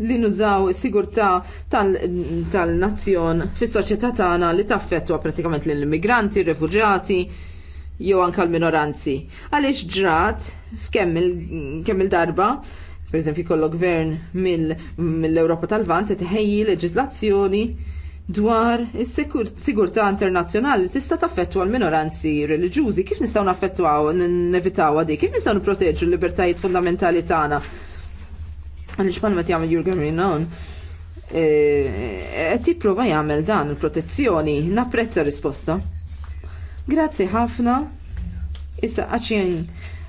li nużaw sigurtà tal-nazzjon tal fis-soċjetà tagħna li taffettwa pratikament lill immigranti ir-refuġjati jew anke l-minoranzi. Għaliex ġrat f'kemm il-darba il per eżempju kollok gvern mill-Europa mil tal-Vant qed leġislazzjoni dwar is-sigurtà internazzjonali tista' taffettwa l-minoranzi reliġjużi. Kif nistgħu naffettwaw nevitaw għadi? Kif nistgħu nipproteġu l-libertajiet fundamentali tagħna? Għaliex bħalma jagħmel Jurgen Rinon eh, qed jipprova jagħmel dan il-protezzjoni, napprezza risposta. Grazzi ħafna. Issa għaxin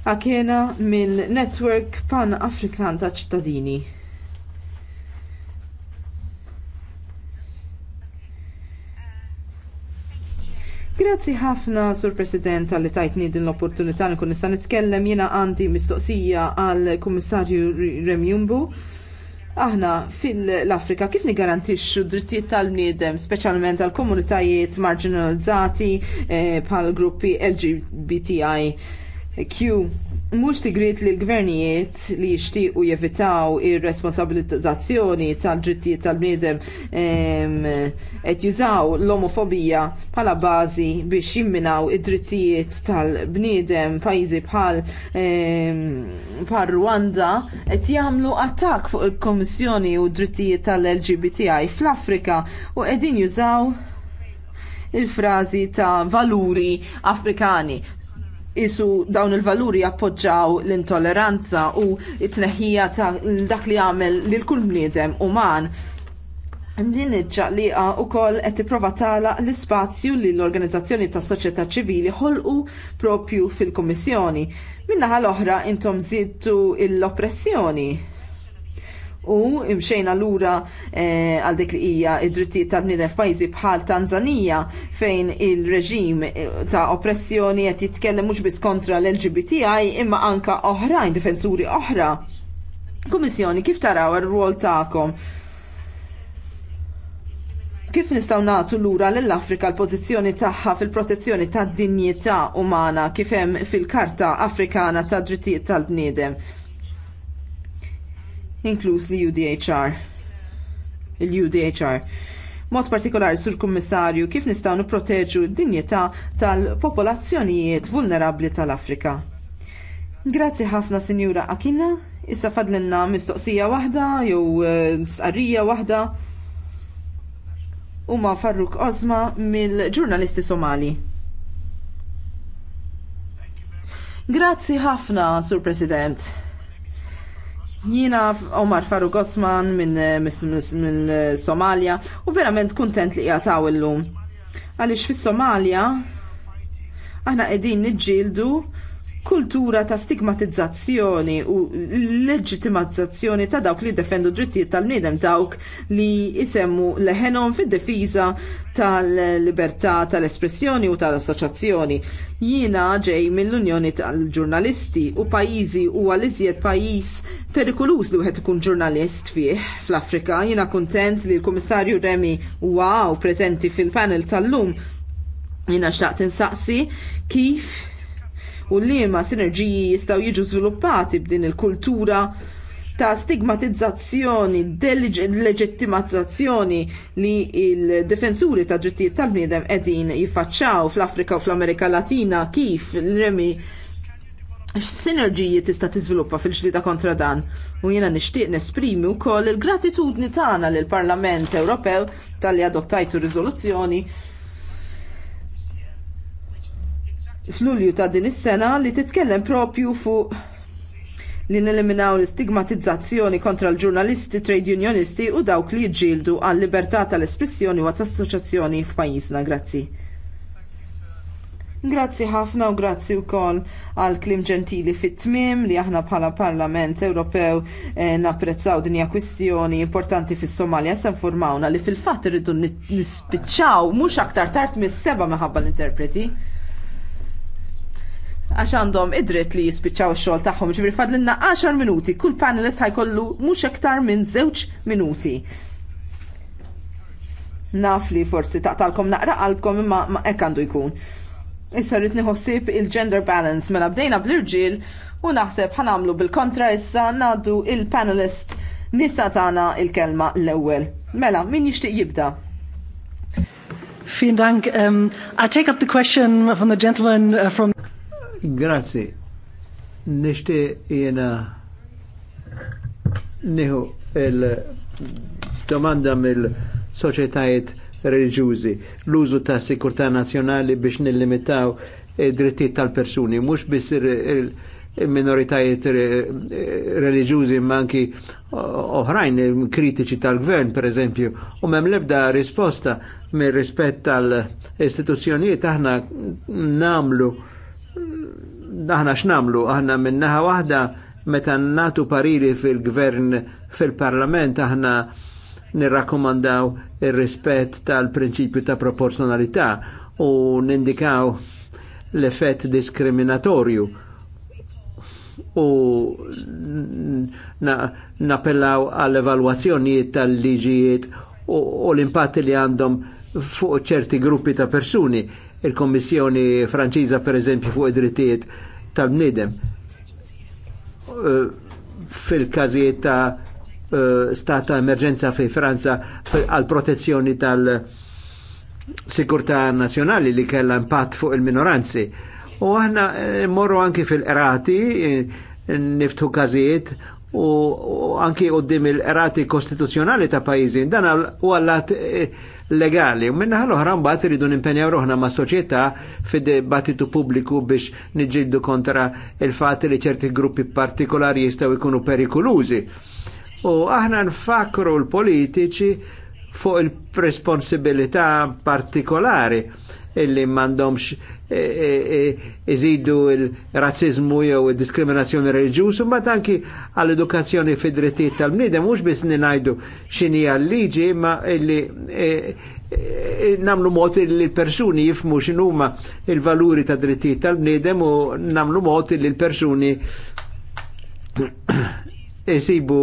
Akena mill netwerk Pan-Afrikan ta' ċittadini. Grazzi ħafna, Sur President, għalli li tajtni din l-opportunità nkun nista' nitkellem jiena għandi mistoqsija għal Kummissarju Remjumbu. Aħna fil-Afrika kif nigarantixxu drittijiet tal-bniedem, speċjalment għal komunitajiet marginalizzati eh, bħal eh, gruppi LGBTI Q mhux sigrit li l-gvernijiet li jixtiequ jevitaw ir-responsabilizzazzjoni tal-drittijiet tal-bniedem qed jużaw l-omofobija bħala bażi biex jimminaw id-drittijiet tal-bniedem pajjiżi bħal bħal Rwanda qed jagħmlu attak fuq il komissjoni u d-drittijiet tal-LGBTI fl-Afrika u qegħdin jużaw il frażi ta' valuri afrikani isu dawn il-valuri appoġġaw l-intolleranza u it-tneħħija ta' dak li għamel l kull bniedem uman. Din iċċaqliqa u koll qed tipprova tagħlaq l-ispazju li l-organizzazzjoni tas soċjetà ċivili ħolqu propju fil-Kummissjoni. Minn-naħa l-oħra intom żidtu l-oppressjoni u imxejna lura eh, għal dik li hija id-drittijiet tal-bniedem f'pajjiżi bħal Tanzanija fejn il-reġim eh, ta' oppressjoni qed jitkellem mhux biss kontra l-LGBTI imma anka oħrajn difensuri oħra. Kummissjoni, kif taraw ir-rwol tagħkom? Kif nistgħu nagħtu lura lill-Afrika l-pożizzjoni tagħha fil-protezzjoni tad-dinjità umana kif hemm fil-Karta Afrikana tad Drittijiet tal-Bniedem? inkluż li UDHR. Il-UDHR. Mod partikolari sur kummissarju kif nistgħu nipproteġu d-dinjità tal-popolazzjonijiet vulnerabbli tal-Afrika. Grazzi ħafna Sinjura Akina, issa fadlinna mistoqsija waħda jew eh, stqarrija waħda huma Farruk Ozma mill-ġurnalisti Somali. Grazzi ħafna, Sur President. Jina Omar Faru Gosman minn eh, min, eh, Somalia u verament kontent li jgħataw illum. Għalix fis Somalia aħna qegħdin niġġieldu kultura ta' stigmatizzazzjoni u leġitimazzazzjoni ta' dawk li defendu drittijiet tal-bniedem dawk li jisemmu leħenom fid-difiża tal-libertà tal-espressjoni u tal-assoċjazzjoni. Jiena ġej mill-Unjoni tal-Ġurnalisti u pajjiżi u għaliżjed pajjiż perikolus li wieħed ikun ġurnalist fih fl-Afrika. Jiena kuntent li l-Kummissarju Remi wow preżenti fil-panel tal-lum jiena xtaqt insaqsi kif u liema sinerġiji jistgħu jiġu żviluppati b'din il-kultura ta' stigmatizzazzjoni, deleġittimazzazzjoni li il-defensuri ta' drittijiet tal-bniedem qegħdin jiffaċċaw fl-Afrika u fl-Amerika Latina kif l-remi x-sinerġiji tista' tiżviluppa fil-ġlida kontra dan. U jiena nixtieq nesprimi wkoll il-gratitudni tagħna lill Parlament Ewropew talli adottajtu riżoluzzjoni f'Lulju ta' din is-sena li titkellem propju fuq li neliminaw l-istigmatizzazzjoni kontra l-ġurnalisti, trade unionisti u dawk li jġildu għal libertà tal-espressjoni u għat-assoċazzjoni f'pajjiżna. Grazzi. Grazzi ħafna u grazzi u koll għal klim ġentili fit-tmim li aħna bħala Parlament Ewropew eh, napprezzaw dinja kwistjoni importanti fis somalia sem formawna li fil-fat irridu nispiċċaw mux aktar tart mis-seba meħabba l-interpreti għax għandhom id-dritt li jispiċċaw xogħol tagħhom ġifieri fadlinna 10 minuti, kull panelist ħajkollu mhux aktar minn żewġ minuti. Naf li forsi taqtalkom naqra qalbkom imma hekk għandu jkun. Issa rrid niħossib il-gender balance mela bdejna bl-irġiel u naħseb ħanamlu bil-kontra issa ngħaddu il-panelist nisa tagħna il-kelma l-ewwel. Mela, min jixtieq jibda? Vielen Dank. Um, I take up the question from the gentleman uh, from Grazzi. Nishti jena niħu il-domanda mill-soċetajiet reġuzi l-użu ta' sikurta nazjonali biex nillimitaw id-drittijiet tal-persuni, mux biss il-minoritajiet reġuzi manki oħrajn kritiċi tal-gvern, per eżempju, u mem lebda risposta mir rispett tal-istituzzjonijiet aħna namlu aħna x'namlu, aħna minnaħa waħda meta natu pariri fil-gvern fil-parlament aħna nirrakkomandaw ir-rispett tal-prinċipju ta' proporzjonalità u nindikaw l-effett diskriminatorju u napellaw għall-evalwazzjonijiet tal-liġijiet u, u l-impatt li għandhom fuq ċerti gruppi ta' persuni il-Kommissjoni Franċiża per eżempju fuq id-drittijiet tal-bniedem eh, fil-każijiet ta' eh, stat ta' emerġenza fi Franza għal protezzjoni tal-sikurtà nazzjonali li kella impatt fuq il-minoranzi. U aħna eh, morru anki fil erati niftu każijiet u, anki u dim il erati kostituzzjonali ta' pajjiżin dan u għallat e, legali. U minna ħallu ħram bat iridu nimpenjaw roħna ma' soċieta fid battitu publiku biex nġiddu kontra il fat li ċerti gruppi partikolari jistaw ikunu perikolużi. U aħna nfakru l-politiċi fuq il responsibilità partikolari illi mandomx e, e, e, iżidu il-razzizmu jew il-diskriminazzjoni reġjuż u tanki anki għall-edukazzjoni fid-drittijiet tal-bniedem mhux biss ngħidu x'inhi liġi ma illi namlu mod li l-persuni jifmu x'inhuma il-valuri ta' drittijiet tal-bniedem u namlu mod li l-persuni isibu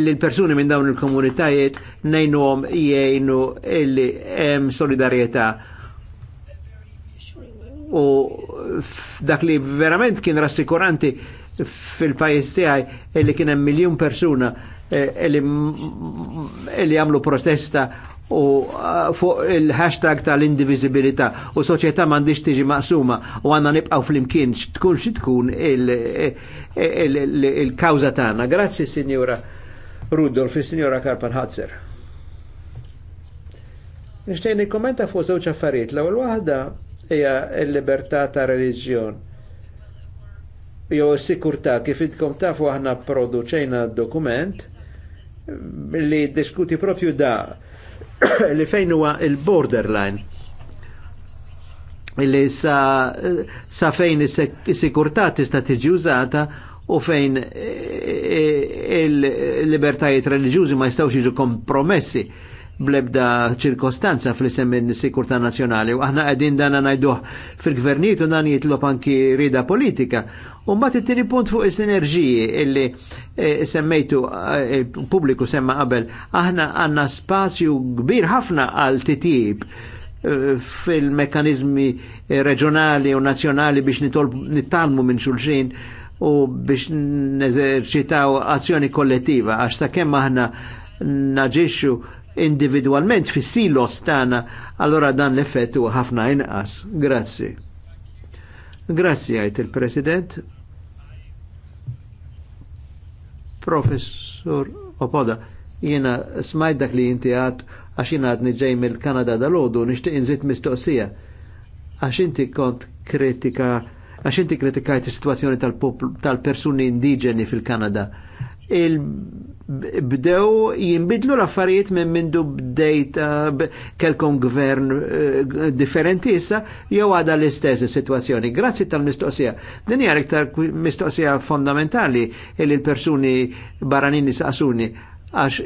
l-persuni minn dawn il-komunitajiet nejnu għom jgħinu illi hemm solidarieta' u dak li verament kien rassikuranti fil-pajis tiegħi li kien hemm miljun persuna eh, li għamlu protesta u eh, fuq il-hashtag tal-indivisibilità u soċjetà m'għandix tiġi maqsuma u għandna nibqgħu flimkien tkun xi tkun il-kawża tagħna. Grazzi Sinjura Rudolf, Sinjura Karpan Ħazzer. Nixtieq nikkommenta fuq żewġ affarijiet. L-ewwel waħda hija l-libertà ta' reliġjon. Jew sikurtà kif idkom tafu aħna produċejna dokument li diskuti propju da li fejn huwa il-borderline li sa, sa fejn is-sikurtà tista' tiġi użata u fejn il-libertajiet reliġjużi ma jistgħux jiġu kompromessi blebda ċirkostanza fl-isem sikurta nazjonali u aħna għedin dan najduħ fil-gvernijiet u dan jitlob anki rida politika. U ma t-tini punt fuq is-sinerġiji illi semmejtu il semma qabel, aħna għanna spazju kbir ħafna għal titjib fil-mekanizmi reġjonali u nazjonali biex nittalmu minn xulxin u biex neżerċitaw azzjoni kollettiva għax sa' kemm aħna naġixxu individualment fis silos tagħna, allora dan l-effett huwa ħafna inqas. Grazzi. Grazzi għajt il-President. Professor Opoda, jiena smajt dak li inti għad għax jiena għadni ġej mill-Kanada dal-ħodu, nishtiq inżit mistoqsija. Għax inti kont kritika, għax inti kritikajt is-situazzjoni tal-persuni tal indiġeni fil-Kanada il bdew jimbidlu l-affarijiet minn mindu bdejta eh, kelkom gvern eh, differenti issa jew għada l-istess situazzjoni. Grazzi tal-mistoqsija. Din hija iktar mistoqsija fondamentali illi l-persuni baranini saqsuni għax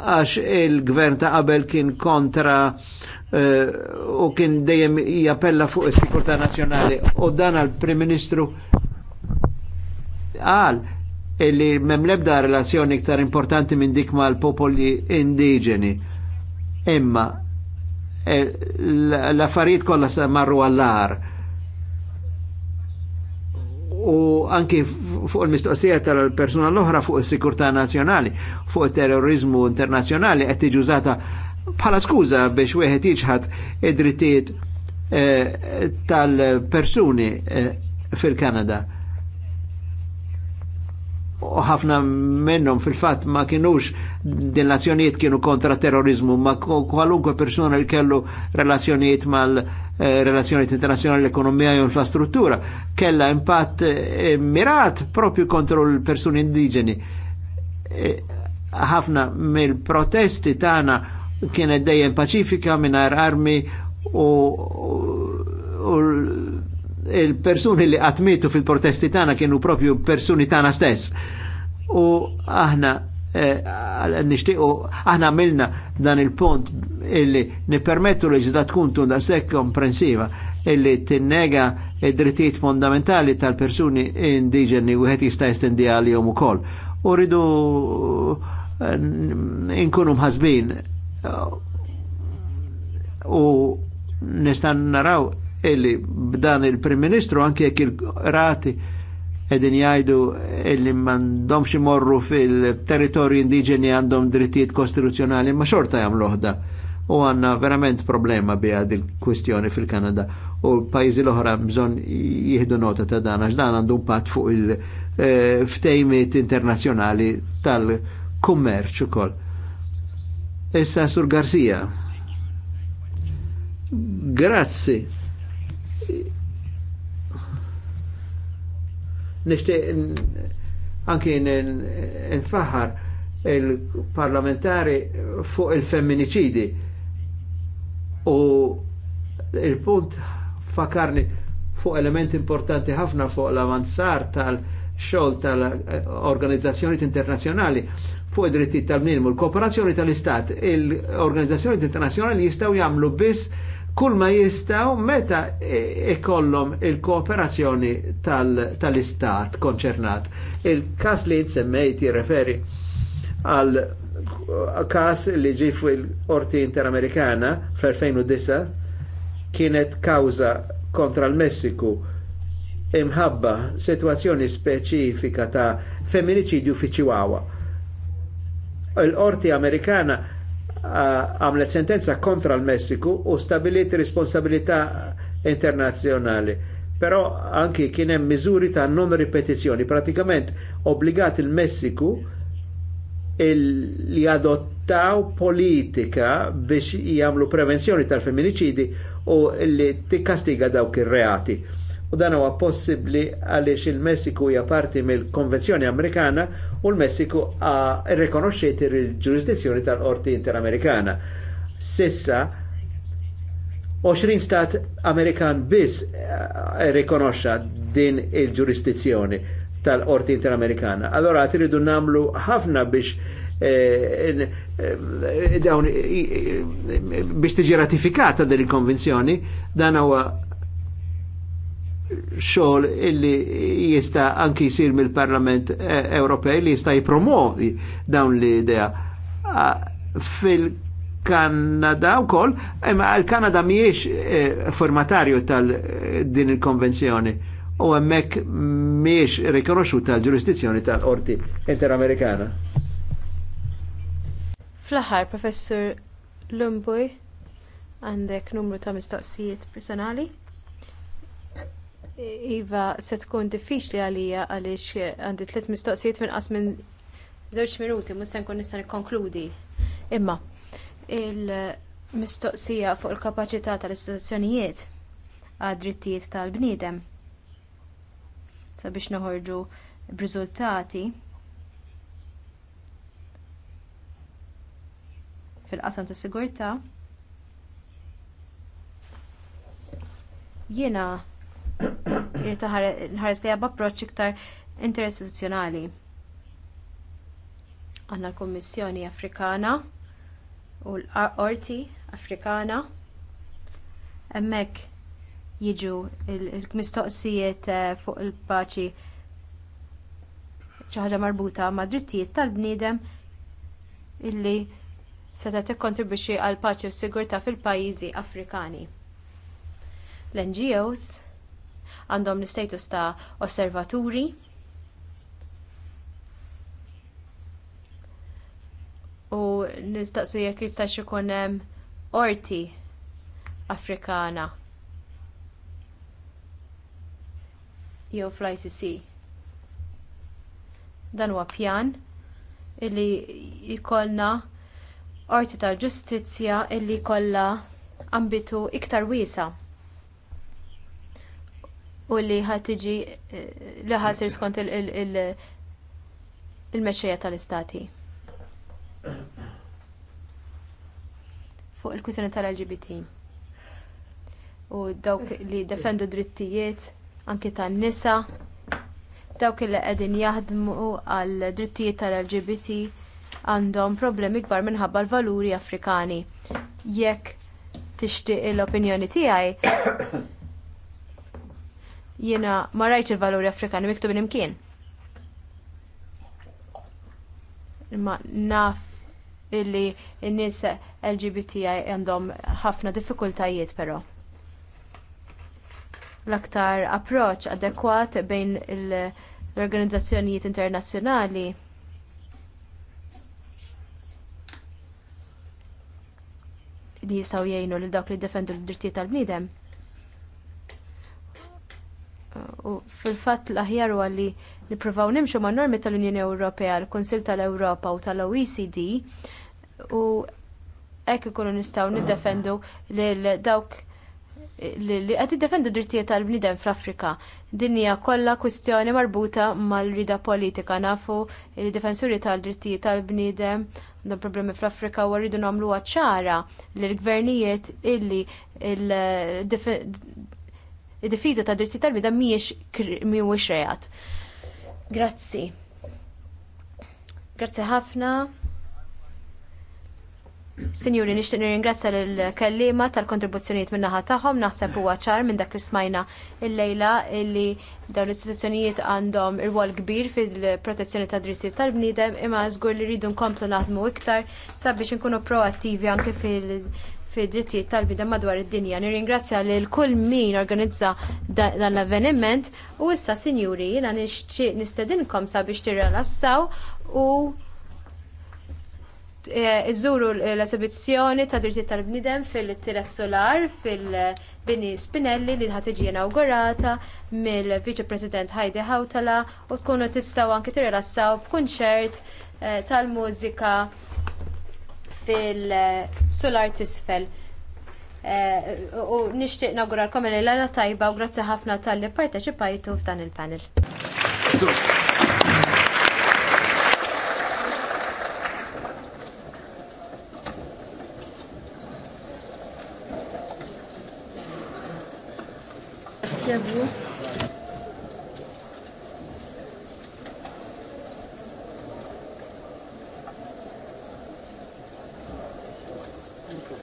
għax il-gvern ta' qabel kien kontra eh, u kien dejjem jappella fuq is-sikurtà nazzjonali u dan għal-Prim Ministru għal illi memlebda relazzjoni iktar importanti minn dik mal-popoli indiġeni. Imma e, l-affarijiet kollha se marru għall-ar. U anki fuq il-mistoqsija tal-persuna l-oħra fuq is-sikurtà nazzjonali, fuq il-terrorizmu internazzjonali qed tiġi użata bħala skuża biex wieħed jiġħad id-drittijiet e, tal-persuni e, fil-Kanada u ħafna minnhom fil-fatt ma kienux dil-nazzjonijiet kienu kontra terrorizmu, ma kwalunkwe persuna li kellu relazzjonijiet mal eh, relazzjonijiet internazzjonali l-ekonomija u l infrastruttura, kella impatt eh, mirat propju kontro l-persuni indiġeni. Eh, ħafna mill-protesti tagħna kienet dejjem paċifika mingħajr armi u il-persuni li għatmitu fil-protesti tana kienu propju persuni tana stess. U aħna eh, nishtiqo, aħna għamilna dan il-pont illi nipermettu li ġda tkun tunda sekk komprensiva illi tinnega id-drittijiet fondamentali tal-persuni indiġeni u għet jista jestendi għal-jom u koll. U rridu inkunu eh, mħazbin u nistan naraw illi b'dan il-Prim Ministru anke jekk il-rati edin jajdu illi mandomx imorru fil-territorju indiġeni għandhom drittijiet kostituzzjonali ma xorta jamluħda. U għanna verament problema bi għad il-kwistjoni fil-Kanada u l-pajzi l-oħra bżon jihdu nota ta' dan għax dan għandu pat fuq il-ftejmiet eh, internazjonali tal-kummerċ ukoll. Issa Sur Garcia. Grazzi nishtiq anki nfaħar il-parlamentari fuq il-femminicidi u il-punt fakarni fuq element importanti ħafna fuq l-avanzar tal-xol tal-organizzazzjoni internazjonali fuq id-dritti tal-minimu, l-kooperazzjoni tal-istat, il organizzazzjoni internazjonali jistaw jamlu biss kull ma jistaw meta e, ikollhom il-kooperazzjoni tal-istat tal konċernat. Il-kas li jitsemmejt jirreferi għal kas li ġi fil-Orti Interamerikana fl-2009 kienet kawza kontra l-Messiku imħabba situazzjoni speċifika ta' femminicidju fi Chihuahua. L-Orti Amerikana għamlet sentenza kontra l-Messiku u stabiliet responsabilità internazzjonali. Però anki kien hemm miżuri ta' non ripetizzjoni, pratikament obbligat il-Messiku li adottaw politika biex jagħmlu prevenzjoni tal-femminicidi u li tikkastiga dawk ir-reati u dan huwa possibbli għaliex il-Messiku hija parti mill-Konvenzjoni Amerikana u l-Messiku ha rrikonoxxiet il-ġurisdizzjoni tal-Qorti Interamerikana. Sissa 20 stat Amerikan biss rrikonoxxa eh, din il-ġurisdizzjoni tal-Qorti Interamerikana. Allora tridu namlu ħafna biex eh, eh, biex tiġi ratifikata din il-konvenzjoni dan huwa xogħol illi jista' anki jsir mill-Parlament e- Ewropej li jista' jipromovi dawn l-idea. Fil-Kanada wkoll, imma l-Kanada mhijiex e, formatarju tal-din e, il-konvenzjoni u hemmhekk mhijiex rikonoxxuta l-ġurisdizzjoni tal-Qorti Interamerikana. Fl-aħħar, Professur Lumbuj, għandek numru ta' mistoqsijiet personali? Iva, se tkun diffiċli għalija għaliex għandi tliet mistoqsijiet fil-qas minn żewġ minuti, mhux se nkun nista' nikkonkludi. Imma, il-mistoqsija fuq il-kapaċità tal-istituzzjonijiet għad drittijiet tal-bniedem sabiex noħorġu b'riżultati fil-qasam tas sigurtà jiena Irrid ħares għabba proċ iktar interistituzzjonali. Għandna l-Kummissjoni Afrikana u l orti Afrikana hemmhekk jiġu il-mistoqsijiet eh, fuq il-paċi ċaħġa marbuta ma' drittijiet tal-bniedem illi seta tikkontribwixxi għal paċi u sigurtà fil-pajjiżi Afrikani. L-NGOs għandhom l-istatus ta' osservaturi. U nistaqsu jekk jistax ikun hemm orti Afrikana jew fl-ICC. Dan huwa pjan illi jkollna qorti tal-ġustizzja illi jkollha ambitu iktar wiesa' u li ħatiġi li ħasir skont il-mexxejja tal-istati. Fuq il-kwistjoni tal-LGBT. U dawk li defendu drittijiet anki tan-nisa, dawk li qegħdin jaħdmu għal drittijiet tal-LGBT għandhom problemi kbar minħabba l-valuri Afrikani. Jekk tixtieq l-opinjoni tiegħi, Jiena ma rajtx il-valuri Afrikani miktub imkien. Ma naf illi n-nies LGBTI għandhom ħafna diffikultajiet però. L-aktar approċ adekwat bejn l-organizzazzjonijiet internazzjonali li jistaw jgħinu lil dawk li defendu l-drittijiet tal-bniedem u fil-fatt l-aħjar huwa li nippruvaw nimxu man normi tal-Unjoni Ewropea, l-Kunsil tal-Ewropa u tal-OECD u hekk ikunu nistgħu niddefendu lil dawk li qed iddefendu drittijiet tal-bniedem fl-Afrika. Din hija kollha kwistjoni marbuta mal-rida politika nafu li difensuri tal-drittijiet tal-bniedem għandhom problemi fl-Afrika u rridu nagħmluha ċara lill gvernijiet illi il id-difiża ta' dritti tal-bida mhijiex mhuwiex reat. Grazzi. Grazzi ħafna. Sinjuri, nixtieq nirringrazzja lill kellima tal-kontribuzzjonijiet min-naħa tagħhom, naħseb huwa ċar minn dak li smajna il-lejla illi dawn l-istituzzjonijiet għandhom irwol kbir fil-protezzjoni ta' drittijiet tal-bniedem, imma żgur li rridu nkomplu naħdmu iktar sabiex inkunu proattivi anke fil fi drittijiet tal-bidem madwar id-dinja. Nirringrazzja lil kull min organizza dan l-avveniment u issa sinjuri jiena nistedinkom sabiex tirrelassaw u eh, iżuru l-esibizzjoni ta' drittijiet tal-bnidem fil-tiret solar fil-bini Spinelli li ħatiġi inaugurata mill-Viċi President Heidi Hautala u tkunu tistgħu anke tirrelassaw b'kunċert eh, tal-mużika fil-solar tisfel. Eh, u nixtieq nawguralkom li l tajba u grazzi ħafna tal-li parteċipajtu f'dan il-panel. Merci à vous.